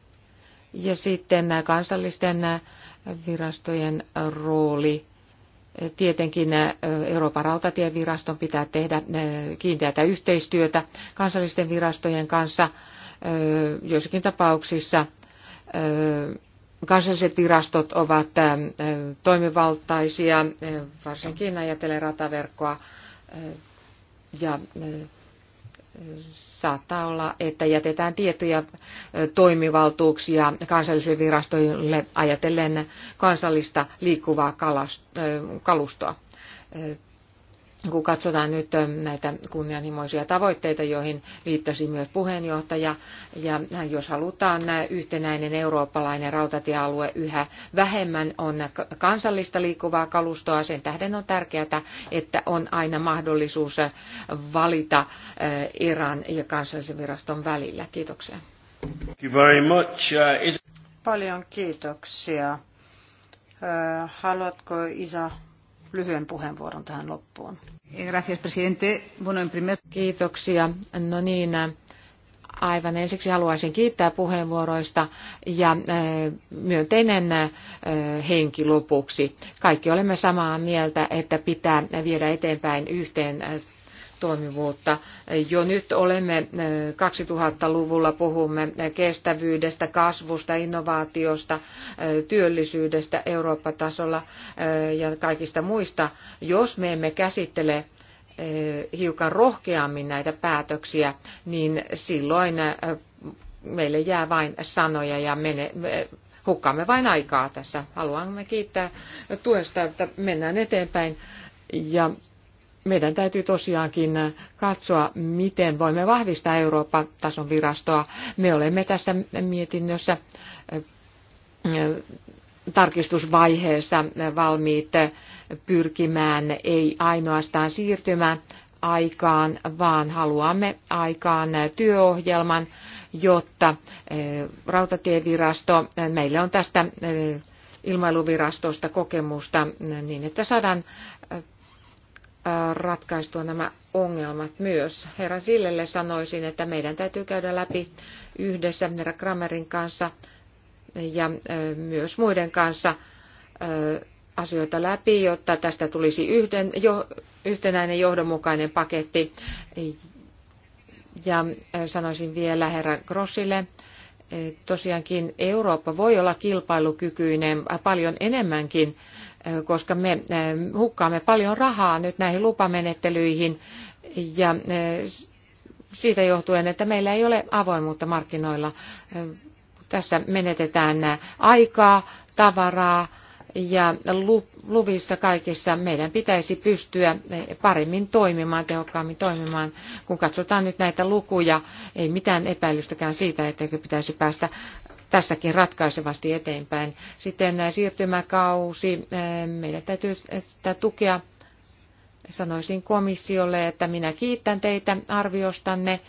Ja sitten kansallisten virastojen rooli Tietenkin Euroopan rautatieviraston pitää tehdä kiinteätä yhteistyötä kansallisten virastojen kanssa. Joissakin tapauksissa kansalliset virastot ovat toimivaltaisia, varsinkin ajatellen rataverkkoa ja saattaa olla, että jätetään tiettyjä toimivaltuuksia kansallisille virastoille ajatellen kansallista liikkuvaa kalustoa kun katsotaan nyt näitä kunnianhimoisia tavoitteita, joihin viittasi myös puheenjohtaja, ja jos halutaan yhtenäinen eurooppalainen rautatiealue yhä vähemmän on kansallista liikkuvaa kalustoa, sen tähden on tärkeää, että on aina mahdollisuus valita Iran ja kansallisen viraston välillä. Kiitoksia. Uh, Paljon kiitoksia. Haluatko Isa lyhyen puheenvuoron tähän loppuun. Eh, gracias, presidente. Bueno, en primer... Kiitoksia. No niin, aivan ensiksi haluaisin kiittää puheenvuoroista ja eh, myönteinen eh, henki lopuksi. Kaikki olemme samaa mieltä, että pitää viedä eteenpäin yhteen toimivuutta. Jo nyt olemme 2000-luvulla, eh, puhumme kestävyydestä, kasvusta, innovaatiosta, eh, työllisyydestä Eurooppa-tasolla eh, ja kaikista muista. Jos me emme käsittele hiukan rohkeammin näitä päätöksiä, niin silloin meille jää vain sanoja ja mene, hukkaamme vain aikaa tässä. Haluamme kiittää tuesta, että mennään eteenpäin ja meidän täytyy tosiaankin katsoa, miten voimme vahvistaa Eurooppa-tason virastoa. Me olemme tässä mietinnössä eh, tarkistusvaiheessa valmiit pyrkimään ei ainoastaan siirtymään aikaan, vaan haluamme aikaan työohjelman, jotta eh, rautatievirasto, meillä on tästä eh, ilmailuvirastosta kokemusta niin, että saadaan ratkaistua nämä ongelmat myös. Herra Sillelle sanoisin, että meidän täytyy käydä läpi yhdessä herra Kramerin kanssa ja myös muiden kanssa asioita läpi, jotta tästä tulisi yhden, jo, yhtenäinen johdonmukainen paketti. Ja sanoisin vielä herra Grossille, tosiaankin Eurooppa voi olla kilpailukykyinen paljon enemmänkin koska me eh, hukkaamme paljon rahaa nyt näihin lupamenettelyihin ja eh, siitä johtuen, että meillä ei ole avoimuutta markkinoilla. Eh, tässä menetetään aikaa, tavaraa ja luvissa kaikissa meidän pitäisi pystyä paremmin toimimaan, tehokkaammin toimimaan. Kun katsotaan nyt näitä lukuja, ei mitään epäilystäkään siitä, etteikö pitäisi päästä tässäkin ratkaisevasti eteenpäin. Sitten äh, siirtymäkausi, äh, meidän täytyy äh, sitä tukea. Sanoisin komissiolle, että minä kiitän teitä arviostanne.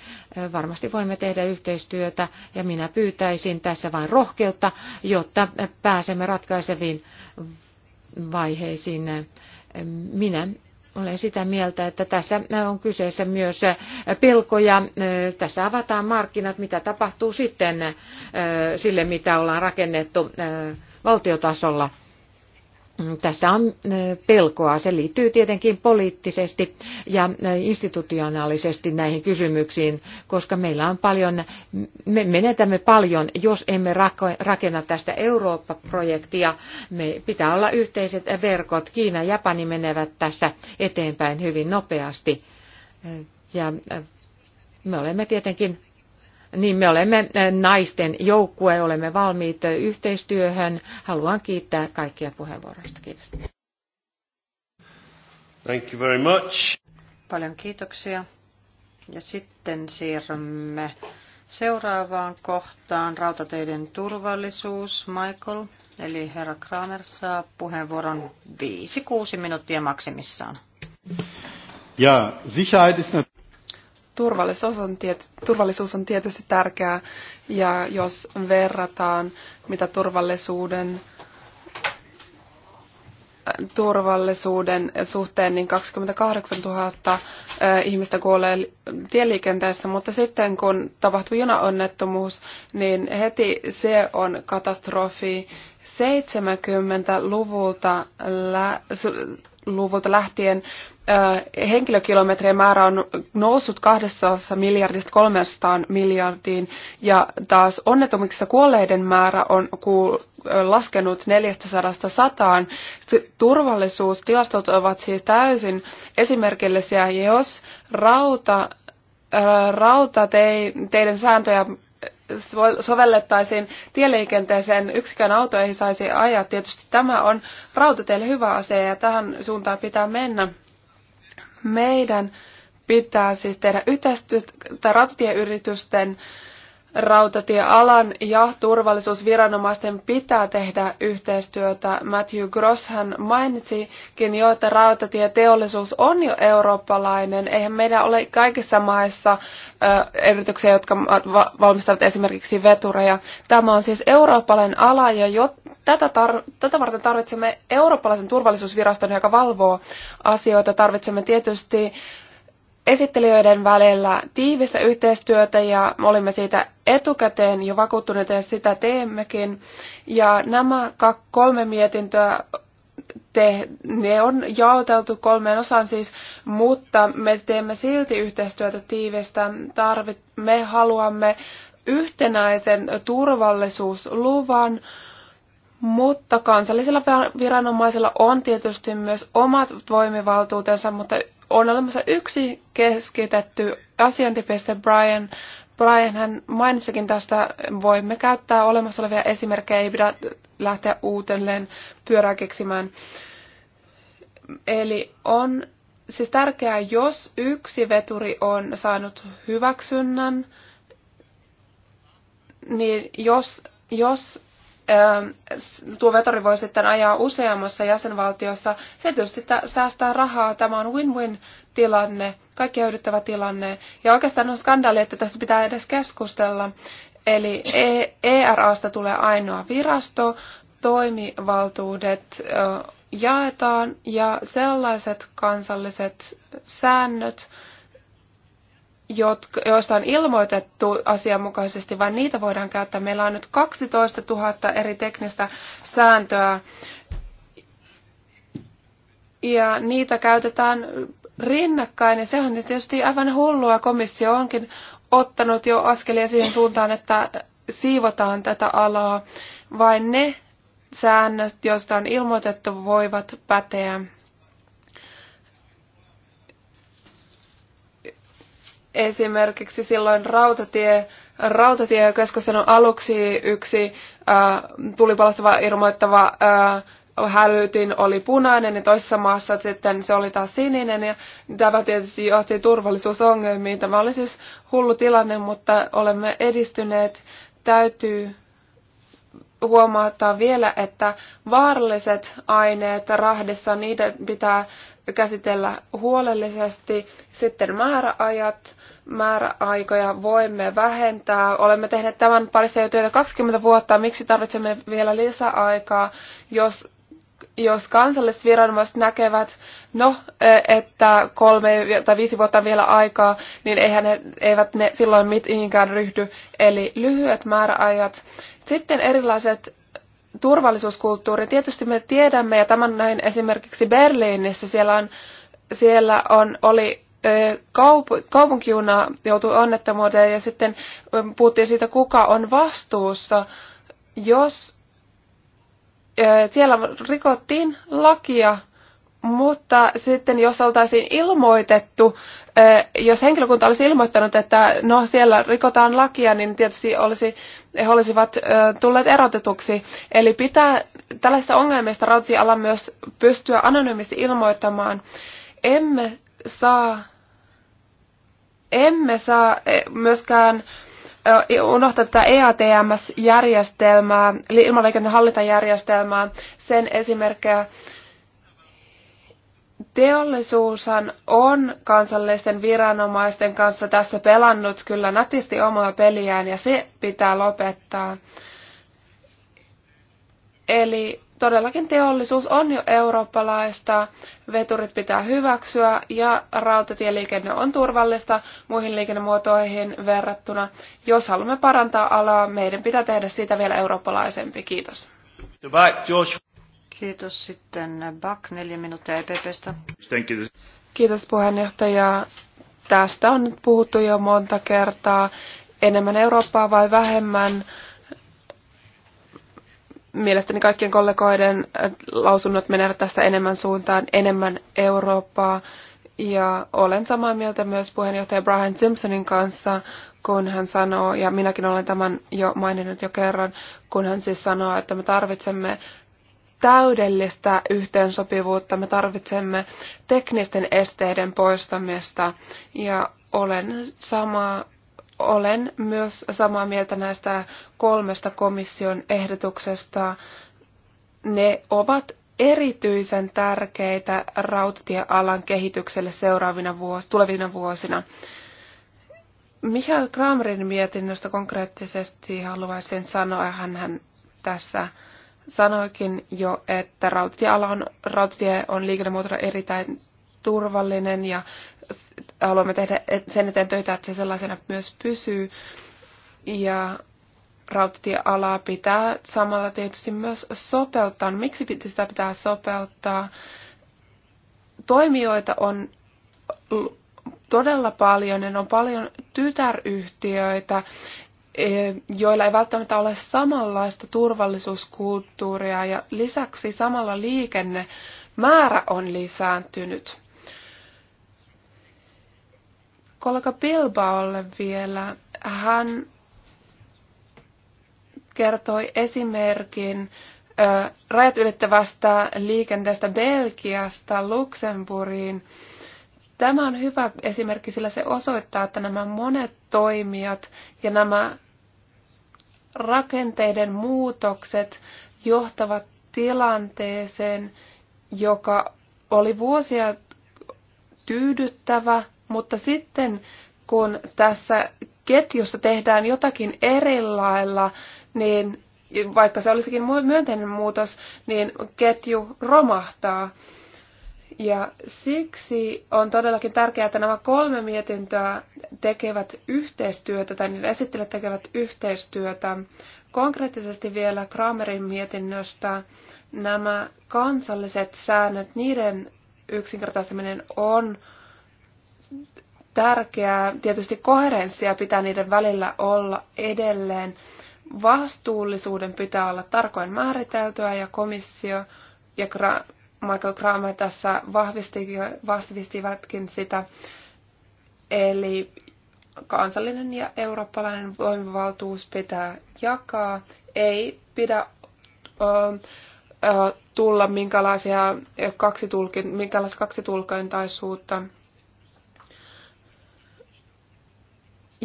Varmasti voimme tehdä yhteistyötä ja minä pyytäisin tässä vain rohkeutta, jotta pääsemme ratkaiseviin vaiheisiin. Minä olen sitä mieltä, että tässä on kyseessä myös pelkoja. Tässä avataan markkinat, mitä tapahtuu sitten sille, mitä ollaan rakennettu valtiotasolla – tässä on pelkoa. Se liittyy tietenkin poliittisesti ja institutionaalisesti näihin kysymyksiin, koska meillä on paljon, me menetämme paljon, jos emme rakenna tästä Eurooppa-projektia. Me pitää olla yhteiset verkot. Kiina ja Japani menevät tässä eteenpäin hyvin nopeasti. Ja me olemme tietenkin niin me olemme eh, naisten joukkue, olemme valmiit eh, yhteistyöhön. Haluan kiittää kaikkia puheenvuoroista. Kiitos. Thank you very much. Paljon kiitoksia. Ja sitten siirrymme seuraavaan kohtaan. Rautateiden turvallisuus. Michael, eli herra Kramer, saa puheenvuoron 5-6 minuuttia maksimissaan. Ja, Sicherheit ist turvallisuus on, tiet, turvallisuus on tietysti tärkeää ja jos verrataan, mitä turvallisuuden turvallisuuden suhteen, niin 28 000 ihmistä kuolee tieliikenteessä, mutta sitten kun tapahtuu junaonnettomuus, niin heti se on katastrofi. 70-luvulta lä- luvulta lähtien henkilökilometrien määrä on noussut 200 miljardista 300 miljardiin ja taas onnettomuuksissa kuolleiden määrä on laskenut 400 sataan. Turvallisuustilastot ovat siis täysin esimerkillisiä ja jos rauta, rauta teidän sääntöjä sovellettaisiin tieliikenteeseen, yksikään auto ei saisi ajaa. Tietysti tämä on rautateille hyvä asia ja tähän suuntaan pitää mennä. Meidän pitää siis tehdä yhteistyötä rautatieyritysten rautatiealan ja turvallisuusviranomaisten pitää tehdä yhteistyötä. Matthew Grosshan mainitsikin jo, että rautatieteollisuus on jo eurooppalainen. Eihän meidän ole kaikissa maissa ö, yrityksiä, jotka valmistavat esimerkiksi vetureja. Tämä on siis eurooppalainen ala ja jo, tätä, tar- tätä varten tarvitsemme eurooppalaisen turvallisuusviraston, joka valvoo asioita. Tarvitsemme tietysti esittelijöiden välillä tiivistä yhteistyötä ja olimme siitä etukäteen jo vakuuttuneita ja sitä teemmekin. Ja nämä kolme mietintöä te, ne on jaoteltu kolmeen osaan siis, mutta me teemme silti yhteistyötä tiivistä. Tarvit, me haluamme yhtenäisen turvallisuusluvan, mutta kansallisilla viranomaisilla on tietysti myös omat voimivaltuutensa, mutta on olemassa yksi keskitetty asiantipiste Brian. Brian hän mainitsikin tästä, voimme käyttää olemassa olevia esimerkkejä, ei pidä lähteä uutelleen pyörää keksimään. Eli on siis tärkeää, jos yksi veturi on saanut hyväksynnän, niin jos, jos tuo vetori voi sitten ajaa useammassa jäsenvaltiossa. Se tietysti säästää rahaa. Tämä on win-win tilanne, kaikki hyödyttävä tilanne. Ja oikeastaan on skandaali, että tästä pitää edes keskustella. Eli ERAsta e tulee ainoa virasto, toimivaltuudet jaetaan ja sellaiset kansalliset säännöt, jotka, joista on ilmoitettu asianmukaisesti, vaan niitä voidaan käyttää. Meillä on nyt 12 000 eri teknistä sääntöä, ja niitä käytetään rinnakkain, ja sehän on tietysti aivan hullua. Komissio onkin ottanut jo askelia siihen suuntaan, että siivotaan tätä alaa. Vain ne säännöt, joista on ilmoitettu, voivat päteä. Esimerkiksi silloin rautatie, on aluksi yksi äh, tulipalasta ilmoittava äh, hälytin oli punainen ja toisessa maassa sitten se oli taas sininen ja tämä tietysti johti turvallisuusongelmiin. Tämä oli siis hullu tilanne, mutta olemme edistyneet. Täytyy huomata vielä, että vaaralliset aineet rahdissa, niiden pitää käsitellä huolellisesti. Sitten määräajat määräaikoja voimme vähentää. Olemme tehneet tämän parissa jo työtä 20 vuotta. Miksi tarvitsemme vielä lisäaikaa, jos, jos kansalliset viranomaiset näkevät, no, e, että kolme tai viisi vuotta on vielä aikaa, niin eihän ne, eivät ne silloin mihinkään ryhdy. Eli lyhyet määräajat. Sitten erilaiset turvallisuuskulttuuri. Tietysti me tiedämme, ja tämän näin esimerkiksi Berliinissä, siellä on, siellä on oli kaup- kaupunkijuna joutui onnettomuuteen ja sitten puhuttiin siitä, kuka on vastuussa, jos siellä rikottiin lakia, mutta sitten jos oltaisiin ilmoitettu, jos henkilökunta olisi ilmoittanut, että no siellä rikotaan lakia, niin tietysti olisi, he olisivat tulleet erotetuksi. Eli pitää tällaista ongelmista rautialan myös pystyä anonyymisti ilmoittamaan. Emme saa emme saa eh, myöskään eh, unohtaa tätä EATMS-järjestelmää, eli ilmaliikenteen hallintajärjestelmää, sen esimerkkejä. Teollisuushan on kansallisten viranomaisten kanssa tässä pelannut kyllä nätisti omaa peliään ja se pitää lopettaa. Eli todellakin teollisuus on jo eurooppalaista, veturit pitää hyväksyä ja rautatieliikenne on turvallista muihin liikennemuotoihin verrattuna. Jos haluamme parantaa alaa, meidän pitää tehdä siitä vielä eurooppalaisempi. Kiitos. Kiitos sitten Back, neljä minuuttia EPPstä. Kiitos puheenjohtaja. Tästä on nyt puhuttu jo monta kertaa. Enemmän Eurooppaa vai vähemmän? mielestäni kaikkien kollegoiden äh, lausunnot menevät tässä enemmän suuntaan, enemmän Eurooppaa. Ja olen samaa mieltä myös puheenjohtaja Brian Simpsonin kanssa, kun hän sanoo, ja minäkin olen tämän jo maininnut jo kerran, kun hän siis sanoo, että me tarvitsemme täydellistä yhteensopivuutta, me tarvitsemme teknisten esteiden poistamista. Ja olen samaa olen myös samaa mieltä näistä kolmesta komission ehdotuksesta. Ne ovat erityisen tärkeitä rautatiealan kehitykselle seuraavina vuos, tulevina vuosina. Michael Kramerin mietinnöstä konkreettisesti haluaisin sanoa, hän, hän tässä sanoikin jo, että rautatiealan on, rautatie on liikennemuotona erittäin turvallinen ja haluamme tehdä sen eteen töitä, että se sellaisena myös pysyy. Ja rautatiealaa pitää samalla tietysti myös sopeuttaa. No, miksi sitä pitää sopeuttaa? Toimijoita on todella paljon ja on paljon tytäryhtiöitä, e, joilla ei välttämättä ole samanlaista turvallisuuskulttuuria ja lisäksi samalla liikennemäärä on lisääntynyt kollega Bilbaolle vielä. Hän kertoi esimerkin ö, rajat ylittävästä liikenteestä Belgiasta Luxemburgiin. Tämä on hyvä esimerkki, sillä se osoittaa, että nämä monet toimijat ja nämä rakenteiden muutokset johtavat tilanteeseen, joka oli vuosia tyydyttävä – mutta sitten kun tässä ketjussa tehdään jotakin eri lailla, niin vaikka se olisikin myönteinen muutos, niin ketju romahtaa. Ja siksi on todellakin tärkeää, että nämä kolme mietintöä tekevät yhteistyötä tai niiden esittelijät tekevät yhteistyötä. Konkreettisesti vielä Kramerin mietinnöstä nämä kansalliset säännöt, niiden yksinkertaistaminen on tärkeää. Tietysti koherenssia pitää niiden välillä olla edelleen. Vastuullisuuden pitää olla tarkoin määriteltyä ja komissio ja Gra- Michael Kramer tässä vahvistivatkin sitä. Eli kansallinen ja eurooppalainen voimivaltuus pitää jakaa. Ei pidä ö, ö, tulla minkälaisia kaksitulkin, minkälaista kaksitulkintaisuutta.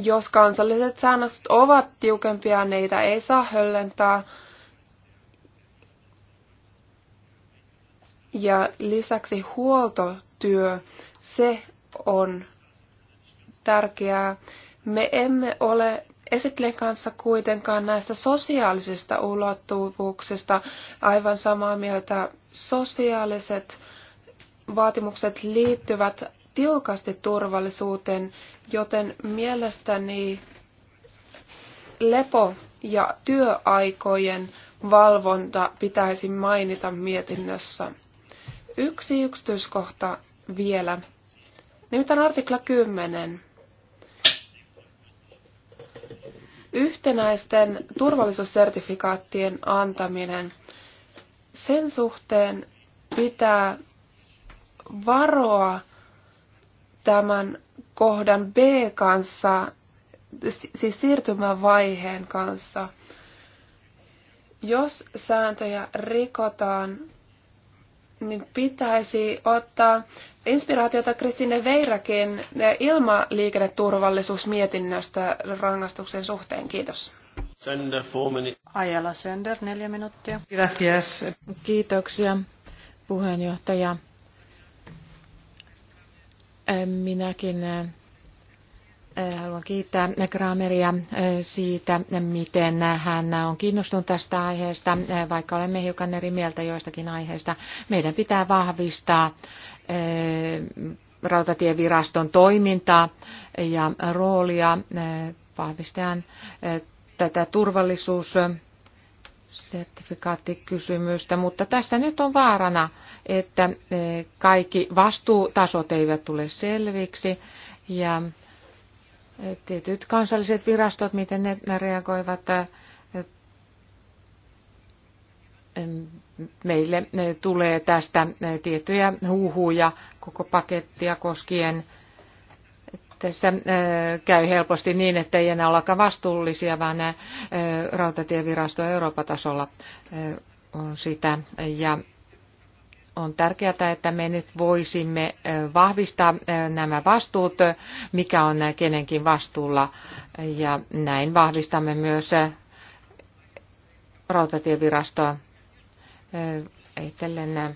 Jos kansalliset säännökset ovat tiukempia, neitä ei saa höllentää. Ja lisäksi huoltotyö, se on tärkeää. Me emme ole esittelen kanssa kuitenkaan näistä sosiaalisista ulottuvuuksista aivan samaa mieltä. Sosiaaliset vaatimukset liittyvät tiukasti turvallisuuteen, joten mielestäni lepo- ja työaikojen valvonta pitäisi mainita mietinnössä. Yksi yksityiskohta vielä. Nimittäin artikla 10. Yhtenäisten turvallisuussertifikaattien antaminen. Sen suhteen pitää varoa tämän kohdan B kanssa, siis siirtymävaiheen kanssa. Jos sääntöjä rikotaan, niin pitäisi ottaa inspiraatiota Kristine Veirakin ilmaliikenneturvallisuusmietinnöstä rangaistuksen suhteen. Kiitos. Sender, Ajala Sender, neljä minuuttia. Gracias. Kiitoksia, puheenjohtaja. Minäkin haluan kiittää Krameria siitä, miten hän on kiinnostunut tästä aiheesta, vaikka olemme hiukan eri mieltä joistakin aiheista. Meidän pitää vahvistaa rautatieviraston toimintaa ja roolia vahvistajan tätä turvallisuus- sertifikaattikysymystä, mutta tässä nyt on vaarana, että eh, kaikki vastuutasot eivät tule selviksi ja eh, tietyt kansalliset virastot, miten ne reagoivat eh, meille tulee tästä tiettyjä huuhuja koko pakettia koskien tässä äh, käy helposti niin, että ei enää olekaan vastuullisia, vaan nämä äh, rautatievirasto Euroopan tasolla äh, on sitä. Ja on tärkeää, että me nyt voisimme vahvistaa nämä vastuut, mikä on kenenkin vastuulla. Ja näin vahvistamme myös rautatievirastoa. Eitellen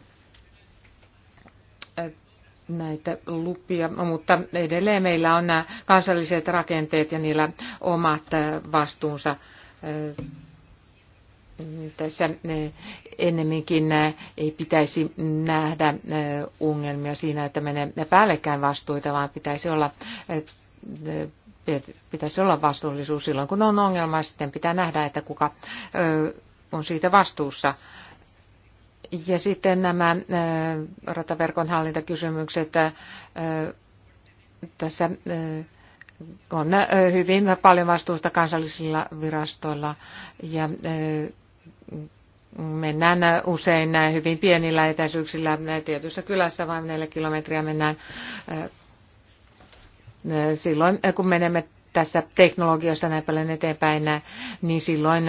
näitä lupia, mutta edelleen meillä on nämä kansalliset rakenteet ja niillä omat äh, vastuunsa äh, tässä äh, ennemminkin ei pitäisi nähdä ongelmia siinä, että menee päällekkäin vastuita, vaan pitäisi olla, pitäisi olla vastuullisuus silloin, kun on ongelma. Sitten pitää nähdä, että kuka on siitä vastuussa. Ja sitten nämä äh, rataverkon hallintakysymykset. Äh, tässä äh, on hyvin paljon vastuusta kansallisilla virastoilla ja mennään usein näin hyvin pienillä etäisyyksillä. Tietyssä kylässä vain neljä kilometriä mennään silloin, kun menemme tässä teknologiassa näin paljon eteenpäin, niin silloin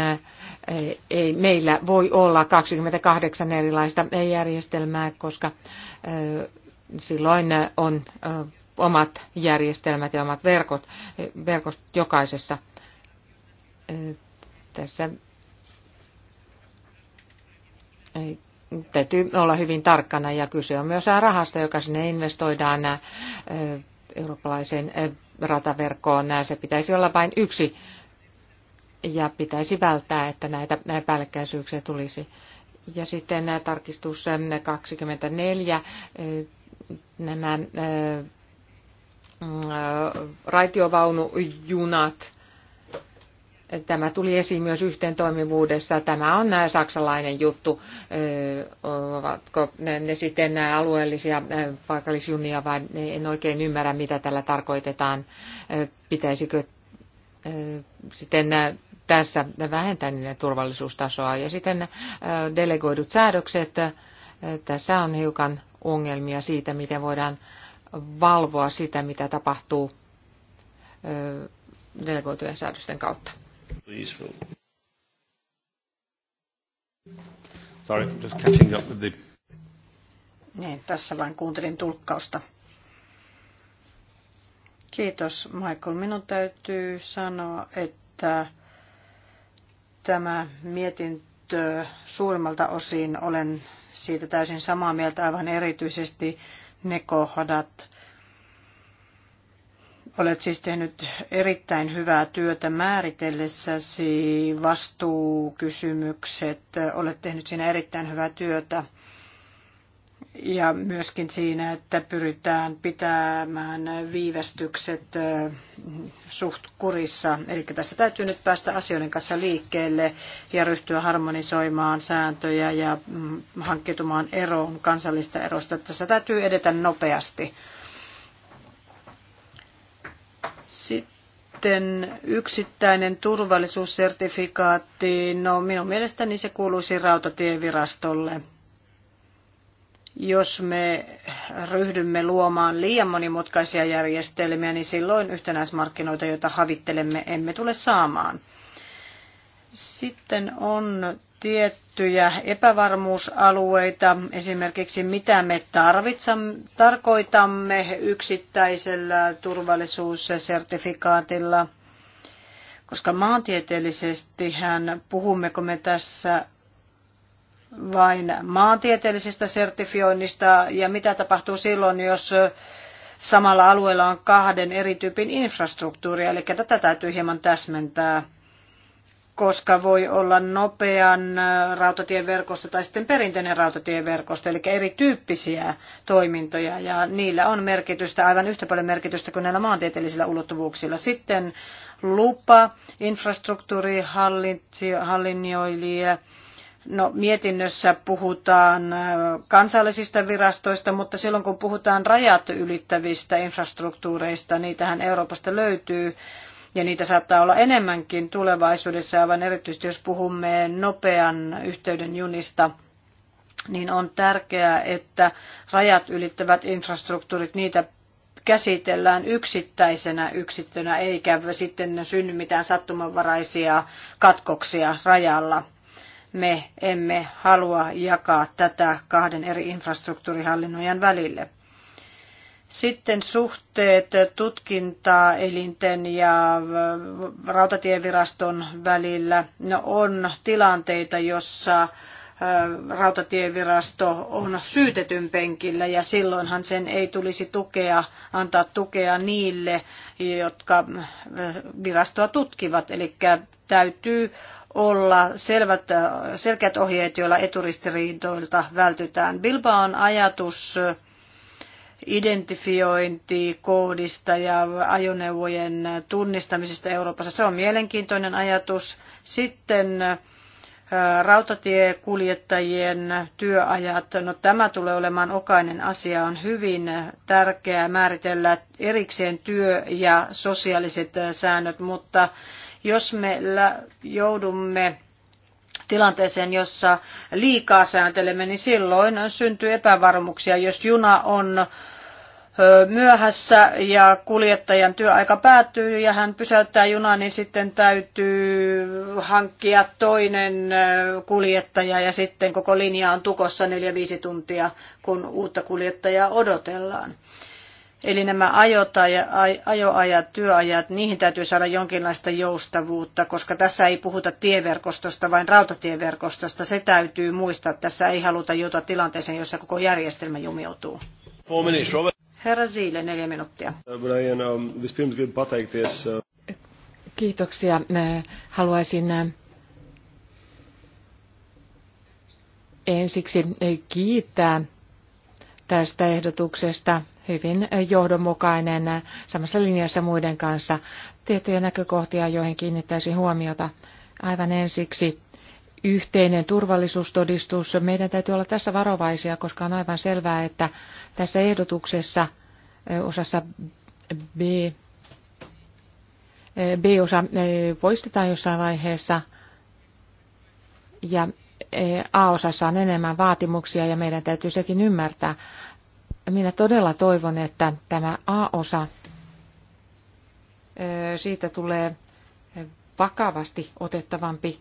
ei meillä voi olla 28 erilaista järjestelmää, koska silloin on omat järjestelmät ja omat verkot, verkot jokaisessa. Tässä täytyy olla hyvin tarkkana ja kyse on myös rahasta, joka sinne investoidaan eurooppalaiseen rataverkkoon. Se pitäisi olla vain yksi ja pitäisi välttää, että näitä päällekkäisyyksiä tulisi. Ja sitten tarkistus 24, nämä raitiovaunujunat, Tämä tuli esiin myös yhteen toimivuudessa. Tämä on saksalainen juttu. Ovatko ne sitten alueellisia paikallisjunia vai en oikein ymmärrä, mitä tällä tarkoitetaan. Pitäisikö sitten tässä vähentää niiden turvallisuustasoa. Ja sitten delegoidut säädökset. Tässä on hiukan ongelmia siitä, miten voidaan valvoa sitä, mitä tapahtuu delegoitujen säädösten kautta. Sorry, just catching up with the... Niin, tässä vain kuuntelin tulkkausta. Kiitos Michael. Minun täytyy sanoa, että tämä mietintö suurimmalta osin olen siitä täysin samaa mieltä, aivan erityisesti ne kohdat, Olet siis tehnyt erittäin hyvää työtä määritellessäsi vastuukysymykset. Olet tehnyt siinä erittäin hyvää työtä. Ja myöskin siinä, että pyritään pitämään viivästykset suht kurissa. Eli tässä täytyy nyt päästä asioiden kanssa liikkeelle ja ryhtyä harmonisoimaan sääntöjä ja mm, hankkitumaan eroon kansallista erosta. Tässä täytyy edetä nopeasti. Sitten yksittäinen turvallisuussertifikaatti, no minun mielestäni se kuuluisi rautatievirastolle. Jos me ryhdymme luomaan liian monimutkaisia järjestelmiä, niin silloin yhtenäismarkkinoita, joita havittelemme, emme tule saamaan. Sitten on tiettyjä epävarmuusalueita, esimerkiksi mitä me tarkoitamme yksittäisellä turvallisuussertifikaatilla, koska maantieteellisesti hän puhummeko me tässä vain maantieteellisestä sertifioinnista ja mitä tapahtuu silloin, jos samalla alueella on kahden eri tyypin infrastruktuuria, eli tätä täytyy hieman täsmentää koska voi olla nopean rautatieverkosto tai sitten perinteinen rautatieverkosto, eli erityyppisiä toimintoja, ja niillä on merkitystä, aivan yhtä paljon merkitystä kuin näillä maantieteellisillä ulottuvuuksilla. Sitten lupa, infrastruktuuri, hallinnoilija, No, mietinnössä puhutaan kansallisista virastoista, mutta silloin kun puhutaan rajat ylittävistä infrastruktuureista, niitähän Euroopasta löytyy, ja niitä saattaa olla enemmänkin tulevaisuudessa, aivan erityisesti jos puhumme nopean yhteyden junista, niin on tärkeää, että rajat ylittävät infrastruktuurit, niitä käsitellään yksittäisenä yksittönä, eikä sitten synny mitään sattumanvaraisia katkoksia rajalla. Me emme halua jakaa tätä kahden eri infrastruktuurihallinnojan välille. Sitten suhteet tutkintaa elinten ja rautatieviraston välillä. No, on tilanteita, jossa rautatievirasto on syytetyn penkillä ja silloinhan sen ei tulisi tukea, antaa tukea niille, jotka virastoa tutkivat. Eli täytyy olla selvät, selkeät ohjeet, joilla eturistiriidoilta vältytään. Bilbaan ajatus identifiointikoodista ja ajoneuvojen tunnistamisesta Euroopassa. Se on mielenkiintoinen ajatus. Sitten rautatiekuljettajien työajat. No, tämä tulee olemaan okainen asia. On hyvin tärkeää määritellä erikseen työ- ja sosiaaliset säännöt, mutta jos me joudumme tilanteeseen, jossa liikaa sääntelemme, niin silloin syntyy epävarmuuksia. Jos juna on myöhässä ja kuljettajan työaika päättyy ja hän pysäyttää junaa, niin sitten täytyy hankkia toinen kuljettaja ja sitten koko linja on tukossa 4-5 tuntia, kun uutta kuljettajaa odotellaan. Eli nämä ajoajat, työajat, niihin täytyy saada jonkinlaista joustavuutta, koska tässä ei puhuta tieverkostosta, vaan rautatieverkostosta. Se täytyy muistaa. Tässä ei haluta joutua tilanteeseen, jossa koko järjestelmä jumiutuu. Herra Ziile, neljä minuuttia. Um, uh, Kiitoksia. Haluaisin äh, ensiksi äh, kiittää tästä ehdotuksesta hyvin johdonmukainen samassa linjassa muiden kanssa. Tiettyjä näkökohtia, joihin kiinnittäisi huomiota aivan ensiksi. Yhteinen turvallisuustodistus. Meidän täytyy olla tässä varovaisia, koska on aivan selvää, että tässä ehdotuksessa osassa B, B-osa poistetaan jossain vaiheessa ja A-osassa on enemmän vaatimuksia ja meidän täytyy sekin ymmärtää minä todella toivon, että tämä A-osa, siitä tulee vakavasti otettavampi,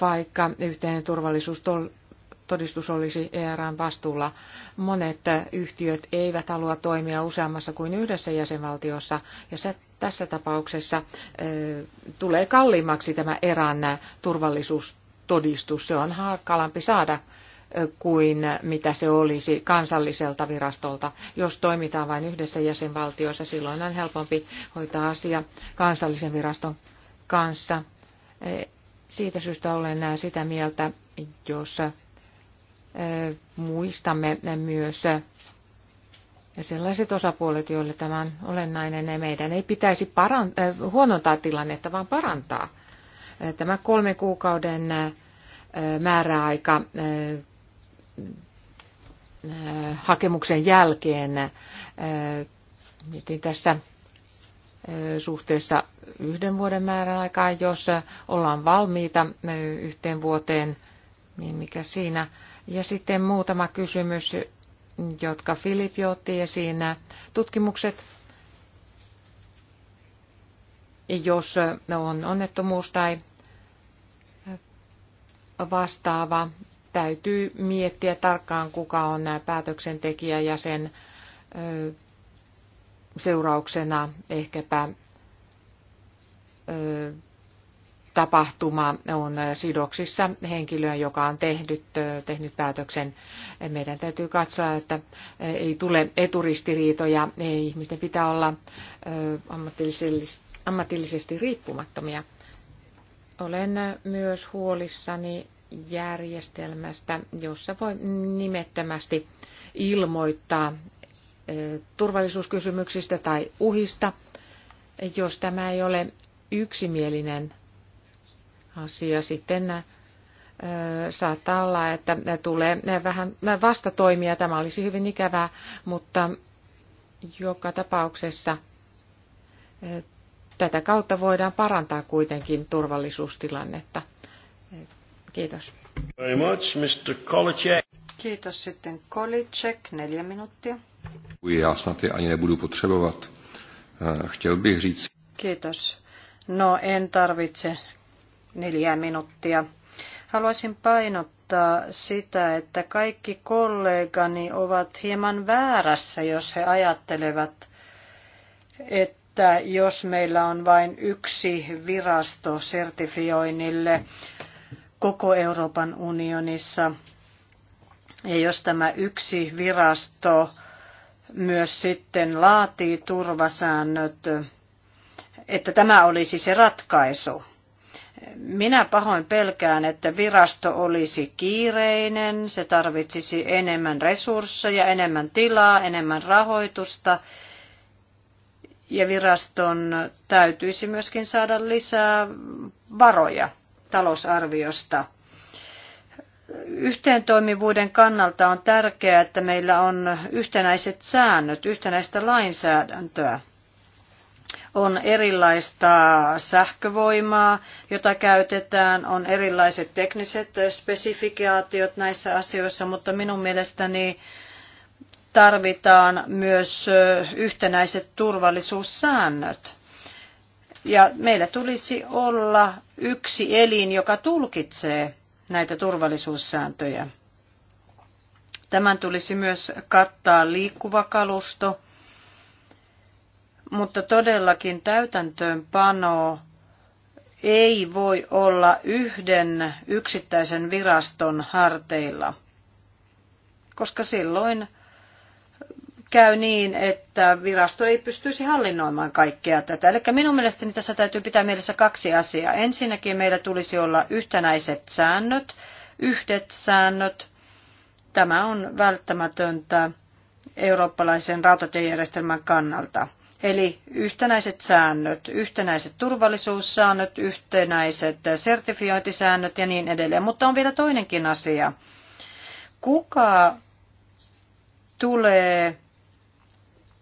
vaikka yhteinen turvallisuustodistus olisi ERAn vastuulla. Monet yhtiöt eivät halua toimia useammassa kuin yhdessä jäsenvaltiossa, ja se tässä tapauksessa tulee kalliimmaksi tämä ERAn turvallisuustodistus. Se on hankalampi saada kuin mitä se olisi kansalliselta virastolta. Jos toimitaan vain yhdessä jäsenvaltiossa, silloin on helpompi hoitaa asia kansallisen viraston kanssa. E, siitä syystä olen sitä mieltä, jos e, muistamme myös e, sellaiset osapuolet, joille tämä on olennainen, ja meidän ei pitäisi parant- huonontaa tilannetta, vaan parantaa. Tämä kolmen kuukauden määräaika Äh, hakemuksen jälkeen äh, mietin tässä äh, suhteessa yhden vuoden aikaa, jos ollaan valmiita yhteen vuoteen, niin mikä siinä. Ja sitten muutama kysymys, jotka jo otti esiin. Tutkimukset, jos on onnettomuus tai vastaava, täytyy miettiä tarkkaan, kuka on päätöksentekijä ja sen seurauksena ehkäpä tapahtuma on sidoksissa henkilöön, joka on tehnyt, tehnyt päätöksen. Meidän täytyy katsoa, että ei tule eturistiriitoja. Ei, ihmisten pitää olla ammatillisesti riippumattomia. Olen myös huolissani järjestelmästä, jossa voi nimettömästi ilmoittaa turvallisuuskysymyksistä tai uhista, jos tämä ei ole yksimielinen asia. Sitten saattaa olla, että tulee vähän vastatoimia. Tämä olisi hyvin ikävää, mutta joka tapauksessa tätä kautta voidaan parantaa kuitenkin turvallisuustilannetta. Kiitos. Very much, Mr. Kolicek. Kiitos sitten Kolicek, neljä minuuttia. Já snad je ani nebudu potřebovat. Eh, chtěl bych říct... Kiitos. No en tarvitse neljä minuuttia. Haluaisin painottaa sitä, että kaikki kollegani ovat hieman väärässä, jos he ajattelevat, että jos meillä on vain yksi virasto sertifioinnille, koko Euroopan unionissa. Ja jos tämä yksi virasto myös sitten laatii turvasäännöt, että tämä olisi se ratkaisu. Minä pahoin pelkään, että virasto olisi kiireinen, se tarvitsisi enemmän resursseja, enemmän tilaa, enemmän rahoitusta. Ja viraston täytyisi myöskin saada lisää varoja talousarviosta. Yhteentoimivuuden kannalta on tärkeää, että meillä on yhtenäiset säännöt, yhtenäistä lainsäädäntöä on erilaista sähkövoimaa, jota käytetään, on erilaiset tekniset spesifikaatiot näissä asioissa, mutta minun mielestäni tarvitaan myös yhtenäiset turvallisuussäännöt. Ja meillä tulisi olla yksi elin, joka tulkitsee näitä turvallisuussääntöjä. Tämän tulisi myös kattaa liikkuva kalusto, mutta todellakin täytäntöönpano ei voi olla yhden yksittäisen viraston harteilla, koska silloin käy niin, että virasto ei pystyisi hallinnoimaan kaikkea tätä. Eli minun mielestäni tässä täytyy pitää mielessä kaksi asiaa. Ensinnäkin meillä tulisi olla yhtenäiset säännöt, yhdet säännöt. Tämä on välttämätöntä eurooppalaisen rautatiejärjestelmän kannalta. Eli yhtenäiset säännöt, yhtenäiset turvallisuussäännöt, yhtenäiset sertifiointisäännöt ja niin edelleen. Mutta on vielä toinenkin asia. Kuka tulee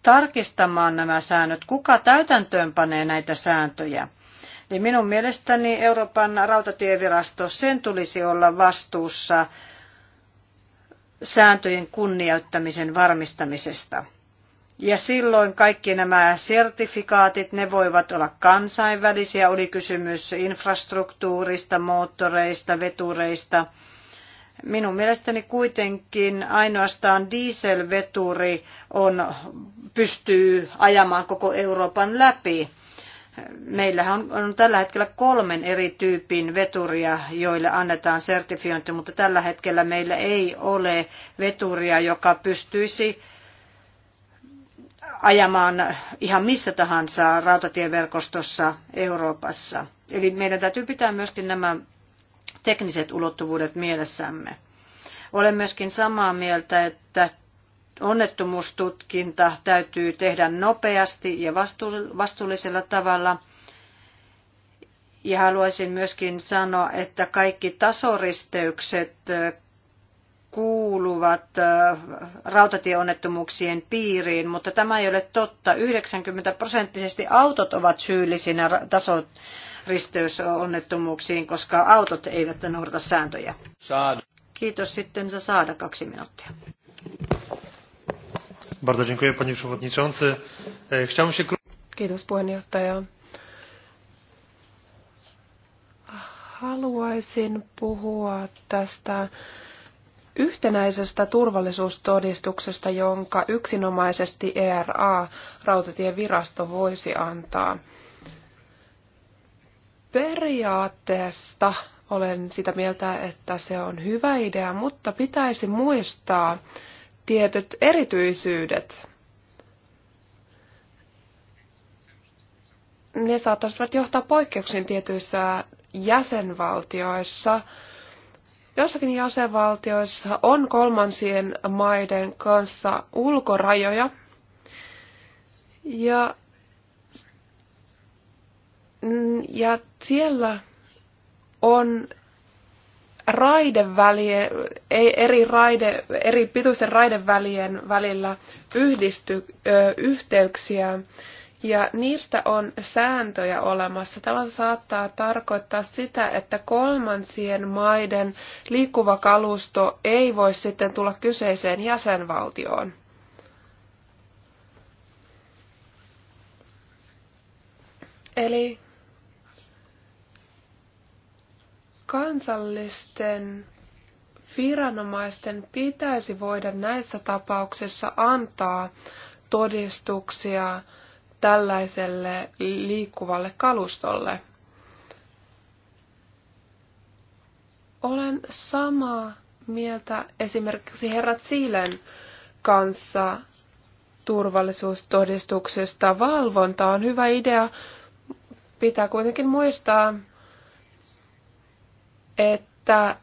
tarkistamaan nämä säännöt, kuka panee näitä sääntöjä. Eli minun mielestäni Euroopan rautatievirasto, sen tulisi olla vastuussa sääntöjen kunnioittamisen varmistamisesta. Ja silloin kaikki nämä sertifikaatit, ne voivat olla kansainvälisiä, oli kysymys infrastruktuurista, moottoreista, vetureista – Minun mielestäni kuitenkin ainoastaan dieselveturi on, pystyy ajamaan koko Euroopan läpi. Meillähän on, on tällä hetkellä kolmen eri tyypin veturia, joille annetaan sertifiointi, mutta tällä hetkellä meillä ei ole veturia, joka pystyisi ajamaan ihan missä tahansa rautatieverkostossa Euroopassa. Eli meidän täytyy pitää myöskin nämä tekniset ulottuvuudet mielessämme. Olen myöskin samaa mieltä, että onnettomuustutkinta täytyy tehdä nopeasti ja vastuullisella tavalla. Ja haluaisin myöskin sanoa, että kaikki tasoristeykset kuuluvat rautatieonnettomuuksien piiriin, mutta tämä ei ole totta. 90 prosenttisesti autot ovat syyllisinä taso, risteysonnettomuuksiin, koska autot eivät noudata sääntöjä. Saada. Kiitos sitten za saada kaksi minuuttia. Bardzo dziękuję panie przewodniczący. E, chciałbym się... Kiitos puheenjohtaja. Haluaisin puhua tästä yhtenäisestä turvallisuustodistuksesta, jonka yksinomaisesti ERA, rautatievirasto, voisi antaa periaatteesta olen sitä mieltä, että se on hyvä idea, mutta pitäisi muistaa tietyt erityisyydet. Ne saattaisivat johtaa poikkeuksiin tietyissä jäsenvaltioissa. Jossakin jäsenvaltioissa on kolmansien maiden kanssa ulkorajoja, ja Mm, ja siellä on raidevälien, eri, raide, eri pituisten raidevälien välillä yhdisty, ö, yhteyksiä ja niistä on sääntöjä olemassa. Tämä saattaa tarkoittaa sitä, että kolmansien maiden liikkuva kalusto ei voi sitten tulla kyseiseen jäsenvaltioon. Eli kansallisten viranomaisten pitäisi voida näissä tapauksissa antaa todistuksia tällaiselle liikkuvalle kalustolle. Olen samaa mieltä esimerkiksi herra Siilen kanssa turvallisuustodistuksesta. Valvonta on hyvä idea. Pitää kuitenkin muistaa että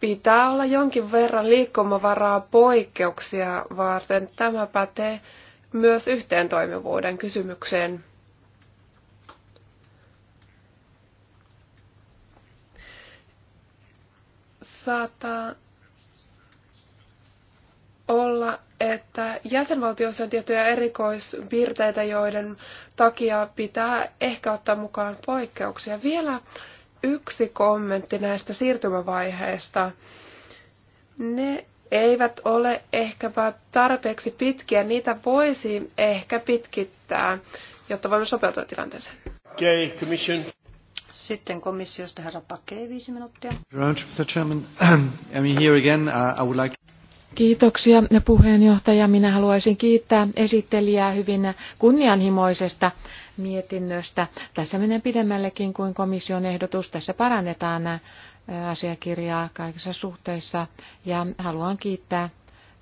pitää olla jonkin verran liikkumavaraa poikkeuksia varten. Tämä pätee myös yhteen toimivuuden kysymykseen. Saattaa olla, että jäsenvaltioissa on tiettyjä erikoispiirteitä, joiden takia pitää ehkä ottaa mukaan poikkeuksia. Vielä yksi kommentti näistä siirtymävaiheista. Ne eivät ole ehkäpä tarpeeksi pitkiä, niitä voisi ehkä pitkittää, jotta voimme sopeutua tilanteeseen. Okay, commission. Sitten komissiosta herra Pakei, viisi minuuttia. Uh, Kiitoksia puheenjohtaja. Minä haluaisin kiittää esittelijää hyvin kunnianhimoisesta mietinnöstä. Tässä menee pidemmällekin kuin komission ehdotus. Tässä parannetaan äh, asiakirjaa kaikissa suhteissa ja haluan kiittää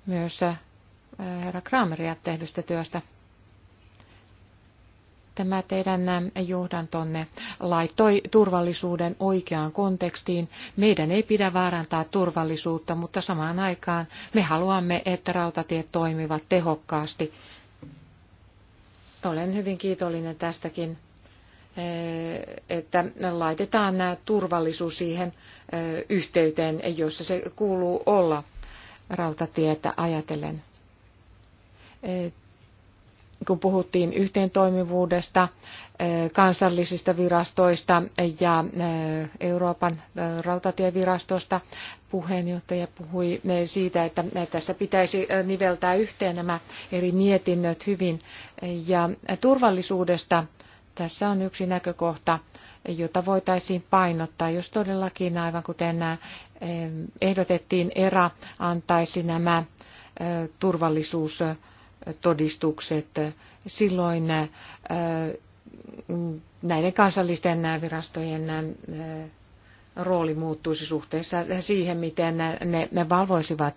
myös äh, herra Krameria tehdystä työstä. Tämä teidän äh, johdantonne laittoi turvallisuuden oikeaan kontekstiin. Meidän ei pidä vaarantaa turvallisuutta, mutta samaan aikaan me haluamme, että rautatiet toimivat tehokkaasti olen hyvin kiitollinen tästäkin, eh, että laitetaan turvallisuus siihen eh, yhteyteen, jossa se kuuluu olla rautatietä ajatellen. Eh, kun puhuttiin yhteentoimivuudesta, eh, kansallisista virastoista ja eh, Euroopan eh, rautatievirastosta. Puheenjohtaja puhui siitä, että tässä pitäisi niveltää yhteen nämä eri mietinnöt hyvin. Ja turvallisuudesta tässä on yksi näkökohta, jota voitaisiin painottaa, jos todellakin, aivan kuten nämä ehdotettiin, ERA antaisi nämä turvallisuus- todistukset, silloin äh, näiden kansallisten virastojen äh, rooli muuttuisi suhteessa siihen, miten ne, ne valvoisivat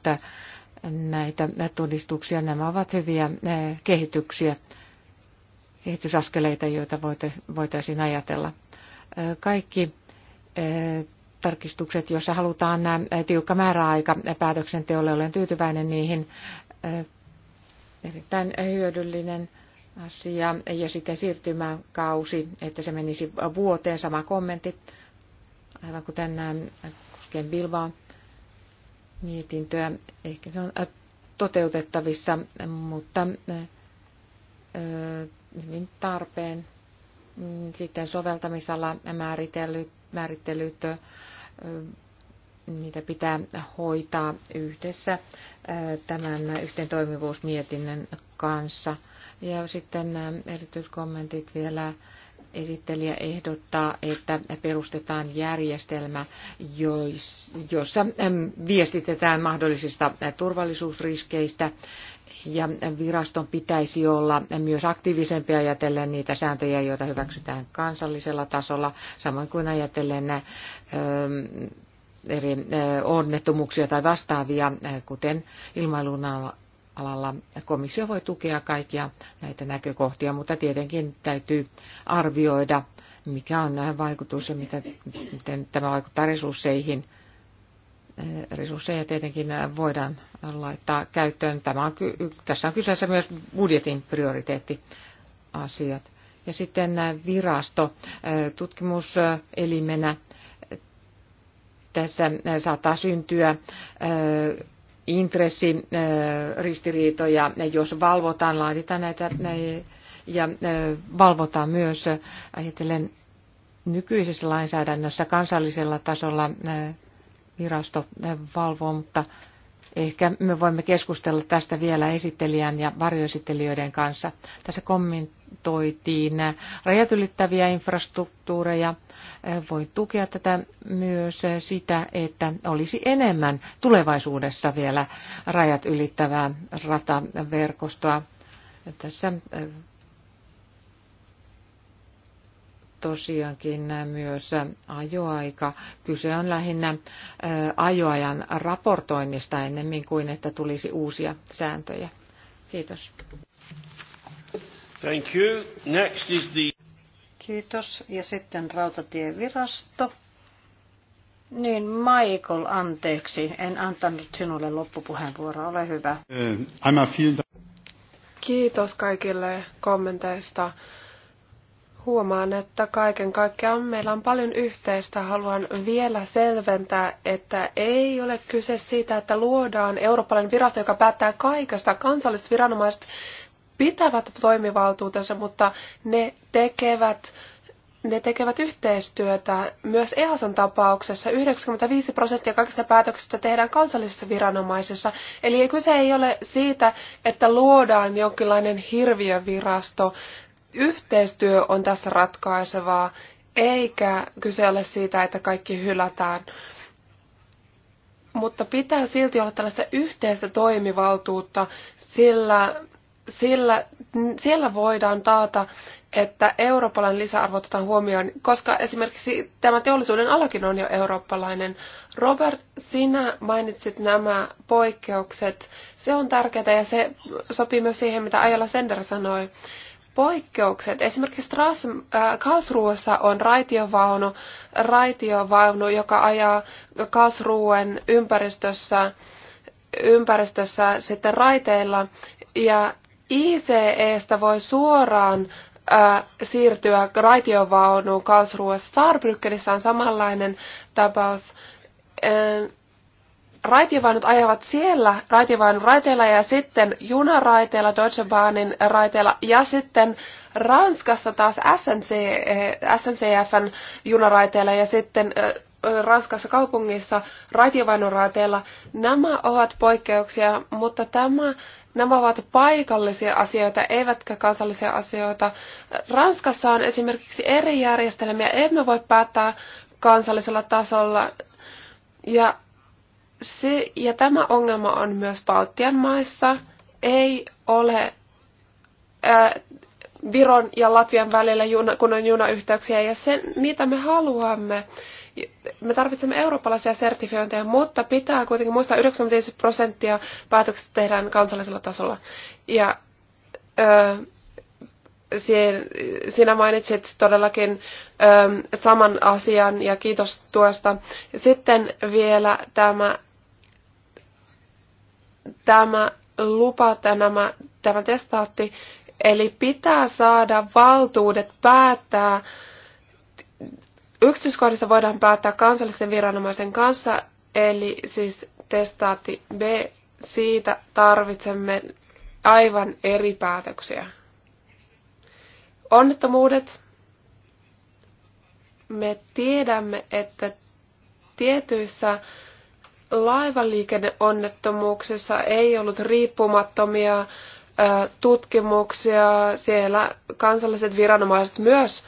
näitä todistuksia. Nämä ovat hyviä äh, kehityksiä, kehitysaskeleita, joita voitaisiin ajatella. Kaikki tarkistukset, joissa halutaan tiukka määräaika päätöksenteolle, olen tyytyväinen niihin erittäin hyödyllinen asia. Ja sitten siirtymäkausi, että se menisi vuoteen, sama kommentti, aivan kuten ähm, koskien Bilbaan mietintöä. Ehkä se on äh, toteutettavissa, mutta äh, äh, hyvin tarpeen. Mm, sitten soveltamisala määritellyt, määrittelyt niitä pitää hoitaa yhdessä tämän yhteen toimivuusmietinnön kanssa. Ja sitten erityiskommentit vielä esittelijä ehdottaa, että perustetaan järjestelmä, jossa viestitetään mahdollisista turvallisuusriskeistä ja viraston pitäisi olla myös aktiivisempi ajatellen niitä sääntöjä, joita hyväksytään kansallisella tasolla, samoin kuin ajatellen eri eh, onnettomuuksia tai vastaavia, eh, kuten ilmailun alalla komissio voi tukea kaikkia näitä näkökohtia, mutta tietenkin täytyy arvioida, mikä on nämä vaikutus ja mitä, miten tämä vaikuttaa resursseihin. Eh, resursseja tietenkin voidaan laittaa käyttöön. Tämä on, tässä on kyseessä myös budjetin prioriteettiasiat. Ja sitten virasto tutkimuselimenä tässä saattaa syntyä intressiristiriitoja, jos valvotaan, laaditaan näitä ja valvotaan myös, ajatellen nykyisessä lainsäädännössä kansallisella tasolla virasto valvoo, mutta Ehkä me voimme keskustella tästä vielä esittelijän ja varjoesittelijöiden kanssa. Tässä kommentoitiin rajat ylittäviä infrastruktuureja. Voi tukea tätä myös sitä, että olisi enemmän tulevaisuudessa vielä rajat ylittävää rataverkostoa. Tässä tosiaankin myös ajoaika. Kyse on lähinnä ajoajan raportoinnista ennemmin kuin että tulisi uusia sääntöjä. Kiitos. Thank you. Next is the... Kiitos. Ja sitten rautatievirasto. Niin, Michael, anteeksi. En antanut sinulle loppupuheenvuoroa. Ole hyvä. Äh, Kiitos kaikille kommenteista. Huomaan, että kaiken kaikkiaan meillä on paljon yhteistä. Haluan vielä selventää, että ei ole kyse siitä, että luodaan eurooppalainen virasto, joka päättää kaikesta. Kansalliset viranomaiset pitävät toimivaltuutensa, mutta ne tekevät ne tekevät yhteistyötä myös EASan tapauksessa. 95 prosenttia kaikista päätöksistä tehdään kansallisissa viranomaisissa. Eli kyse ei ole siitä, että luodaan jonkinlainen hirviövirasto. Yhteistyö on tässä ratkaisevaa, eikä kyse ole siitä, että kaikki hylätään. Mutta pitää silti olla tällaista yhteistä toimivaltuutta, sillä, sillä siellä voidaan taata, että eurooppalainen lisäarvo otetaan huomioon, koska esimerkiksi tämä teollisuuden alakin on jo eurooppalainen. Robert, sinä mainitsit nämä poikkeukset. Se on tärkeää ja se sopii myös siihen, mitä Ajala Sender sanoi poikkeukset. Esimerkiksi äh, kasruussa on raitiovaunu, raitiovaunu, joka ajaa Karlsruen ympäristössä, ympäristössä sitten raiteilla. Ja ICEstä voi suoraan äh, siirtyä raitiovaunuun Karlsruessa. Saarbrückenissä on samanlainen tapaus. Äh, raitivainut ajavat siellä raitivainut raiteilla ja sitten junaraiteilla, Deutsche Bahnin raiteilla ja sitten Ranskassa taas SNC, eh, SNCFn junaraiteilla ja sitten eh, Ranskassa kaupungissa raitivainuraiteilla. Nämä ovat poikkeuksia, mutta tämä, nämä ovat paikallisia asioita, eivätkä kansallisia asioita. Ranskassa on esimerkiksi eri järjestelmiä, emme voi päättää kansallisella tasolla. Ja se, ja tämä ongelma on myös Baltian maissa, ei ole ää, Viron ja Latvian välillä, juna, kun on junayhteyksiä, ja sen, niitä me haluamme. Me tarvitsemme eurooppalaisia sertifiointeja, mutta pitää kuitenkin muistaa 95 prosenttia päätöksistä tehdään kansallisella tasolla. Ja ää, sinä mainitsit todellakin saman asian ja kiitos tuosta. Sitten vielä tämä tämä lupa, tämä, tämä testaatti, eli pitää saada valtuudet päättää, yksityiskohdista voidaan päättää kansallisen viranomaisen kanssa, eli siis testaatti B, siitä tarvitsemme aivan eri päätöksiä. Onnettomuudet. Me tiedämme, että tietyissä laivaliikenneonnettomuuksissa ei ollut riippumattomia tutkimuksia. Siellä kansalliset viranomaiset myös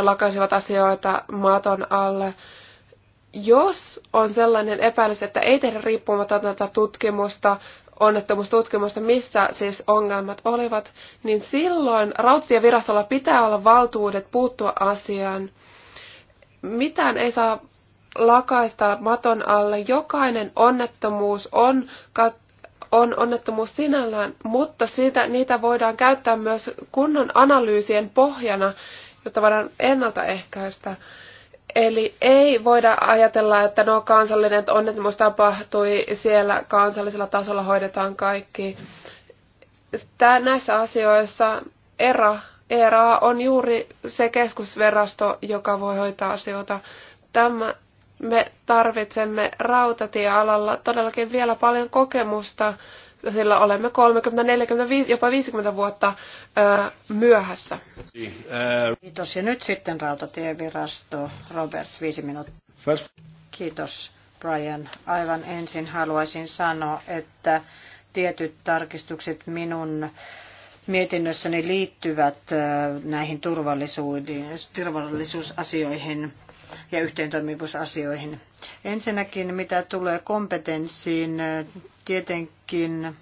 lakasivat asioita maton alle. Jos on sellainen epäilys, että ei tehdä riippumatonta tutkimusta, onnettomuustutkimusta, missä siis ongelmat olivat, niin silloin rautatievirastolla pitää olla valtuudet puuttua asiaan. Mitään ei saa lakaista maton alle. Jokainen onnettomuus on, on onnettomuus sinällään, mutta siitä, niitä voidaan käyttää myös kunnon analyysien pohjana, jotta voidaan ennaltaehkäistä. Eli ei voida ajatella, että no kansallinen onnettomuus tapahtui, siellä kansallisella tasolla hoidetaan kaikki. Tää, näissä asioissa ERA, ERA on juuri se keskusverasto, joka voi hoitaa asioita. Tämä, me tarvitsemme rautatiealalla todellakin vielä paljon kokemusta, sillä olemme 30, 40 jopa 50 vuotta ö, myöhässä. Kiitos. Ja nyt sitten rautatievirasto Roberts, viisi minuuttia. First. Kiitos Brian. Aivan ensin haluaisin sanoa, että tietyt tarkistukset minun mietinnössäni liittyvät näihin turvallisuusasioihin ja yhteentoimivuusasioihin. Ensinnäkin mitä tulee kompetenssiin, tietenkin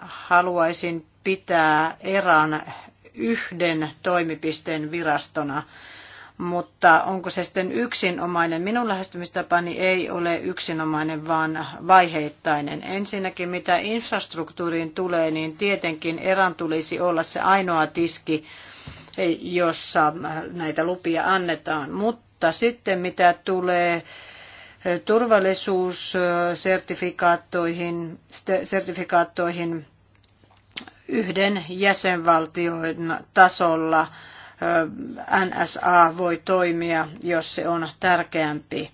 haluaisin pitää erään yhden toimipisteen virastona mutta onko se sitten yksinomainen? Minun lähestymistapani ei ole yksinomainen, vaan vaiheittainen. Ensinnäkin mitä infrastruktuuriin tulee, niin tietenkin eran tulisi olla se ainoa tiski, jossa näitä lupia annetaan, mutta mutta sitten mitä tulee eh, turvallisuussertifikaattoihin, sertifikaattoihin yhden jäsenvaltion tasolla eh, NSA voi toimia, jos se on tärkeämpi.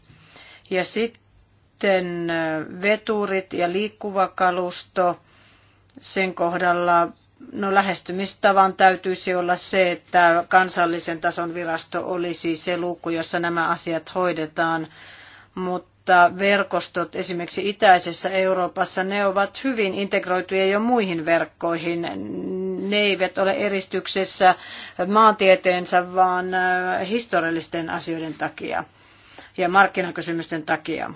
Ja sitten eh, veturit ja liikkuva kalusto, sen kohdalla No lähestymistavan täytyisi olla se, että kansallisen tason virasto olisi se luukku, jossa nämä asiat hoidetaan, mutta verkostot esimerkiksi itäisessä Euroopassa, ne ovat hyvin integroituja jo muihin verkkoihin. Ne eivät ole eristyksessä maantieteensä, vaan historiallisten asioiden takia ja markkinakysymysten takia.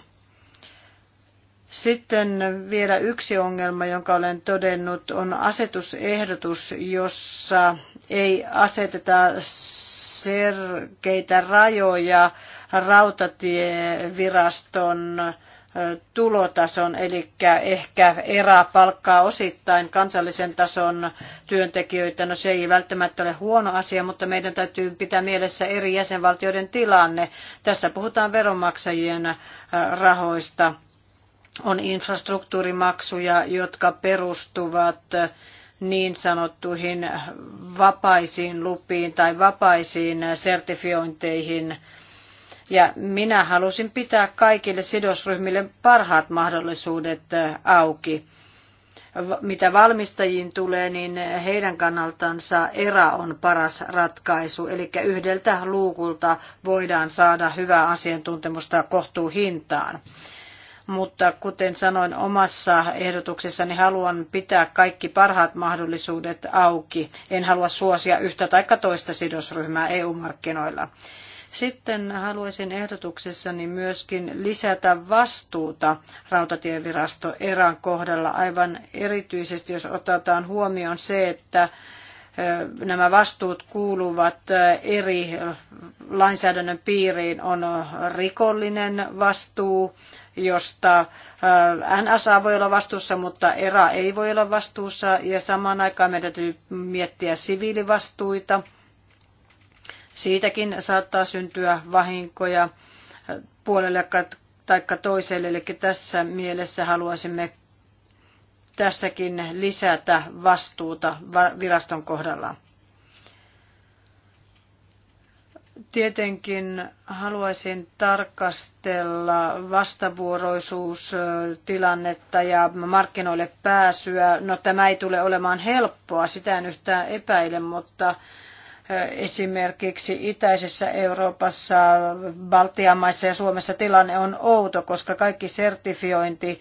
Sitten vielä yksi ongelma, jonka olen todennut, on asetusehdotus, jossa ei aseteta selkeitä rajoja rautatieviraston tulotason, eli ehkä erää palkkaa osittain kansallisen tason työntekijöitä. No se ei välttämättä ole huono asia, mutta meidän täytyy pitää mielessä eri jäsenvaltioiden tilanne. Tässä puhutaan veronmaksajien rahoista on infrastruktuurimaksuja, jotka perustuvat niin sanottuihin vapaisiin lupiin tai vapaisiin sertifiointeihin. Ja minä halusin pitää kaikille sidosryhmille parhaat mahdollisuudet auki. Mitä valmistajiin tulee, niin heidän kannaltansa erä on paras ratkaisu, eli yhdeltä luukulta voidaan saada hyvää asiantuntemusta kohtuuhintaan. hintaan mutta kuten sanoin omassa ehdotuksessani, haluan pitää kaikki parhaat mahdollisuudet auki. En halua suosia yhtä tai toista sidosryhmää EU-markkinoilla. Sitten haluaisin ehdotuksessani myöskin lisätä vastuuta rautatievirasto erän kohdalla, aivan erityisesti jos otetaan huomioon se, että nämä vastuut kuuluvat eri lainsäädännön piiriin. On rikollinen vastuu, josta NSA voi olla vastuussa, mutta ERA ei voi olla vastuussa ja samaan aikaan meidän täytyy miettiä siviilivastuita. Siitäkin saattaa syntyä vahinkoja puolelle tai toiselle, eli tässä mielessä haluaisimme tässäkin lisätä vastuuta viraston kohdalla. Tietenkin haluaisin tarkastella vastavuoroisuustilannetta ja markkinoille pääsyä. No tämä ei tule olemaan helppoa, sitä en yhtään epäile, mutta esimerkiksi itäisessä Euroopassa, Baltian maissa ja Suomessa tilanne on outo, koska kaikki sertifiointi,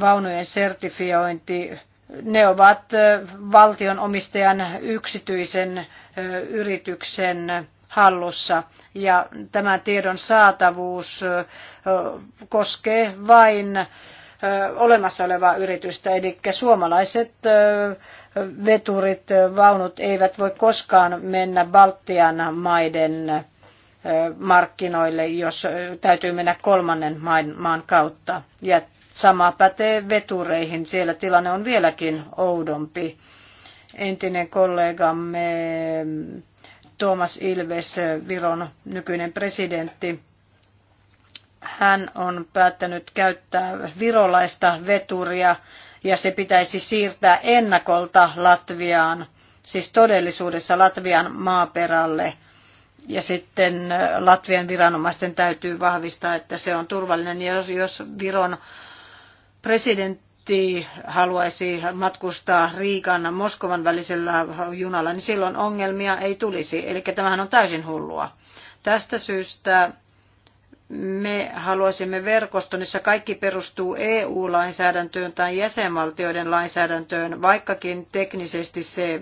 vaunujen sertifiointi, ne ovat valtion omistajan yksityisen yrityksen hallussa ja tämä tiedon saatavuus koskee vain olemassa olevaa yritystä, eli suomalaiset veturit, vaunut eivät voi koskaan mennä Baltian maiden markkinoille, jos täytyy mennä kolmannen maan kautta. Ja sama pätee vetureihin, siellä tilanne on vieläkin oudompi. Entinen kollegamme Thomas Ilves, Viron nykyinen presidentti, hän on päättänyt käyttää virolaista veturia ja se pitäisi siirtää ennakolta Latviaan, siis todellisuudessa Latvian maaperälle. Ja sitten äh, Latvian viranomaisten täytyy vahvistaa, että se on turvallinen. Ja jos, jos Viron presidentti turisti haluaisi matkustaa Riikan Moskovan välisellä junalla, niin silloin ongelmia ei tulisi. Eli tämähän on täysin hullua. Tästä syystä me haluaisimme verkoston, jossa kaikki perustuu EU-lainsäädäntöön tai jäsenvaltioiden lainsäädäntöön, vaikkakin teknisesti se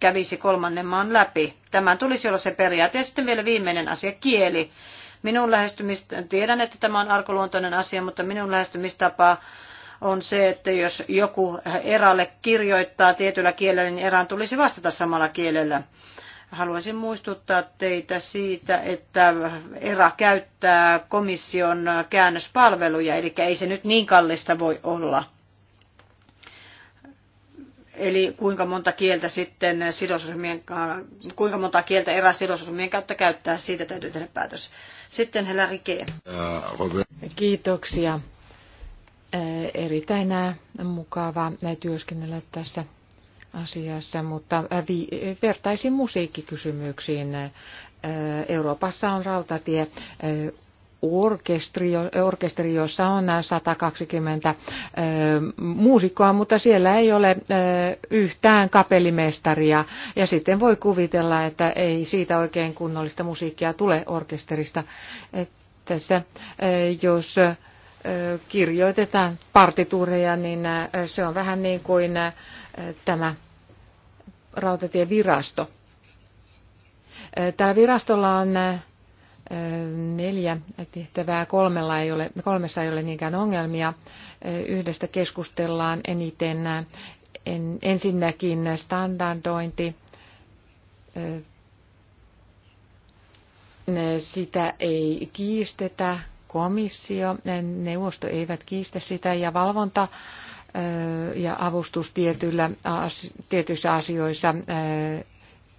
kävisi kolmannen maan läpi. Tämän tulisi olla se periaate. Ja sitten vielä viimeinen asia, kieli. Minun lähestymistä, tiedän, että tämä on arkoluontoinen asia, mutta minun lähestymistapa on se, että jos joku eralle kirjoittaa tietyllä kielellä, niin erään tulisi vastata samalla kielellä. Haluaisin muistuttaa teitä siitä, että ERA käyttää komission käännöspalveluja, eli ei se nyt niin kallista voi olla. Eli kuinka monta kieltä sitten sidosryhmien, kuinka monta kieltä erä sidosryhmien kautta käyttää, siitä täytyy tehdä päätös. Sitten Helari Kiitoksia. Äh, erittäin äh, mukava äh, työskennellä tässä asiassa, mutta vi- vertaisin musiikkikysymyksiin. Euroopassa on rautatie orkestri, orkesteri, jossa on 120 muusikkoa, mutta siellä ei ole yhtään kapellimestaria. Ja sitten voi kuvitella, että ei siitä oikein kunnollista musiikkia tule orkesterista. Tässä, jos kirjoitetaan partituureja, niin se on vähän niin kuin tämä rautatievirasto. Tällä virastolla on neljä tehtävää, kolmella ei ole, kolmessa ei ole niinkään ongelmia. Yhdestä keskustellaan eniten ensinnäkin standardointi. Sitä ei kiistetä, komissio, neuvosto eivät kiistä sitä ja valvonta ja avustus tietyissä asioissa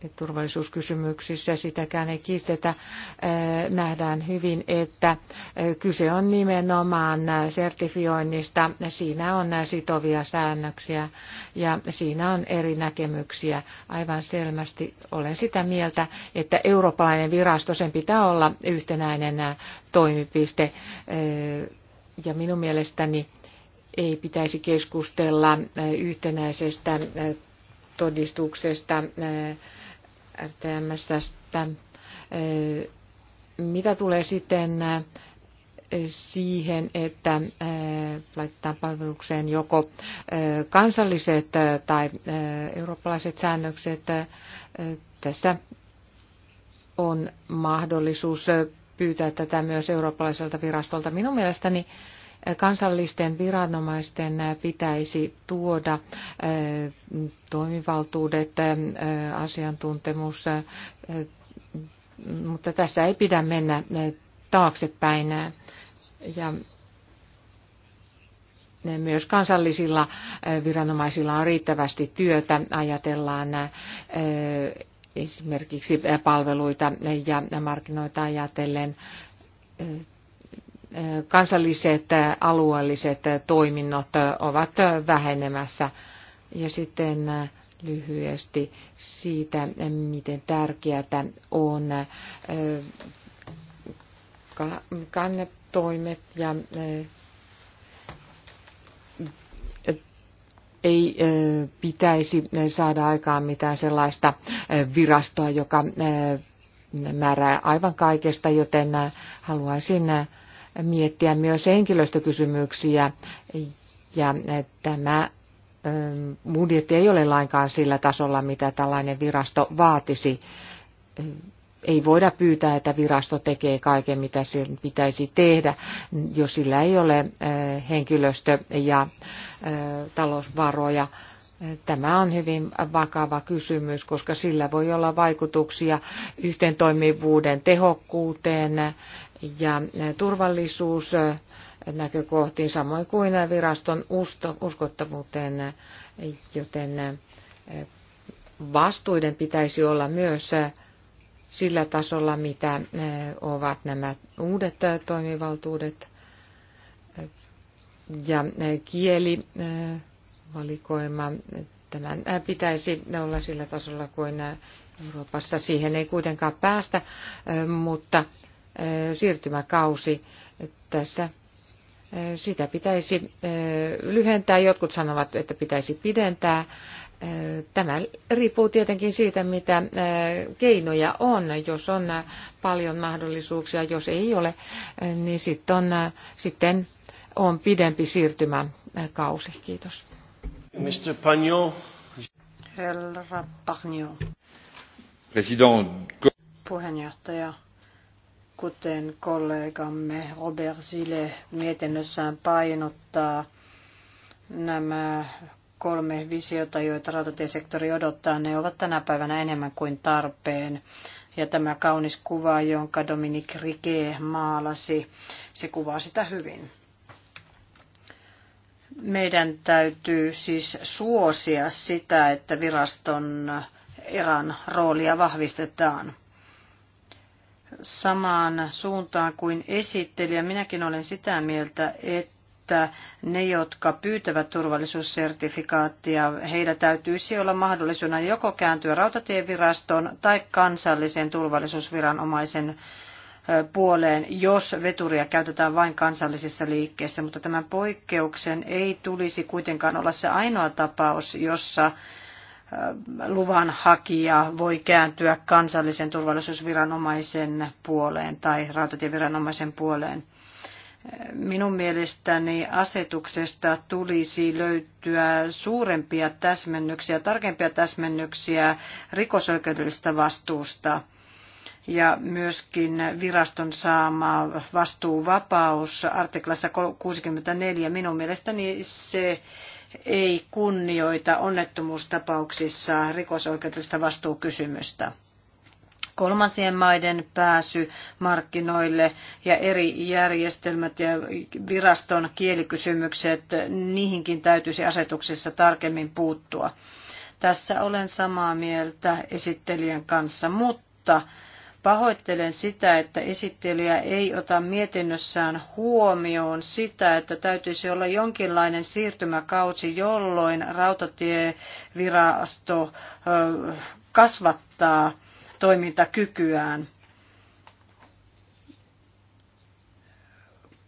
turvallisuuskysymyksissä, sitäkään ei kiistetä, äh, nähdään hyvin, että äh, kyse on nimenomaan äh, sertifioinnista. Siinä on sitovia säännöksiä ja siinä on eri näkemyksiä. Aivan selvästi olen sitä mieltä, että eurooppalainen virasto, sen pitää olla yhtenäinen toimipiste. Ja minun mielestäni ei pitäisi keskustella yhtenäisestä todistuksesta tästä. Mitä tulee sitten siihen, että laitetaan palvelukseen joko kansalliset tai eurooppalaiset säännökset. Tässä on mahdollisuus pyytää tätä myös eurooppalaiselta virastolta. Minun mielestäni kansallisten viranomaisten pitäisi tuoda eh, toimivaltuudet, eh, asiantuntemus, eh, mutta tässä ei pidä mennä taaksepäin. Ja myös kansallisilla viranomaisilla on riittävästi työtä. Ajatellaan esimerkiksi palveluita ja markkinoita ajatellen kansalliset alueelliset toiminnot ovat vähenemässä. Ja sitten lyhyesti siitä, miten tärkeää on äh, kannetoimet ja äh, ei äh, pitäisi saada aikaan mitään sellaista virastoa, joka määrää aivan kaikesta, joten haluaisin miettiä myös henkilöstökysymyksiä ja tämä ähm, budjetti ei ole lainkaan sillä tasolla, mitä tällainen virasto vaatisi. Ei voida pyytää, että virasto tekee kaiken, mitä sen pitäisi tehdä, jos sillä ei ole äh, henkilöstö- ja äh, talousvaroja. Tämä on hyvin vakava kysymys, koska sillä voi olla vaikutuksia toimivuuden tehokkuuteen ja turvallisuus näkökohtiin, samoin kuin viraston uskottavuuteen, joten vastuiden pitäisi olla myös sillä tasolla, mitä ovat nämä uudet toimivaltuudet ja kielivalikoima. Tämän pitäisi olla sillä tasolla kuin Euroopassa. Siihen ei kuitenkaan päästä, mutta siirtymäkausi. Tässä sitä pitäisi lyhentää. Jotkut sanovat, että pitäisi pidentää. Tämä riippuu tietenkin siitä, mitä keinoja on. Jos on paljon mahdollisuuksia, jos ei ole, niin sitten on, sitten on pidempi siirtymäkausi. Kiitos. Mr. Pagnon. Herra Pagnon. President. Puheenjohtaja kuten kollegamme Robert Sile mietinnössään painottaa, nämä kolme visiota, joita rautatiesektori odottaa, ne ovat tänä päivänä enemmän kuin tarpeen. Ja tämä kaunis kuva, jonka Dominic Rike maalasi, se kuvaa sitä hyvin. Meidän täytyy siis suosia sitä, että viraston eran roolia vahvistetaan samaan suuntaan kuin esittelijä. Minäkin olen sitä mieltä, että ne, jotka pyytävät turvallisuussertifikaattia, heillä täytyisi olla mahdollisuutena joko kääntyä rautatieviraston tai kansallisen turvallisuusviranomaisen puoleen, jos veturia käytetään vain kansallisissa liikkeissä, mutta tämän poikkeuksen ei tulisi kuitenkaan olla se ainoa tapaus, jossa luvan hakija voi kääntyä kansallisen turvallisuusviranomaisen puoleen tai rautatieviranomaisen puoleen. Minun mielestäni asetuksesta tulisi löytyä suurempia täsmennyksiä, tarkempia täsmennyksiä rikosoikeudellisesta vastuusta ja myöskin viraston saama vastuuvapaus artiklassa 64. Minun mielestäni se ei kunnioita onnettomuustapauksissa rikosoikeudellista vastuukysymystä kolmansien maiden pääsy markkinoille ja eri järjestelmät ja viraston kielikysymykset, niihinkin täytyisi asetuksessa tarkemmin puuttua. Tässä olen samaa mieltä esittelijän kanssa, mutta Pahoittelen sitä, että esittelijä ei ota mietinnössään huomioon sitä, että täytyisi olla jonkinlainen siirtymäkausi, jolloin rautatievirasto kasvattaa toimintakykyään.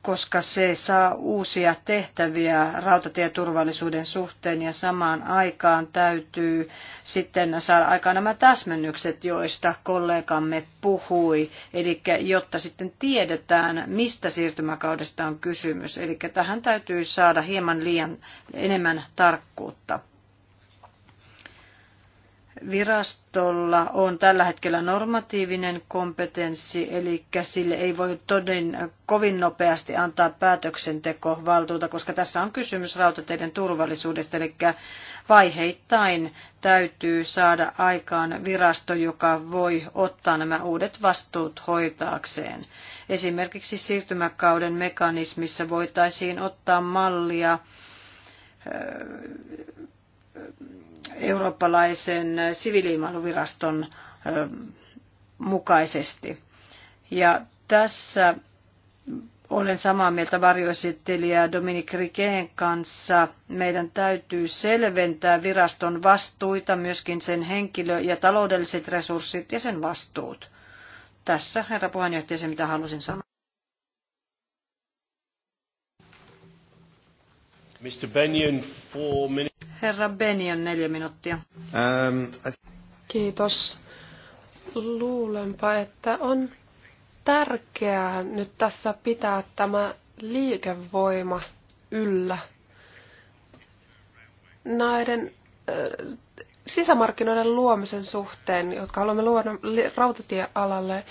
koska se saa uusia tehtäviä rautatieturvallisuuden suhteen ja samaan aikaan täytyy sitten saada aikaan nämä täsmennykset, joista kollegamme puhui, eli jotta sitten tiedetään, mistä siirtymäkaudesta on kysymys. Eli tähän täytyy saada hieman liian enemmän tarkkuutta virastolla on tällä hetkellä normatiivinen kompetenssi, eli sille ei voi todin, kovin nopeasti antaa päätöksentekovaltuuta, koska tässä on kysymys rautateiden turvallisuudesta, eli vaiheittain täytyy saada aikaan virasto, joka voi ottaa nämä uudet vastuut hoitaakseen. Esimerkiksi siirtymäkauden mekanismissa voitaisiin ottaa mallia eurooppalaisen siviiliilmailuviraston mukaisesti. Ja tässä olen samaa mieltä varjoesittelijä Dominik Rikeen kanssa. Meidän täytyy selventää viraston vastuita, myöskin sen henkilö- ja taloudelliset resurssit ja sen vastuut. Tässä, herra puheenjohtaja, se mitä halusin sanoa. Mr. Benyon, four minutes. Herra Benyon, neljä minuuttia. Um, ähm, I... Kiitos. Luulenpa, että on tärkeää nyt tässä pitää tämä liikevoima yllä. Näiden äh, sisämarkkinoiden luomisen suhteen, jotka haluamme luoda rautatiealalle,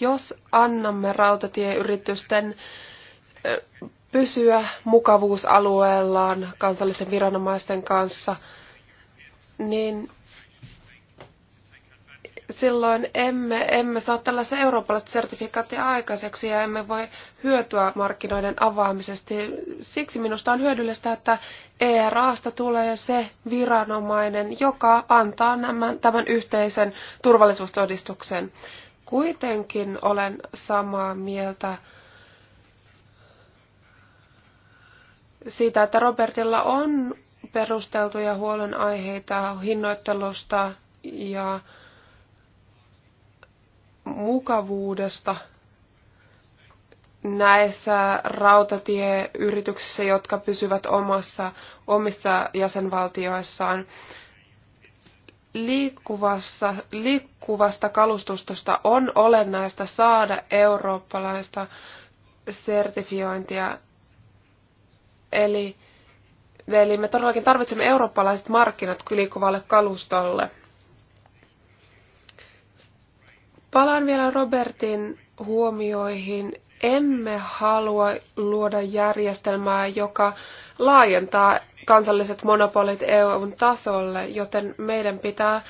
jos annamme rautatieyritysten äh, pysyä mukavuusalueellaan kansallisten viranomaisten kanssa, niin silloin emme, emme saa tällaista eurooppalaista sertifikaattia aikaiseksi ja emme voi hyötyä markkinoiden avaamisesti. Siksi minusta on hyödyllistä, että ERAsta tulee se viranomainen, joka antaa nämä, tämän yhteisen turvallisuustodistuksen. Kuitenkin olen samaa mieltä siitä, että Robertilla on perusteltuja huolenaiheita hinnoittelusta ja mukavuudesta näissä rautatieyrityksissä, jotka pysyvät omassa, omissa jäsenvaltioissaan. Liikkuvassa, liikkuvasta kalustustosta on olennaista saada eurooppalaista sertifiointia Eli, eli me todellakin tarvitsemme eurooppalaiset markkinat liikkuvalle kalustolle. Palaan vielä Robertin huomioihin. Emme halua luoda järjestelmää, joka laajentaa kansalliset monopolit EUn tasolle, joten meidän pitää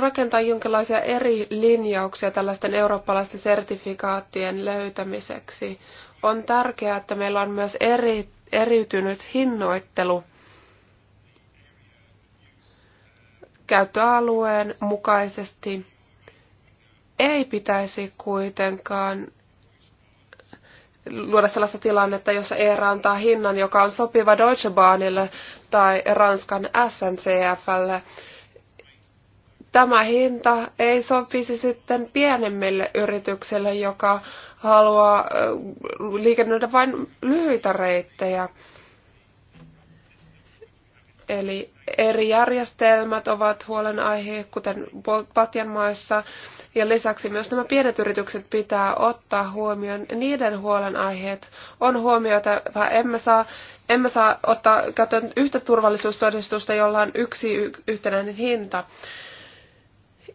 rakentaa jonkinlaisia eri linjauksia tällaisten eurooppalaisten sertifikaattien löytämiseksi. On tärkeää, että meillä on myös eri eriytynyt hinnoittelu käyttöalueen mukaisesti ei pitäisi kuitenkaan luoda sellaista tilannetta, jossa ERA antaa hinnan, joka on sopiva Deutsche Bahnille tai Ranskan SNCFlle Tämä hinta ei sopisi sitten pienemmille yrityksille, joka haluaa liikennöidä vain lyhyitä reittejä. Eli eri järjestelmät ovat huolenaihe, kuten Patjan maissa. Ja lisäksi myös nämä pienet yritykset pitää ottaa huomioon. Niiden huolenaiheet on huomioitava. Emme saa, emme saa ottaa käyttöön yhtä turvallisuustodistusta, jolla on yksi yhtenäinen hinta.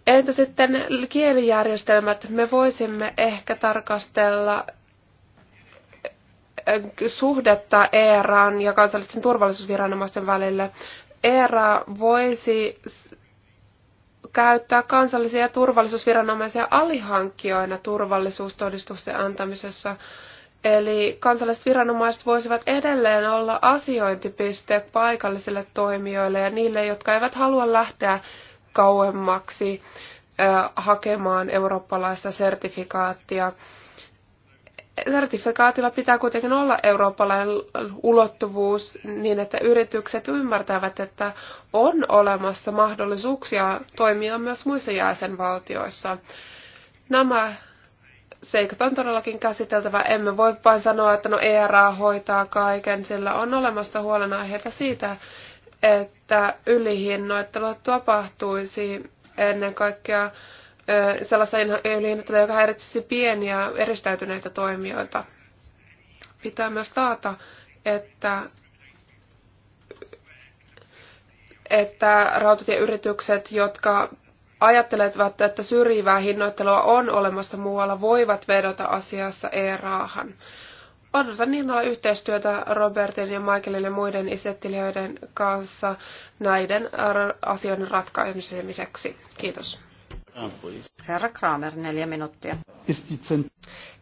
Entä sitten kielijärjestelmät? Me voisimme ehkä tarkastella eh, suhdetta ERAan ja kansallisten turvallisuusviranomaisten välillä. ERA voisi käyttää kansallisia turvallisuusviranomaisia alihankkijoina turvallisuustodistusten antamisessa. Eli kansalliset viranomaiset voisivat edelleen olla asiointipiste paikallisille toimijoille ja niille, jotka eivät halua lähteä kauemmaksi hakemaan eurooppalaista sertifikaattia. Sertifikaatilla pitää kuitenkin olla eurooppalainen ulottuvuus niin, että yritykset ymmärtävät, että on olemassa mahdollisuuksia toimia myös muissa jäsenvaltioissa. Nämä seikat on todellakin käsiteltävä. Emme voi vain sanoa, että no ERA hoitaa kaiken, sillä on olemassa huolenaiheita siitä, että ylihinnoittelu tapahtuisi ennen kaikkea sellaisen ylihinnoittelu, joka häiritsisi pieniä eristäytyneitä toimijoita. Pitää myös taata, että että rautatieyritykset, jotka ajattelevat, että syrjivää hinnoittelua on olemassa muualla, voivat vedota asiassa e-raahan odotan olla yhteistyötä Robertin ja Michaelin ja muiden isettilijöiden kanssa näiden asioiden ratkaisemiseksi. Kiitos. Herra Kramer, neljä minuuttia.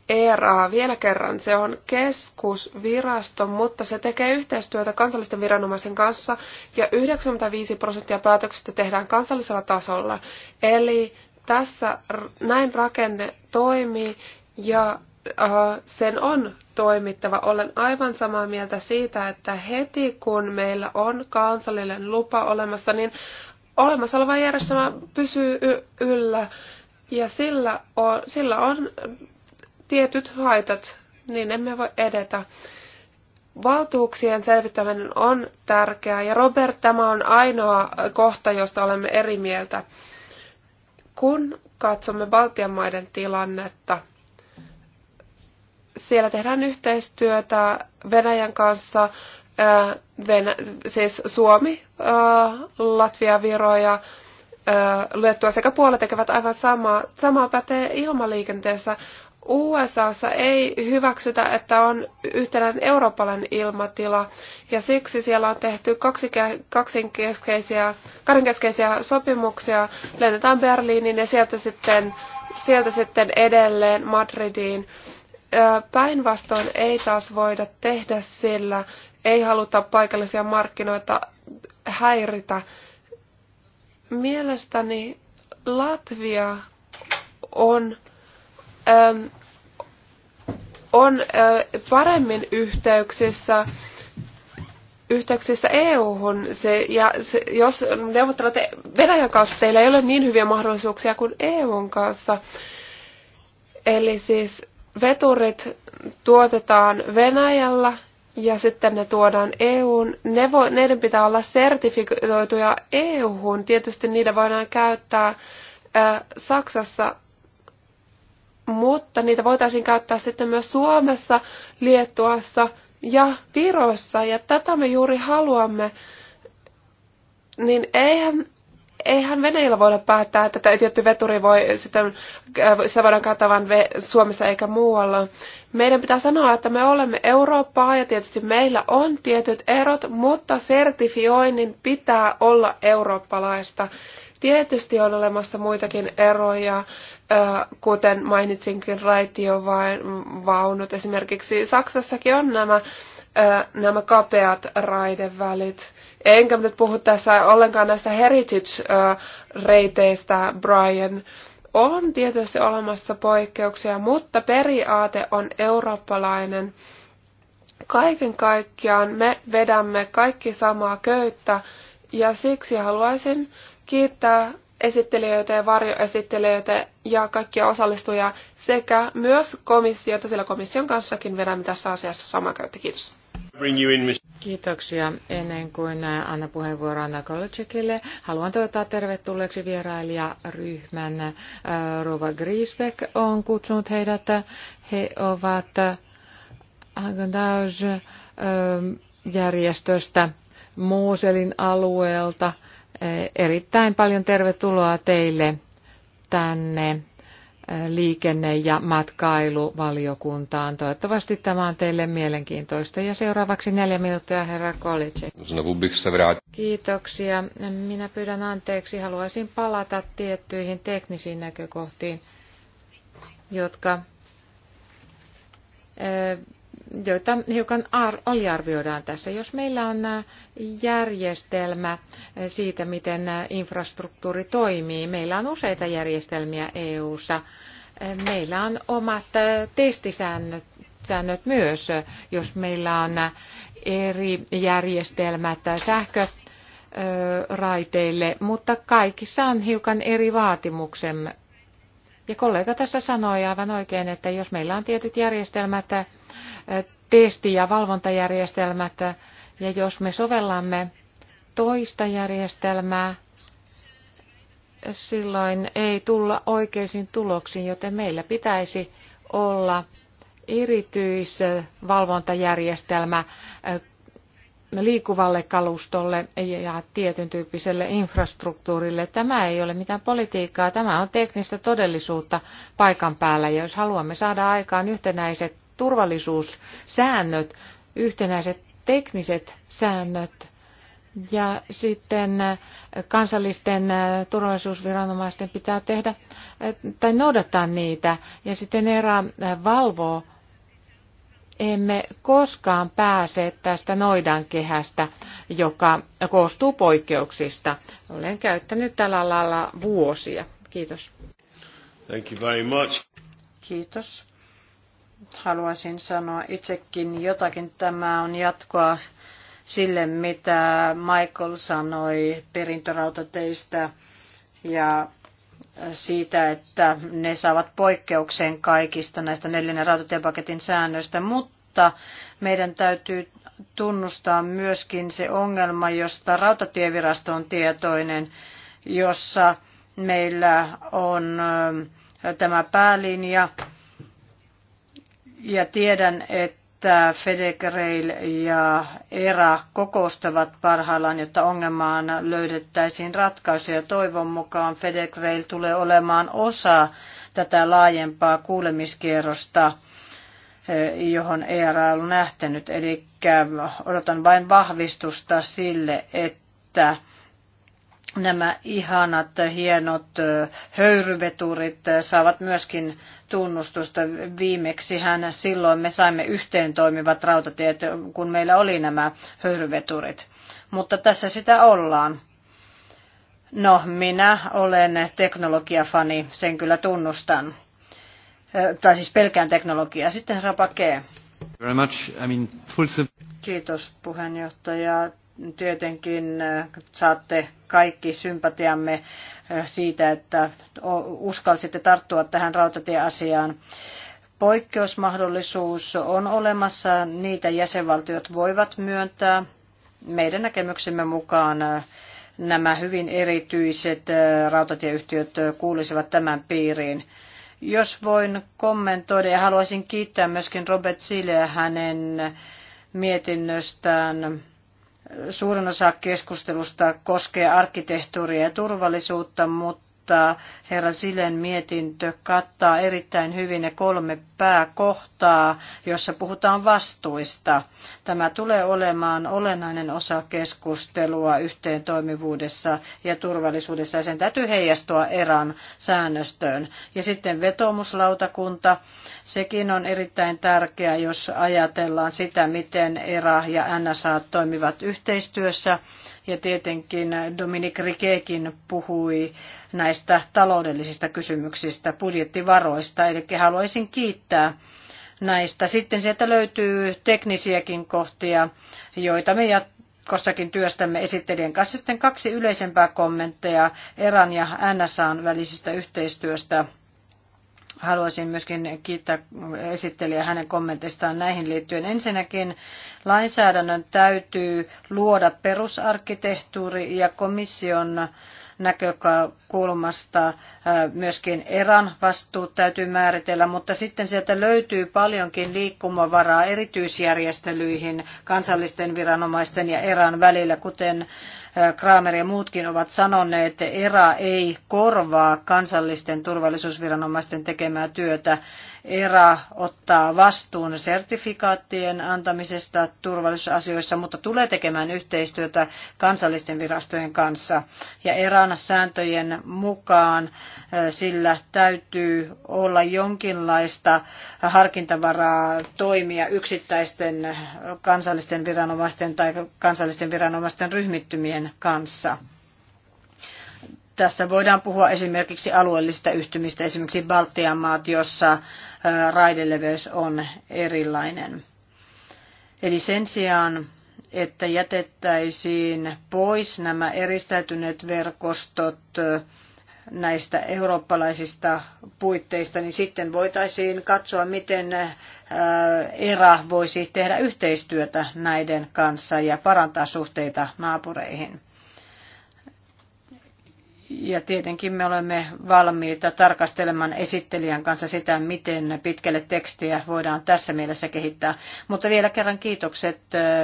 ERA vielä kerran. Se on keskusvirasto, mutta se tekee yhteistyötä kansallisten viranomaisten kanssa ja 95 prosenttia päätöksistä tehdään kansallisella tasolla. Eli tässä näin rakenne toimii ja sen on toimittava. Olen aivan samaa mieltä siitä, että heti kun meillä on kansallinen lupa olemassa, niin olemassa oleva järjestelmä pysyy yllä ja sillä on, sillä on tietyt haitat, niin emme voi edetä. Valtuuksien selvittäminen on tärkeää ja Robert, tämä on ainoa kohta, josta olemme eri mieltä. Kun katsomme Baltian maiden tilannetta – siellä tehdään yhteistyötä Venäjän kanssa, äh, Venä- siis Suomi, äh, Latvia, Viro ja äh, Lettua sekä Puola tekevät aivan samaa. Sama pätee ilmaliikenteessä. USAssa ei hyväksytä, että on yhtenäinen eurooppalainen ilmatila, ja siksi siellä on tehty kaksinkeskeisiä, sopimuksia. Lennetään Berliiniin ja sieltä sitten, sieltä sitten edelleen Madridiin. Päinvastoin ei taas voida tehdä sillä, ei haluta paikallisia markkinoita häiritä. Mielestäni Latvia on, äm, on ä, paremmin yhteyksissä yhteyksissä EU-hun, se, ja se, jos neuvottelut Venäjän kanssa, teillä ei ole niin hyviä mahdollisuuksia kuin EUn kanssa. Eli siis veturit tuotetaan Venäjällä ja sitten ne tuodaan EUn. Ne vo, neiden pitää olla sertifioituja EUhun. Tietysti niitä voidaan käyttää ää, Saksassa, mutta niitä voitaisiin käyttää sitten myös Suomessa, Liettuassa ja Virossa. Ja tätä me juuri haluamme. Niin eihän eihän veneillä voida päättää, että tietty veturi voi sitten, äh, se voidaan katsoa vain Suomessa eikä muualla. Meidän pitää sanoa, että me olemme Eurooppaa ja tietysti meillä on tietyt erot, mutta sertifioinnin pitää olla eurooppalaista. Tietysti on olemassa muitakin eroja, äh, kuten mainitsinkin raitiovaunut. Esimerkiksi Saksassakin on nämä, äh, nämä kapeat raidevälit. Enkä nyt puhu tässä ollenkaan näistä heritage-reiteistä, Brian. On tietysti olemassa poikkeuksia, mutta periaate on eurooppalainen. Kaiken kaikkiaan me vedämme kaikki samaa köyttä ja siksi haluaisin kiittää esittelijöitä ja varjoesittelijöitä ja kaikkia osallistujia sekä myös komissiota, sillä komission kanssakin vedämme tässä asiassa samaa köyttä. Kiitos. Kiitoksia. Ennen kuin äh, anna puheenvuoroa haluan toivottaa tervetulleeksi vierailijaryhmän. Äh, Rova Griesbeck on kutsunut heidät. He ovat äh, Agendage-järjestöstä Mooselin alueelta. Erittäin paljon tervetuloa teille tänne liikenne- ja matkailuvaliokuntaan. Toivottavasti tämä on teille mielenkiintoista. Ja seuraavaksi neljä minuuttia, herra Kolitsi. Kiitoksia. Minä pyydän anteeksi. Haluaisin palata tiettyihin teknisiin näkökohtiin, jotka joita hiukan ar- aliarvioidaan tässä. Jos meillä on järjestelmä siitä, miten infrastruktuuri toimii, meillä on useita järjestelmiä EU-ssa. Meillä on omat testisäännöt säännöt myös, jos meillä on eri järjestelmät sähköraiteille. mutta kaikissa on hiukan eri vaatimuksemme. Ja kollega tässä sanoi aivan oikein, että jos meillä on tietyt järjestelmät, testi- ja valvontajärjestelmät. Ja jos me sovellamme toista järjestelmää, silloin ei tulla oikeisiin tuloksiin, joten meillä pitäisi olla erityisvalvontajärjestelmä liikkuvalle kalustolle ja tietyn tyyppiselle infrastruktuurille. Tämä ei ole mitään politiikkaa, tämä on teknistä todellisuutta paikan päällä. Ja jos haluamme saada aikaan yhtenäiset turvallisuussäännöt, yhtenäiset tekniset säännöt ja sitten kansallisten turvallisuusviranomaisten pitää tehdä tai noudattaa niitä ja sitten ERA valvoo emme koskaan pääse tästä noidankehästä, joka koostuu poikkeuksista. Olen käyttänyt tällä lailla vuosia. Kiitos. Thank you very much. Kiitos haluaisin sanoa itsekin jotakin. Tämä on jatkoa sille, mitä Michael sanoi perintörautateistä ja siitä, että ne saavat poikkeuksen kaikista näistä neljännen rautatiepaketin säännöistä, mutta meidän täytyy tunnustaa myöskin se ongelma, josta rautatievirasto on tietoinen, jossa meillä on tämä päälinja ja tiedän, että FedEx Rail ja ERA kokoustavat parhaillaan, jotta ongelmaan löydettäisiin ratkaisuja. Toivon mukaan FedEx Rail tulee olemaan osa tätä laajempaa kuulemiskierrosta eh, johon ERA on lähtenyt. Eli odotan vain vahvistusta sille, että nämä ihanat, hienot höyryveturit saavat myöskin tunnustusta. Viimeksi hän silloin me saimme yhteen toimivat rautatiet, kun meillä oli nämä höyryveturit. Mutta tässä sitä ollaan. No, minä olen teknologiafani, sen kyllä tunnustan. Tai siis pelkään teknologiaa. Sitten rapakee. Kiitos puheenjohtaja tietenkin äh, saatte kaikki sympatiamme äh, siitä, että uskalsitte tarttua tähän rautatieasiaan. Poikkeusmahdollisuus on olemassa, niitä jäsenvaltiot voivat myöntää. Meidän näkemyksemme mukaan äh, nämä hyvin erityiset rautatieyhtiöt kuulisivat tämän piiriin. Jos voin kommentoida ja haluaisin kiittää myöskin Robert Sileä hänen mietinnöstään Suurin osa keskustelusta koskee arkkitehtuuria ja turvallisuutta, mutta mutta herra Silen mietintö kattaa erittäin hyvin ne kolme pääkohtaa, jossa puhutaan vastuista. Tämä tulee olemaan olennainen osa keskustelua yhteen toimivuudessa ja turvallisuudessa ja sen täytyy heijastua erän säännöstöön. Ja sitten vetomuslautakunta. sekin on erittäin tärkeä, jos ajatellaan sitä, miten ERA ja NSA toimivat yhteistyössä. Ja tietenkin Dominik Rikekin puhui näistä taloudellisista kysymyksistä, budjettivaroista. Eli haluaisin kiittää näistä. Sitten sieltä löytyy teknisiäkin kohtia, joita me jatkossakin työstämme esittelijän kanssa. Sitten kaksi yleisempää kommentteja Eran ja NSAn välisestä yhteistyöstä haluaisin myöskin kiittää esittelijä hänen kommenteistaan näihin liittyen. Ensinnäkin lainsäädännön täytyy luoda perusarkkitehtuuri ja komission näkökulmasta äh, myöskin eran vastuut täytyy määritellä, mutta sitten sieltä löytyy paljonkin liikkumavaraa erityisjärjestelyihin kansallisten viranomaisten ja eran välillä, kuten Kramer ja muutkin ovat sanoneet, ERA ei korvaa kansallisten turvallisuusviranomaisten tekemää työtä ERA ottaa vastuun sertifikaattien antamisesta turvallisuusasioissa, mutta tulee tekemään yhteistyötä kansallisten virastojen kanssa. Ja ERAn sääntöjen mukaan sillä täytyy olla jonkinlaista harkintavaraa toimia yksittäisten kansallisten viranomaisten tai kansallisten viranomaisten ryhmittymien kanssa. Tässä voidaan puhua esimerkiksi alueellisista yhtymistä, esimerkiksi Baltian maat, jossa raideleveys on erilainen. Eli sen sijaan, että jätettäisiin pois nämä eristäytyneet verkostot näistä eurooppalaisista puitteista, niin sitten voitaisiin katsoa, miten ERA voisi tehdä yhteistyötä näiden kanssa ja parantaa suhteita naapureihin. Ja tietenkin me olemme valmiita tarkastelemaan esittelijän kanssa sitä, miten pitkälle tekstiä voidaan tässä mielessä kehittää. Mutta vielä kerran kiitokset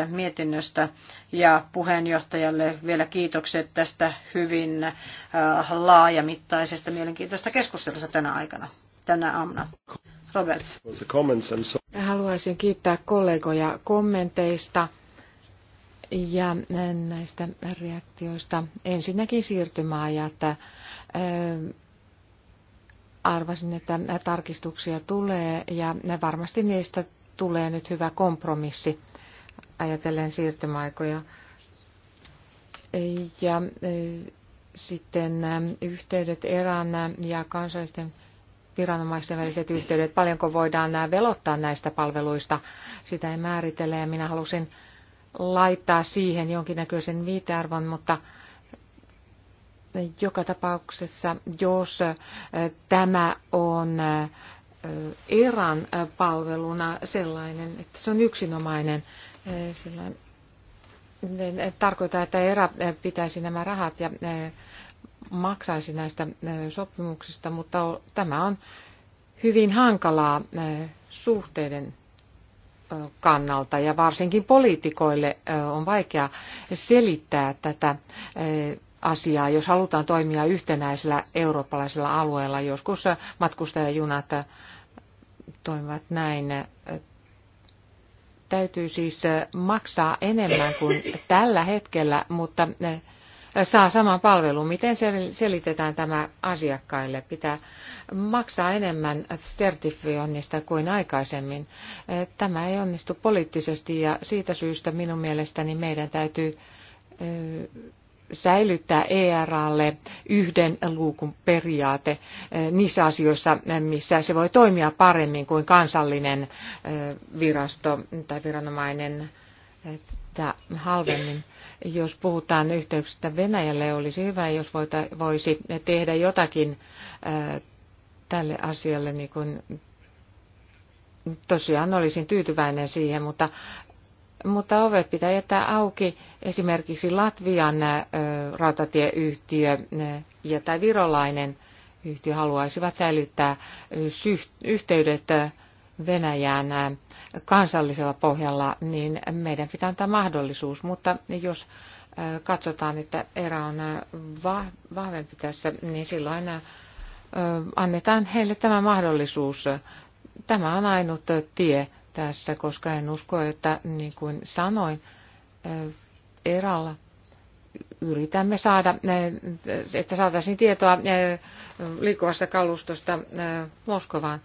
mietinnöstä ja puheenjohtajalle vielä kiitokset tästä hyvin laajamittaisesta mielenkiintoista keskustelusta tänä aikana, tänä aamuna. Roberts. Haluaisin kiittää kollegoja kommenteista ja eh, näistä reaktioista. Ensinnäkin siirtymäajat. Eh, arvasin, että tarkistuksia tulee ja varmasti niistä tulee nyt hyvä kompromissi ajatellen siirtymäaikoja. Ja eh, sitten yhteydet erään ja kansallisten viranomaisten väliset yhteydet, paljonko voidaan velottaa näistä palveluista, sitä ei määritellä ja minä halusin laittaa siihen jonkinnäköisen viitearvon, mutta joka tapauksessa, jos tämä on eran palveluna sellainen, että se on yksinomainen, silloin niin, tarkoittaa, että erä pitäisi nämä rahat ja maksaisi näistä sopimuksista, mutta tämä on hyvin hankalaa suhteiden kannalta ja varsinkin poliitikoille on vaikea selittää tätä asiaa, jos halutaan toimia yhtenäisellä eurooppalaisella alueella. Joskus matkustajajunat toimivat näin. Täytyy siis maksaa enemmän kuin tällä hetkellä, mutta saa saman palvelun. Miten selitetään tämä asiakkaille? Pitää maksaa enemmän sertifioinnista kuin aikaisemmin. Eh, tämä ei onnistu poliittisesti ja siitä syystä minun mielestäni meidän täytyy eh, säilyttää ERAlle yhden luukun periaate eh, niissä asioissa, missä se voi toimia paremmin kuin kansallinen virasto tai viranomainen halvemmin. Jos puhutaan yhteyksistä Venäjälle, olisi hyvä, jos voita, voisi tehdä jotakin äh, tälle asialle. Niin kuin, tosiaan olisin tyytyväinen siihen, mutta mutta ovet pitää jättää auki esimerkiksi Latvian äh, rautatieyhtiö äh, ja tai virolainen yhtiö haluaisivat säilyttää yhteydet Venäjään äh, kansallisella pohjalla, niin meidän pitää antaa mahdollisuus. Mutta jos äh, katsotaan, että erä on äh, vahvempi tässä, niin silloin annetaan heille tämä mahdollisuus. Tämä on ainut tie tässä, koska en usko, että niin kuin sanoin, eralla yritämme saada, että saataisiin tietoa liikkuvasta kalustosta Moskovaan.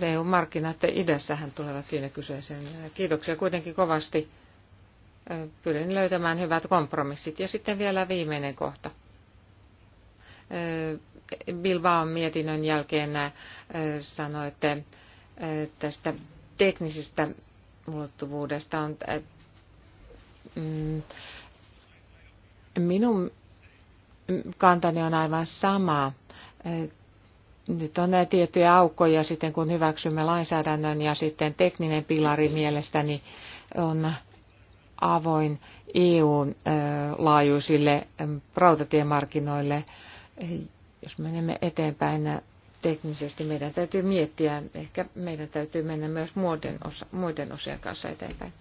EU-markkinat idässähän tulevat siinä kyseeseen. Kiitoksia kuitenkin kovasti. Pyrin löytämään hyvät kompromissit. Ja sitten vielä viimeinen kohta. Bilbaon mietinnön jälkeen sanoitte tästä teknisestä ulottuvuudesta on mm, minun kantani on aivan sama nyt on näitä tiettyjä aukkoja sitten, kun hyväksymme lainsäädännön ja sitten tekninen pilari mielestäni on avoin EU-laajuisille rautatiemarkkinoille. Jos menemme eteenpäin teknisesti, meidän täytyy miettiä, ehkä meidän täytyy mennä myös muiden, osien kanssa eteenpäin.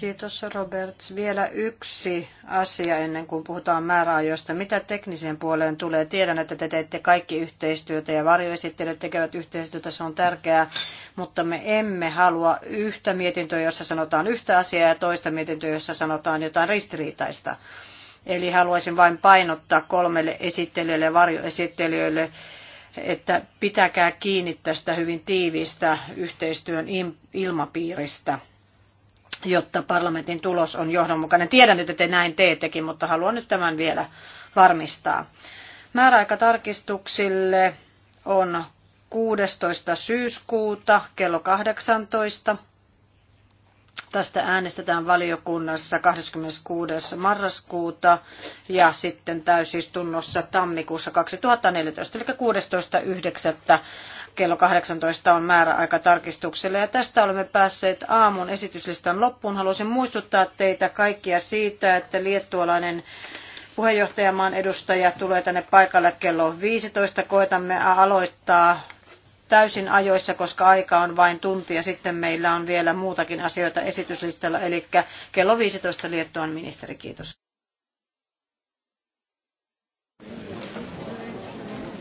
Kiitos Roberts. Vielä yksi asia ennen kuin puhutaan määräajoista. Mitä tekniseen puoleen tulee? Tiedän, että te teette kaikki yhteistyötä ja varjoesittelyt tekevät yhteistyötä, se on tärkeää, mutta me emme halua yhtä mietintöä, jossa sanotaan yhtä asiaa ja toista mietintöä, jossa sanotaan jotain ristiriitaista. Eli haluaisin vain painottaa kolmelle esittelijälle ja varjoesittelijöille, että pitäkää kiinni tästä hyvin tiiviistä yhteistyön ilmapiiristä jotta parlamentin tulos on johdonmukainen. Tiedän, että te näin teettekin, mutta haluan nyt tämän vielä varmistaa. Määräaikatarkistuksille on 16. syyskuuta kello 18. Tästä äänestetään valiokunnassa 26. marraskuuta ja sitten täysistunnossa tammikuussa 2014, eli 16.9 kello 18 on määräaika tarkistukselle. Ja tästä olemme päässeet aamun esityslistan loppuun. Haluaisin muistuttaa teitä kaikkia siitä, että liettualainen puheenjohtajamaan edustaja tulee tänne paikalle kello 15. Koetamme aloittaa täysin ajoissa, koska aika on vain tunti ja sitten meillä on vielä muutakin asioita esityslistalla. Eli kello 15 Liettuan ministeri, kiitos.